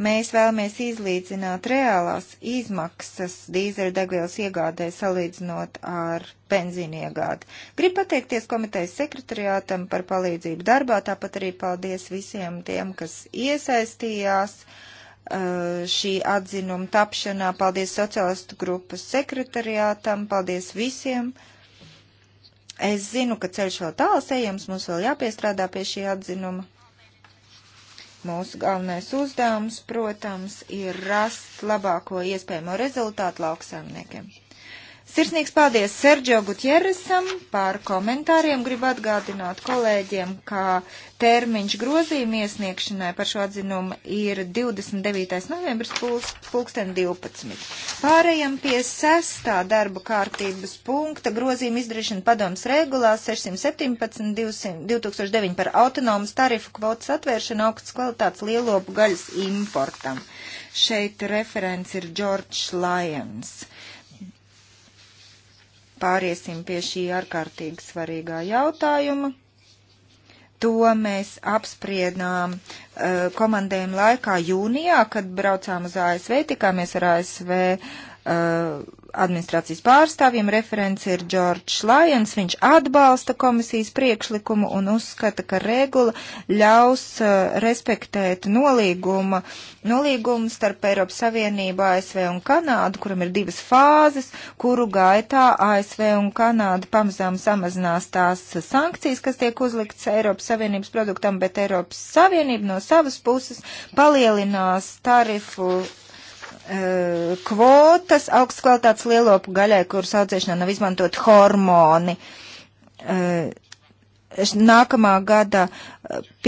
Mēs vēlamies izlīdzināt reālās izmaksas dīzeļdegvielas iegādē salīdzinot ar benzīnu iegādi. Gribu pateikties komitejas sekretariātam par palīdzību darbā, tāpat arī paldies visiem tiem, kas iesaistījās uh, šī atzinuma tapšanā. Paldies sociālistu grupas sekretariātam, paldies visiem. Es zinu, ka ceļš vēl tāls ejams, mums vēl jāpiestrādā pie šī atzinuma. Mūsu galvenais uzdevums, protams, ir rast labāko iespējamo rezultātu lauksaimniekiem. Sirsnīgs paldies Sergio Gutjeresam par komentāriem. Gribu atgādināt kolēģiem, ka termiņš grozījuma iesniegšanai par šo atzinumu ir 29. novembris pulksten 12. Pārējām pie sestā darba kārtības punkta grozījuma izdarīšana padoms regulā 617 200, 2009 par autonomas tarifu kvotas atvēršanu augstas kvalitātes lielopu gaļas importam. Šeit referents ir George Lyons. Uh, pāriesim pie šī ārkārtīgi svarīgā jautājuma. To mēs apspriedām uh, komandējuma laikā jūnijā, kad braucām uz ASV, tikāmies ar ASV uh, administrācijas pārstāvjiem. Referents ir Džordžs Lajons. Viņš atbalsta komisijas priekšlikumu un uzskata, ka regula ļaus uh, respektēt nolīguma, nolīgumu starp Eiropas Savienību, ASV un Kanādu, kuram ir divas fāzes, kuru gaitā ASV un Kanāda pamazām samazinās tās sankcijas, kas tiek uzliktas Eiropas Savienības produktam, bet Eiropas Savienība no savas puses palielinās tarifu kvotas augstkvalitātes lielopu gaļai, kuras audzēšanā nav izmantot hormoni. Nākamā gada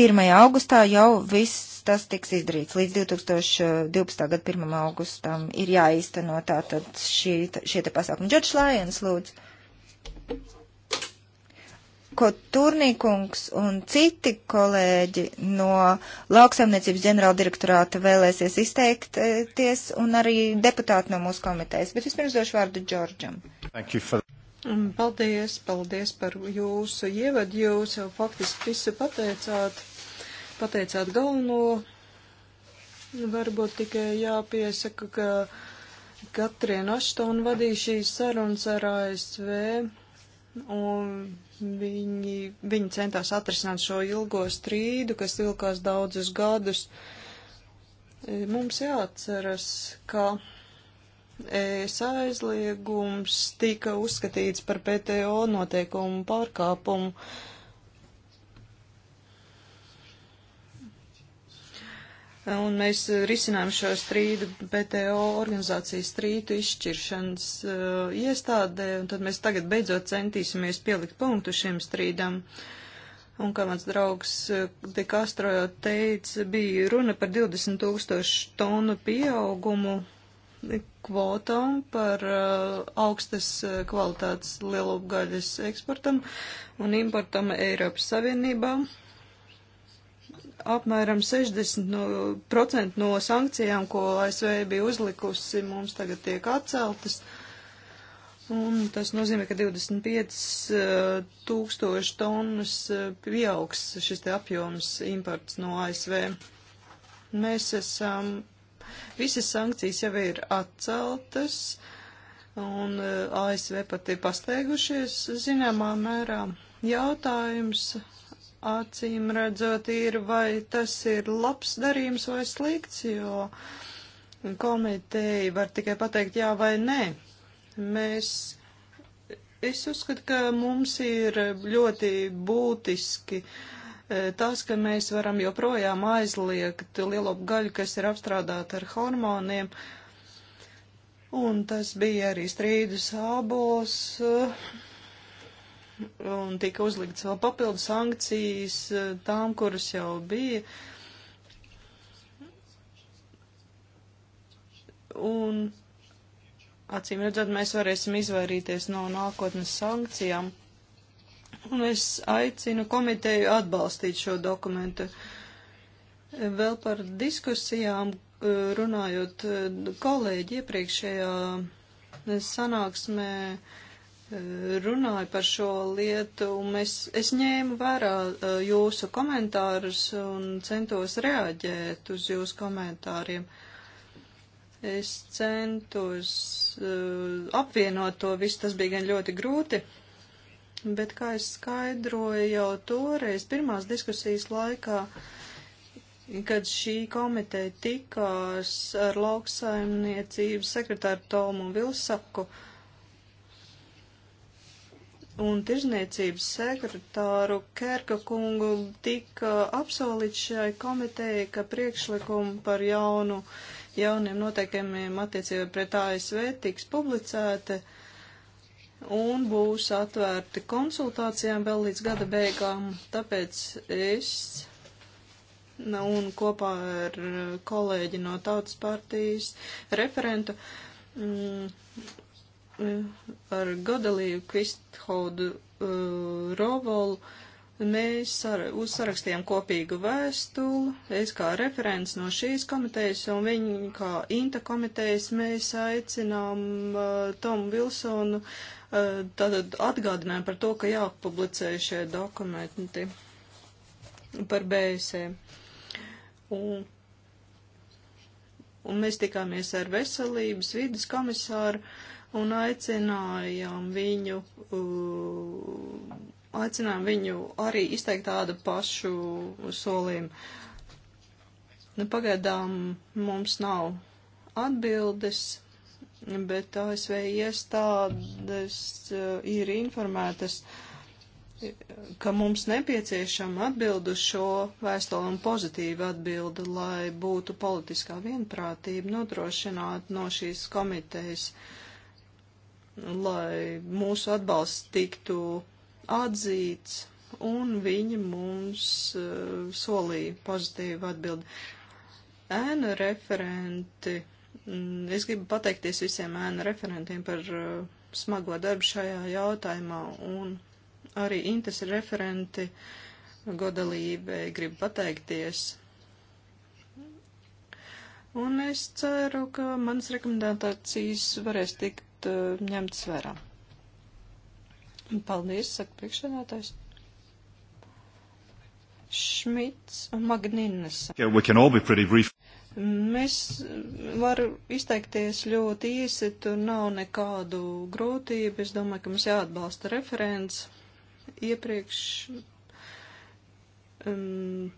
1. augustā jau viss tas tiks izdarīts. Līdz 2012. gada 1. augustam ir jāīsteno tātad šī, šie te pasākumi. Džordžs Lajens, lūdzu. Koturnikungs un citi kolēģi no lauksaimniecības ģenerāldirektorāta vēlēsies izteikties un arī deputāti no mūsu komitejas. Bet vispirms došu vārdu Džordžam. For... Paldies, paldies par jūsu ievadu. Jūs jau faktiski visu pateicāt, pateicāt galveno. Varbūt tikai jāpiesaka, ka Katrien Aštona vadīja šīs sarunas ar ASV. Un Viņi, viņi centās atrisināt šo ilgo strīdu, kas ilgās daudzus gadus. E, mums jāatceras, ka es aizliegums tika uzskatīts par PTO noteikumu pārkāpumu. Uh, un mēs eh, risinām šo strīdu PTO organizācijas strīdu izšķiršanas uh, iestādē, un tad mēs tagad beidzot centīsimies pielikt punktu šim strīdam. Un kā mans draugs eh, De Castro jau teica, bija runa par 20 tūkstošu tonu pieaugumu kvotām par uh, augstas kvalitātes lielopgaļas eksportam un importam Eiropas Savienībā apmēram 60% no, no sankcijām, ko ASV bija uzlikusi, mums tagad tiek atceltas. Un tas nozīmē, ka 25 eh, tūkstoši tonnas eh, pieaugs šis te apjoms imports no ASV. Mēs esam, visas sankcijas jau ir atceltas, un eh, ASV pat ir pasteigušies zināmā mērā. Jautājums acīm redzot ir, vai tas ir labs darījums vai slikts, jo komiteja var tikai pateikt jā vai nē. Mēs, es uzskatu, ka mums ir ļoti būtiski eh, tas, ka mēs varam joprojām aizliegt lielo gaļu, kas ir apstrādāta ar hormoniem, un tas bija arī strīdus abos. Uh, un tika uzlikts vēl papildu sankcijas eh, tām, kuras jau bija. Un acīm redzot, mēs varēsim izvairīties no nākotnes sankcijām. Un es aicinu komiteju atbalstīt šo dokumentu. Vēl par diskusijām eh, runājot eh, kolēģi iepriekšējā sanāksmē. Uh, runāju par šo lietu, un es, es ņēmu vērā jūsu komentārus un centos reaģēt uz jūsu komentāriem. Es centos uh, apvienot to visu, tas bija gan ļoti grūti, bet kā es skaidroju jau toreiz pirmās diskusijas laikā, kad šī komiteja tikās ar lauksaimniecības sekretāru Tomu Vilsaku, uh, un tirzniecības sekretāru Kērka kungu tika apsolīts šai komitejai, ka priekšlikumu par jaunu, jauniem noteikumiem attiecībā pret ASV tiks publicēta un būs atvērti konsultācijām vēl līdz gada beigām. Tāpēc es nu, un kopā ar kolēģi no Tautas partijas referentu. Mm, Eh, ar Godalīju, Kvisthodu, eh, Rovolu. Mēs sar uzsarakstījām kopīgu vēstuli, es kā referents no šīs komitejas un viņi kā Inta komitejas mēs aicinām uh, Tomu Vilsonu, uh, tātad atgādinājumu par to, ka jāpublicē šie dokumenti par BSE. Un, un mēs tikāmies ar veselības vidas komisāru. Uh, un aicinājām viņu, uh, aicinājām viņu arī izteikt tādu pašu solījumu. Nu, pagaidām mums nav atbildes, bet ASV iestādes uh, ir informētas, ka mums nepieciešama atbildu šo vēstuli un pozitīvu atbildi, lai būtu politiskā vienprātība nodrošināt no šīs komitejas uh, lai mūsu atbalsts tiktu atzīts, un viņi mums uh, solīja pozitīvu atbildi. Ēna referenti, mm, es gribu pateikties visiem ēna referentiem par uh, smago darbu šajā jautājumā, un arī Intes referenti godalībai gribu pateikties. Un es ceru, ka manas rekomendācijas varēs tikt tikt uh, eh, ņemts vērā. Paldies, saka priekšsēdētājs. Šmits un Magninas. Yeah, Mēs eh, varam izteikties ļoti īsi, tur nav nekādu grūtību. Es domāju, ka mums jāatbalsta referents. Iepriekš um,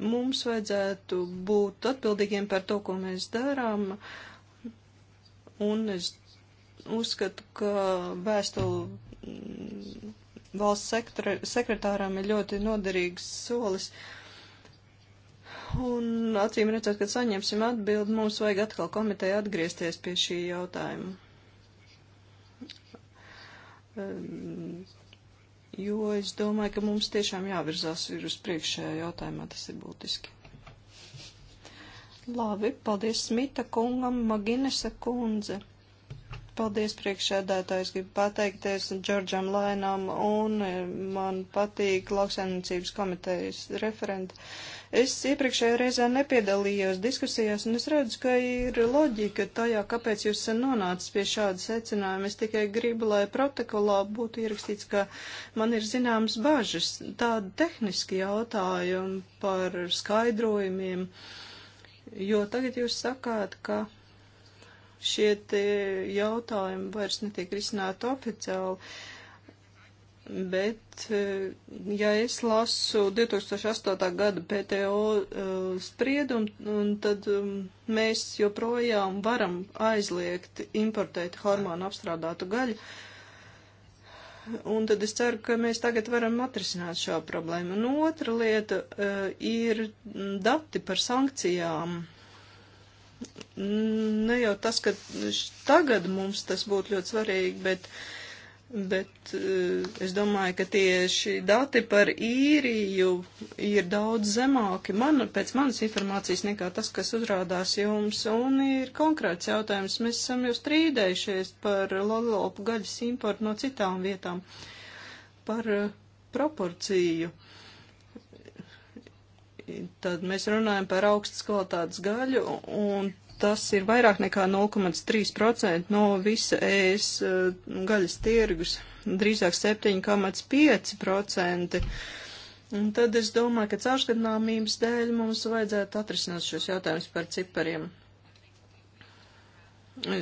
mums vajadzētu būt atbildīgiem par to, ko mēs darām. Uh, Un es uzskatu, ka vēstule mm, valsts sektora, sekretāram ir ļoti noderīgs solis. Un acīm redzot, kad saņemsim atbildi, mums vajag atkal komiteja atgriezties pie šī jautājuma. Ehm, jo es domāju, ka mums tiešām jāvirzās ir uz priekšējā jautājumā, tas ir būtiski. Labi, paldies Smita kungam, Maginesa kundze. Paldies priekšsēdētājs, gribu pateikties Džordžam Lainam un eh, man patīk lauksaimniecības komitejas referenti. Es iepriekšējā reizē nepiedalījos diskusijās un es redzu, ka ir loģika tajā, kāpēc jūs nonācis pie šāda secinājuma. Es tikai gribu, lai protokolā būtu ierakstīts, ka man ir zināmas bažas, tādi tehniski jautājumi par skaidrojumiem. Uh, Jo tagad jūs sakāt, ka šie jautājumi vairs netiek risināti oficiāli, bet, eh, ja es lasu 2008. gada PTO eh, spriedumu, tad um, mēs joprojām varam aizliegt importēt hormonu apstrādātu gaļu un tad es ceru, ka mēs tagad varam atrisināt šo problēmu. Un otra lieta uh, ir dati par sankcijām. Ne jau tas, ka tagad mums tas būtu ļoti svarīgi, bet uh, bet eh, es domāju, ka tieši dati par īriju ir daudz zemāki man, pēc manas informācijas nekā tas, kas uzrādās jums, un ir konkrēts jautājums. Mēs esam jau strīdējušies par lolopu gaļas importu no citām vietām, par eh, proporciju. Tad mēs runājam par augstas kvalitātes gaļu, un tas ir vairāk nekā 0,3% no visa ES eh, gaļas tirgus, drīzāk 7,5%. Un tad es domāju, ka caurskatāmības dēļ mums vajadzētu atrisināt šos jautājumus par cipariem.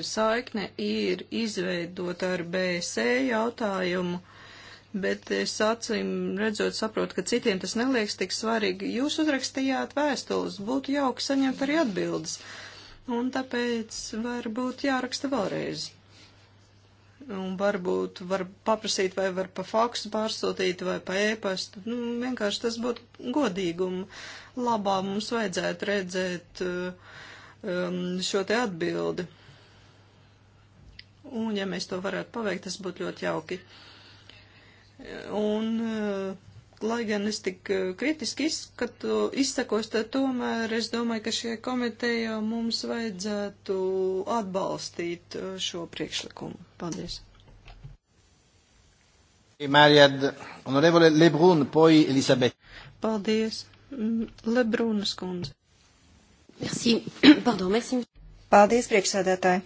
Saikne ir izveidota ar BSE jautājumu bet es acīm redzot saprotu, ka citiem tas neliekas tik svarīgi. Jūs uzrakstījāt vēstules, būtu jauki saņemt arī atbildes un tāpēc varbūt jāraksta vēlreiz. Un varbūt var paprasīt, vai var pa faksu pārsūtīt, vai pa ēpastu. Nu, vienkārši tas būtu godīgumu labā mums vajadzētu redzēt uh, um, šo te atbildi. Un, ja mēs to varētu paveikt, tas būtu ļoti jauki. Un uh, lai gan es tik eh, kritiski izskatu, izsakos, tad tomēr es domāju, ka šie komiteja mums vajadzētu atbalstīt eh, šo priekšlikumu. Paldies. Mariad, onorevole Lebrun, poi Elisabeth. Paldies. Mm, Lebrunas kundze. Merci. <coughs> Pardon, merci. Paldies, priekšsēdētāji.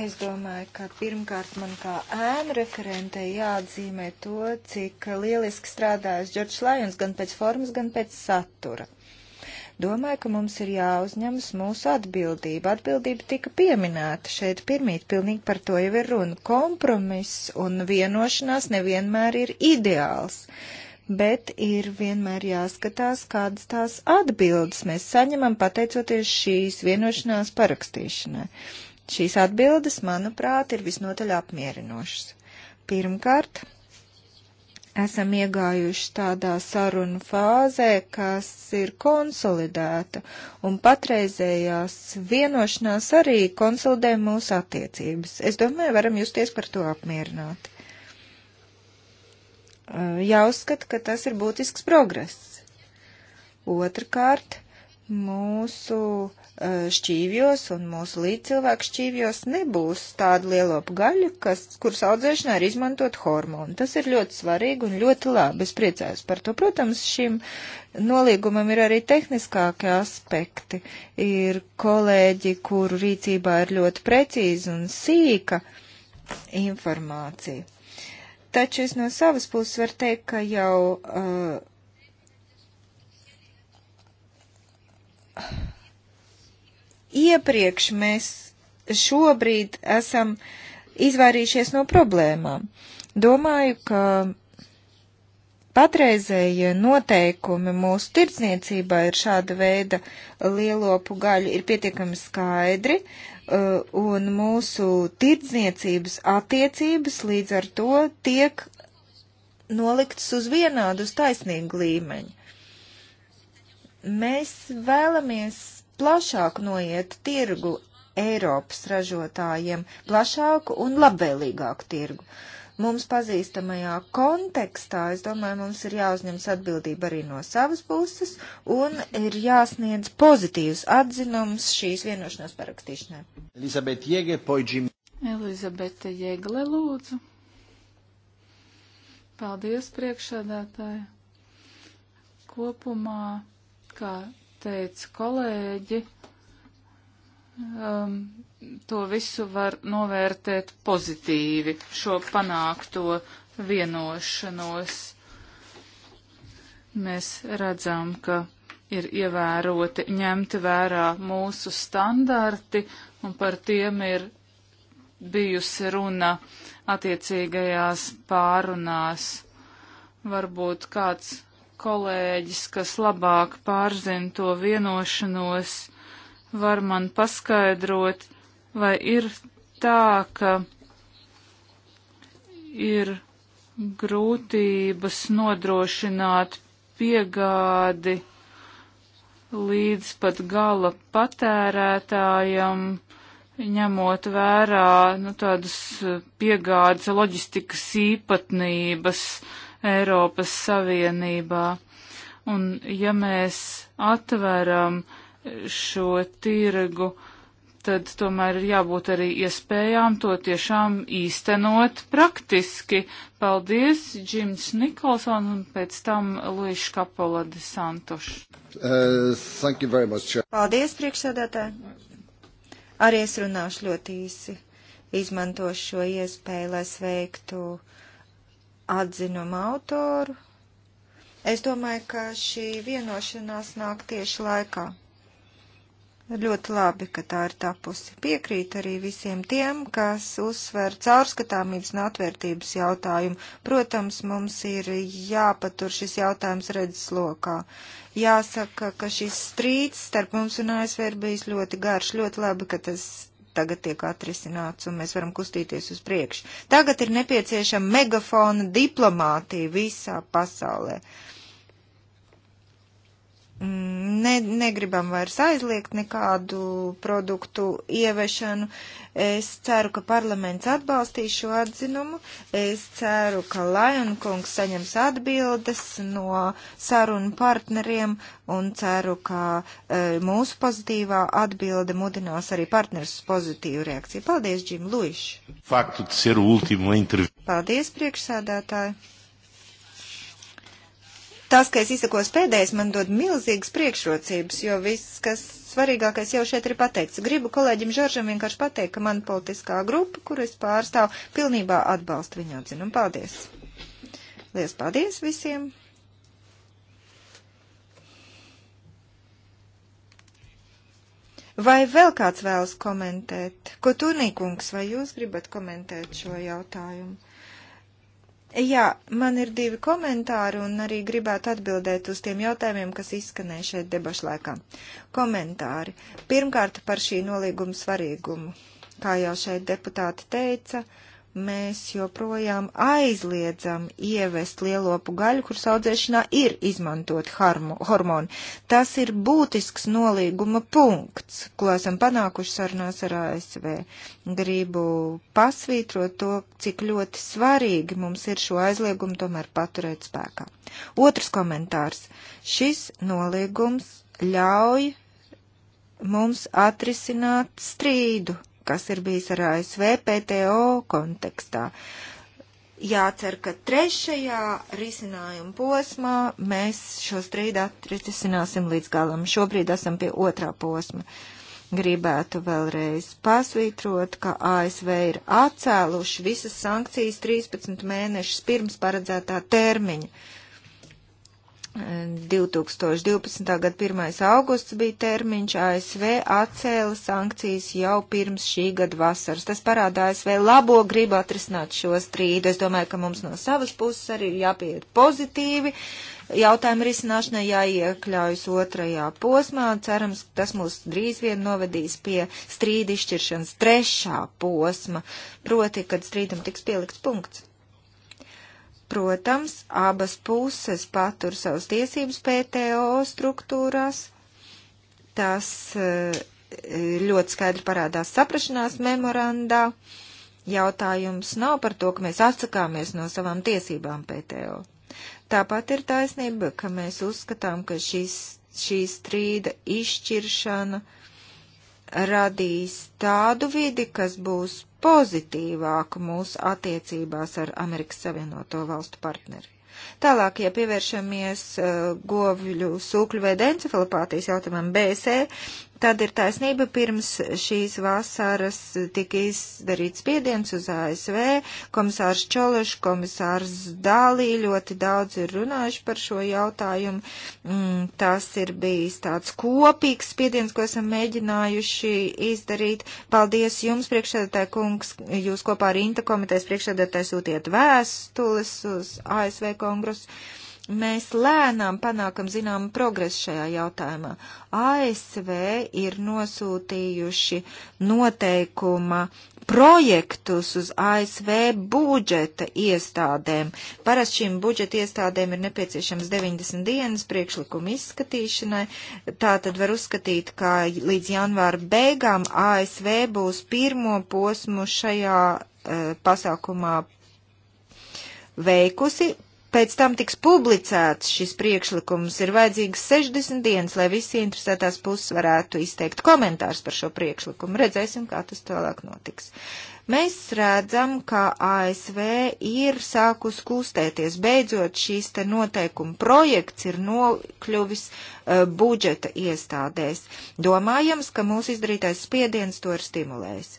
Es domāju, ka pirmkārt man kā ēnu referentei jāatzīmē to, cik lieliski strādājas Džordžs Lajons gan pēc formas, gan pēc satura. Domāju, ka mums ir jāuzņemas mūsu atbildība. Atbildība tika pieminēta šeit pirmīt, pilnīgi par to jau ir runa. Kompromiss un vienošanās nevienmēr ir ideāls bet ir vienmēr jāskatās, kādas tās atbildes mēs saņemam pateicoties šīs vienošanās parakstīšanai. Šīs atbildes, manuprāt, ir visnotaļ apmierinošas. Pirmkārt, esam iegājuši tādā sarunu fāzē, kas ir konsolidēta, un patreizējās vienošanās arī konsolidē mūsu attiecības. Es domāju, varam justies par to apmierināti. Jāuzskata, ka tas ir būtisks progress. Otrakārt, mūsu Eh, šķīvjos un mūsu līdzcilvēku šķīvjos nebūs tāda lielopu gaļa, kas, kuras audzēšanā ir izmantot hormonu. Tas ir ļoti svarīgi un ļoti labi. Es priecājos par to. Protams, šim nolīgumam ir arī tehniskākie aspekti. Ir kolēģi, kuru rīcībā ir ļoti precīza un sīka informācija. Taču es no savas puses varu teikt, ka jau. Uh, iepriekš mēs šobrīd esam izvairījušies no problēmām. Domāju, ka patreizējie noteikumi mūsu tirdzniecībā ir šāda veida lielopu gaļu ir pietiekami skaidri, uh, un mūsu tirdzniecības attiecības līdz ar to tiek noliktas uz vienādu, uz taisnīgu līmeņu. Mēs vēlamies plašāk noiet tirgu Eiropas ražotājiem, plašāku un labvēlīgāku tirgu. Mums pazīstamajā kontekstā, es domāju, mums ir jāuzņems atbildība arī no savas puses un ir jāsniedz pozitīvs atzinums šīs vienošanās parakstīšanai. Elizabete Jēgle, poģim. Elizabete Jēgle, lūdzu. Paldies, priekšādātāji. Kopumā, kā teica kolēģi, um, to visu var novērtēt pozitīvi, šo panākto vienošanos. Mēs redzam, ka ir ievēroti, ņemti vērā mūsu standarti, un par tiem ir bijusi runa attiecīgajās pārunās. Varbūt kāds kolēģis, kas labāk pārzina to vienošanos, var man paskaidrot, vai ir tā, ka ir grūtības nodrošināt piegādi līdz pat gala patērētājam, ņemot vērā nu, tādas piegādes loģistikas īpatnības, Eiropas Savienībā. Un ja mēs atveram šo tirgu, tad tomēr ir jābūt arī iespējām to tiešām īstenot praktiski. Paldies, Džims Nikolson un pēc tam Luīš Kapola de Santuš. Uh, much, Paldies, priekšsēdētāji. Arī es runāšu ļoti īsi. Izmantošu šo iespēju, lai sveiktu uh, atzinuma autoru. Es domāju, ka šī vienošanās nāk tieši laikā. Ļoti labi, ka tā ir tapusi. Piekrīt arī visiem tiem, kas uzsver caurskatāmības un atvērtības jautājumu. Protams, mums ir jāpatur šis jautājums redzes lokā. Jāsaka, ka šis strīds starp mums un ASV ir bijis ļoti garš. Ļoti labi, ka tas tagad tiek atrisināts un mēs varam kustīties uz priekšu. Tagad ir nepieciešama megafona diplomātija visā pasaulē. Uh, ne, negribam vairs aizliegt nekādu produktu ieviešanu. Es ceru, ka parlaments atbalstīs šo atzinumu. Es ceru, ka Lajonkungs saņems atbildes no sarunu partneriem un ceru, ka e, mūsu pozitīvā atbilde mudinās arī partners uz pozitīvu reakciju. Paldies, Džim Luiš! Faktu ceru ultimo interviju. Paldies, priekšsēdētāji! Tas, ka es izsakos pēdējais, man dod milzīgas priekšrocības, jo viss, kas svarīgākais jau šeit ir pateikts. Gribu kolēģim Žoržam vienkārši pateikt, ka man politiskā grupa, kur es pārstāvu, pilnībā atbalsta viņu atzinumu. Paldies! Lielas paldies visiem! Vai vēl kāds vēlas komentēt? Ko Turnīkungs, vai jūs gribat komentēt šo jautājumu? Jā, man ir divi komentāri un arī gribētu atbildēt uz tiem jautājumiem, kas izskanēja šeit debašlēkā. Komentāri. Pirmkārt par šī nolīguma svarīgumu. Kā jau šeit deputāti teica, uh, mēs joprojām aizliedzam ievest lielopu gaļu, kuras audzēšanā ir izmantot harmo, hormoni. Tas ir būtisks nolīguma punkts, ko esam panākuši sarunās ar ASV. Gribu pasvītrot to, cik ļoti svarīgi mums ir šo aizliegumu tomēr paturēt spēkā. Otrs komentārs. Šis nolīgums ļauj mums atrisināt strīdu kas ir bijis ar ASV PTO kontekstā. Jācer, ka trešajā risinājuma posmā mēs šo strīdu atrisināsim līdz galam. Šobrīd esam pie otrā posma. Gribētu vēlreiz pasvītrot, ka ASV ir atcēluši visas sankcijas 13 mēnešus pirms paredzētā termiņa. 2012. gada 1. augusts bija termiņš, ASV atcēla sankcijas jau pirms šī gada vasaras. Tas parāda ASV labo gribu atrisināt šo strīdu. Es domāju, ka mums no savas puses arī ir jāpiet pozitīvi. Jautājumu risināšanai jāiekļaujas otrajā posmā. Cerams, tas mūs drīz vien novedīs pie strīda izšķiršanas trešā posma, proti, kad strīdam tiks pielikts punkts. Protams, abas puses patur savas tiesības PTO struktūrās. Tas eh, ļoti skaidri parādās saprašanās memorandā. Jautājums nav par to, ka mēs atsakāmies no savām tiesībām PTO. Tāpat ir taisnība, ka mēs uzskatām, ka šis, šī strīda izšķiršana radīs tādu vidi, kas būs pozitīvāku mūsu attiecībās ar Amerikas Savienoto valstu partneri. Tālāk, ja pievēršamies uh, govļu sūkļu vai dencefalopātijas jautājumam BSE, Tad ir taisnība, pirms šīs vasaras tika izdarīts spiediens uz ASV, komisārs Čološ, komisārs Dālī ļoti daudz ir runājuši par šo jautājumu. Mm, tas ir bijis tāds kopīgs spiediens, ko esam mēģinājuši izdarīt. Paldies jums, priekšsēdētāji kungs, jūs kopā ar Inta komitejas priekšsēdētāji sūtiet vēstules uz ASV kongresu. Mēs lēnām panākam zinām progresu šajā jautājumā. ASV ir nosūtījuši noteikuma projektus uz ASV budžeta iestādēm. Parasti šīm budžeta iestādēm ir nepieciešams 90 dienas priekšlikuma izskatīšanai. Tā tad var uzskatīt, ka līdz janvāra beigām ASV būs pirmo posmu šajā uh, pasākumā veikusi, pēc tam tiks publicēts šis priekšlikums, ir vajadzīgs 60 dienas, lai visi interesētās puses varētu izteikt komentārus par šo priekšlikumu. Redzēsim, kā tas tālāk notiks. Mēs redzam, ka ASV ir sākus kustēties. Beidzot, šīs te noteikuma projekts ir nokļuvis uh, budžeta iestādēs. Domājams, ka mūsu izdarītais spiediens to ir stimulējis.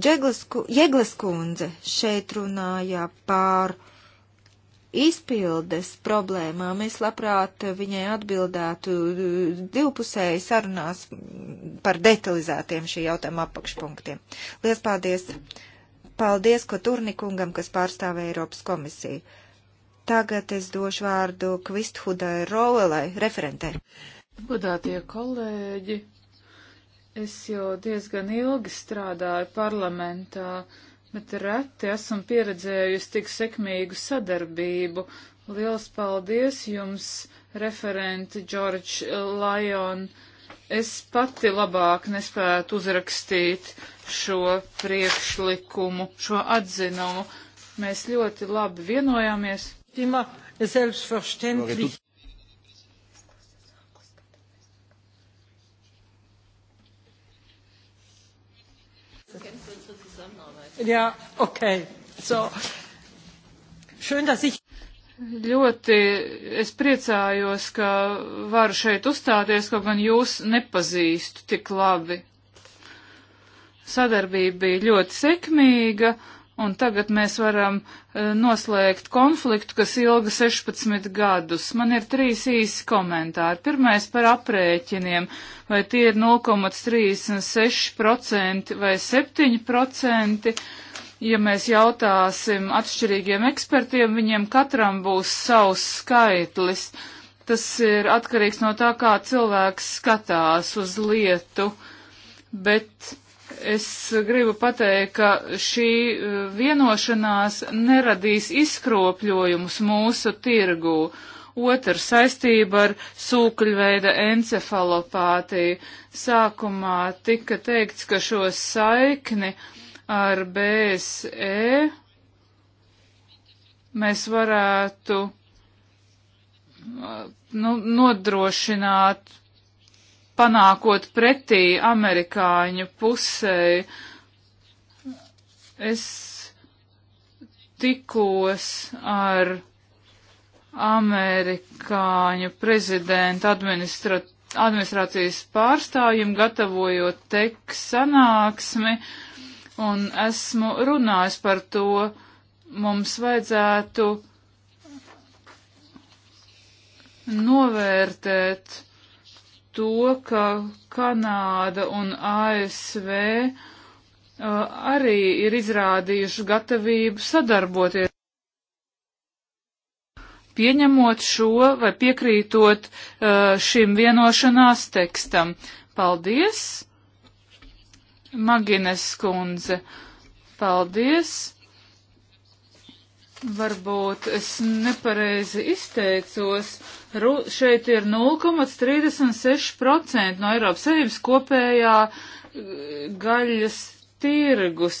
Džeglasku, Jeglas kundze šeit runāja pār izpildes problēmām. Es labprāt viņai atbildētu divpusēji sarunās par detalizētiem šī jautājuma apakšpunktiem. Lielas paldies! Paldies, ko Turnikungam, kas pārstāvē Eiropas komisiju. Tagad es došu vārdu Kvisthudai Rovelai, referentē. Godātie kolēģi, Es jau diezgan ilgi strādāju parlamentā, bet reti esmu pieredzējusi tik sekmīgu sadarbību. Liels paldies jums, referenti George Lyon. Es pati labāk nespētu uzrakstīt šo priekšlikumu, šo atzinumu. Mēs ļoti labi vienojāmies. Tima, Jā, ok. So, schön, dass ich... Ļoti es priecājos, ka varu šeit uzstāties, kaut gan jūs nepazīstu tik labi. Sadarbība bija ļoti sekmīga un tagad mēs varam uh, noslēgt konfliktu, kas ilga 16 gadus. Man ir trīs īsi komentāri. Pirmais par aprēķiniem, vai tie ir 0,36% vai 7%. Ja mēs jautāsim atšķirīgiem ekspertiem, viņiem katram būs savs skaitlis. Tas ir atkarīgs no tā, kā cilvēks skatās uz lietu, bet Es gribu pateikt, ka šī eh, vienošanās neradīs izkropļojumus mūsu tirgū. Otra saistība ar sūkļveida encefalopātiju. Sākumā tika teikts, ka šo saikni ar BSE mēs varētu eh, nu, nodrošināt panākot pretī amerikāņu pusē. Es tikos ar amerikāņu prezidenta administrācijas pārstāvjiem, gatavojot tek sanāksmi, un esmu runājis par to, mums vajadzētu novērtēt to, ka Kanāda un ASV uh, arī ir izrādījuši gatavību sadarboties. Pieņemot šo vai piekrītot uh, šim vienošanās tekstam. Paldies, Magines kundze. Paldies. Varbūt es nepareizi izteicos. Ru, šeit ir 0,36% no Eiropas Savienības kopējā uh, gaļas tirgus,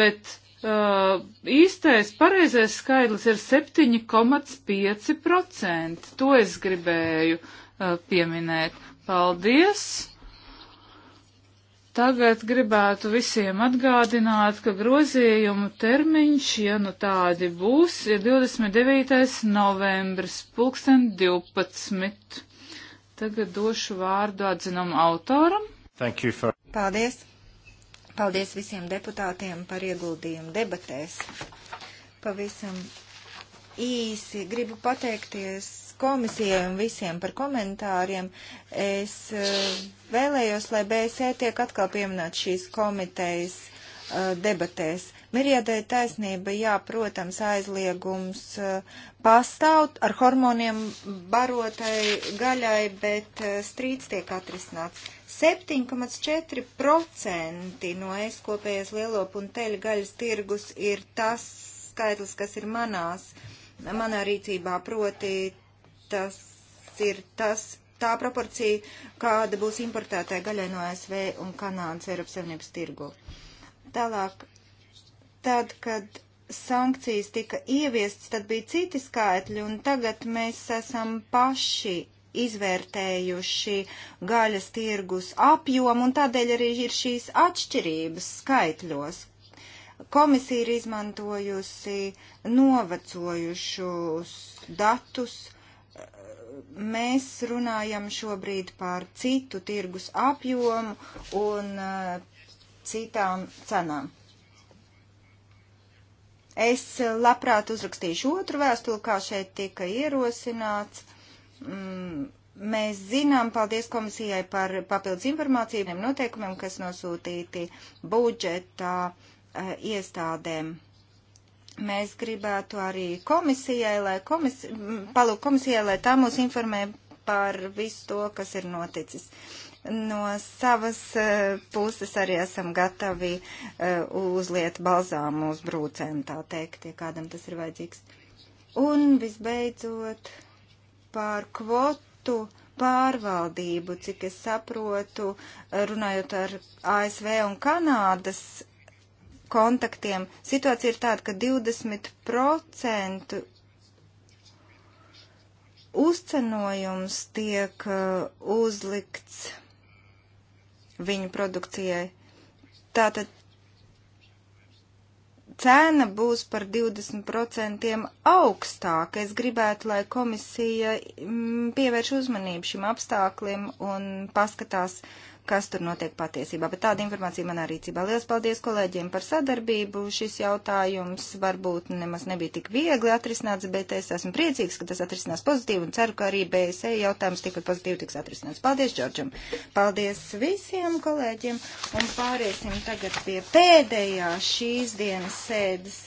bet uh, īstais pareizais skaidrs ir 7,5%. To es gribēju uh, pieminēt. Paldies! Tagad gribētu visiem atgādināt, ka grozījumu termiņš, ja nu tādi būs, ir 29. novembris, pulksten 12. Tagad došu vārdu atzinam autoram. For... Paldies! Paldies visiem deputātiem par ieguldījumu debatēs. Pavisam īsi gribu pateikties komisijai un visiem par komentāriem. Es eh, vēlējos, lai BSE tiek atkal pieminēt šīs komitejas eh, debatēs. Mirjādai taisnība, jā, protams, aizliegums eh, pastāv ar hormoniem barotai gaļai, bet strīds tiek atrisināts. 7,4% no es kopējas lielopu un teļu gaļas tirgus ir tas skaitlis, kas ir manās, manā rīcībā, proti tas ir tas, tā proporcija, kāda būs importētāja gaļai no ASV un Kanādas Eiropas Savienības tirgu. Tālāk, tad, kad sankcijas tika ieviestas, tad bija citi skaitļi, un tagad mēs esam paši izvērtējuši gaļas tirgus apjomu, un tādēļ arī ir šīs atšķirības skaitļos. Komisija ir izmantojusi novecojušus datus, mēs runājam šobrīd par citu tirgus apjomu un eh, citām cenām. Es labprāt uzrakstīšu otru vēstuli, kā šeit tika ierosināts. Mm, mēs zinām, paldies komisijai par papildus informāciju, noteikumiem, kas nosūtīti budžetā eh, iestādēm. Mēs gribētu arī komisijai, lai komisija, palūk komisijai, lai tā mūs informē par visu to, kas ir noticis. No savas uh, puses arī esam gatavi uh, uzliet balzāmu uz brūcēm, tā teikt, ja kādam tas ir vajadzīgs. Un visbeidzot par kvotu pārvaldību, cik es saprotu, runājot ar ASV un Kanādas kontaktiem. Situācija ir tāda, ka 20% uzcenojums tiek uh, uzlikts viņu produkcijai. Tātad cena būs par 20% augstāka. Es gribētu, lai komisija mm, pievērš uzmanību šim apstāklim un paskatās, kas tur notiek patiesībā, bet tāda informācija manā rīcībā. Lielas paldies kolēģiem par sadarbību. Šis jautājums varbūt nemaz nebija tik viegli atrisināts, bet es esmu priecīgs, ka tas atrisinās pozitīvi un ceru, ka arī BSE jautājums tikpat pozitīvi tiks atrisināts. Paldies, Džordžam! Paldies visiem kolēģiem un pāriesim tagad pie pēdējā šīs dienas sēdes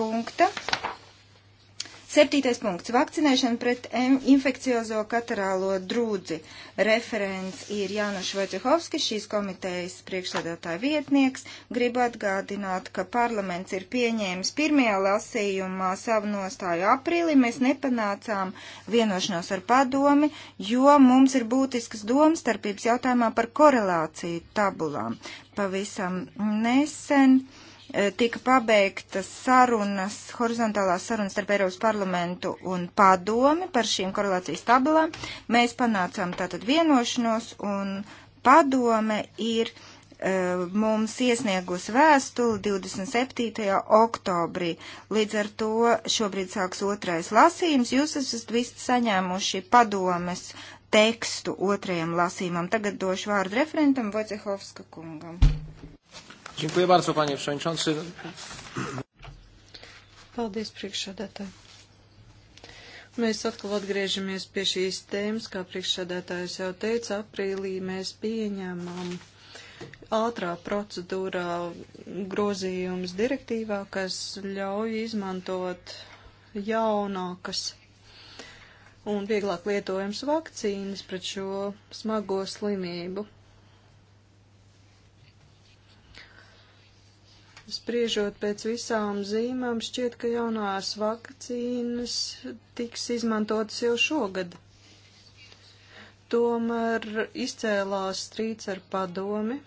punkta. Septītais punkts. Vakcinēšana pret infekciozo katarālo drūdzi. Referents ir Jānis Vojcehovskis, šīs komitejas priekšsēdētāja vietnieks. Gribu atgādināt, ka parlaments ir pieņēmis pirmajā lasījumā savu nostāju aprīlī. Mēs nepanācām vienošanos ar padomi, jo mums ir būtiskas domstarpības jautājumā par korelāciju tabulām. Pavisam nesen. Uh, Eh, tika pabeigtas sarunas, horizontālās sarunas starp Eiropas parlamentu un padomi par šīm korelācijas tabulām. Mēs panācām tātad vienošanos un padome ir eh, mums iesniegus vēstuli 27. oktobrī. Līdz ar to šobrīd sāks otrais lasījums. Jūs esat visi saņēmuši padomes tekstu otrajam lasījumam. Tagad došu vārdu referentam Vocehovska kungam. Dziękuję bardzo, panie przewodniczący. Paldies, priekšsēdētāji. Mēs atkal atgriežamies pie šīs tēmas, kā priekšsēdētājs jau teica, aprīlī mēs pieņēmām ātrā procedūrā grozījums direktīvā, kas ļauj izmantot jaunākas un vieglāk lietojams vakcīnas pret šo smago slimību. Spriežot pēc visām zīmēm, šķiet, ka jaunās vakcīnas tiks izmantotas jau šogad. Tomēr izcēlās strīds ar padomi,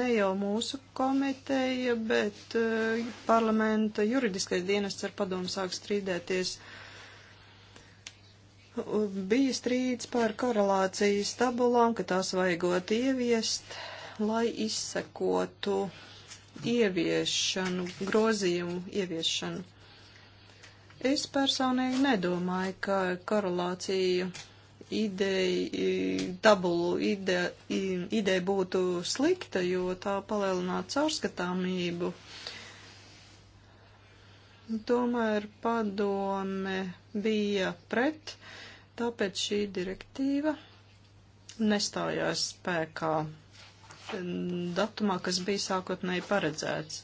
ne jau mūsu komiteja, bet uh, parlamenta juridiskais dienests ar padomu sāk strīdēties. Bija strīds par korelācijas tabulām, ka tās vajagot ieviest, lai izsekotu ieviešanu, grozījumu ieviešanu. Es personīgi nedomāju, ka korelācija ideja, tabulu ideja, ideja būtu slikta, jo tā palielinātu caurskatāmību. Tomēr padome bija pret, tāpēc šī direktīva nestājās spēkā datumā, kas bija sākotnēji paredzēts.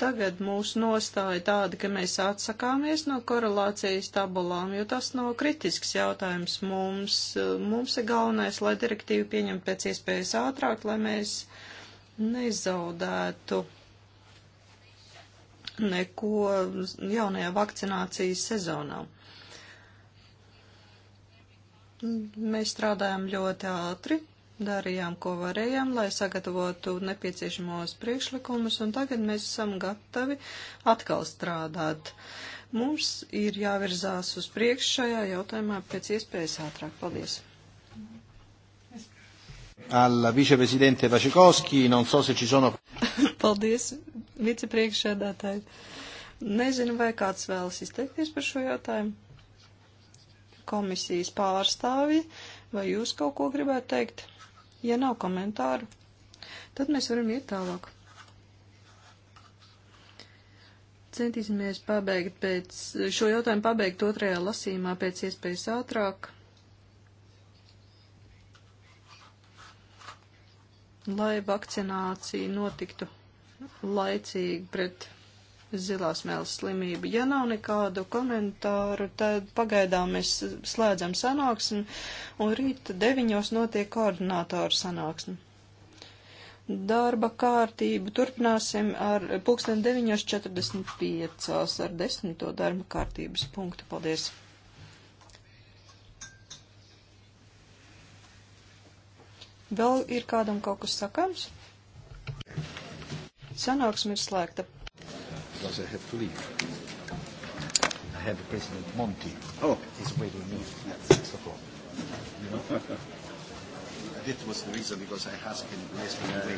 Tagad mūsu nostāja tāda, ka mēs atsakāmies no korelācijas tabulām, jo tas nav kritisks jautājums mums. Mums ir galvenais, lai direktīvu pieņemtu pēc iespējas ātrāk, lai mēs nezaudētu neko jaunajā vakcinācijas sezonā. Mēs strādājam ļoti ātri, darījām, ko varējām, lai sagatavotu nepieciešamos priekšlikumus, un tagad mēs esam gatavi atkal strādāt. Mums ir jāvirzās uz priekšu šajā jautājumā pēc iespējas ātrāk. Paldies! Alla viceprezidente Vacekovski, non so se ci sono. <laughs> Paldies, vicepriekšēdātāji. Nezinu, vai kāds vēlas izteikties par šo jautājumu. Komisijas pārstāvji, vai jūs kaut ko gribētu teikt? Ja nav komentāru, tad mēs varam iet tālāk. Centīsimies pabeigt pēc, šo jautājumu pabeigt otrajā lasīmā pēc iespējas ātrāk, lai vakcinācija notiktu laicīgi pret zilās mēles slimību. Ja nav nekādu komentāru, tad pagaidām mēs slēdzam sanāksmi un rīt deviņos notiek koordinātoru sanāksmi. Darba kārtību turpināsim ar pulksten 9.45 ar desmito darba kārtības punktu. Paldies! Vēl ir kādam kaut kas sakāms? Sanāksme ir slēgta because I have to leave. I have President Monti. Oh. He's waiting me at 6 o'clock. You <laughs> know? that was the reason because I asked him last yeah.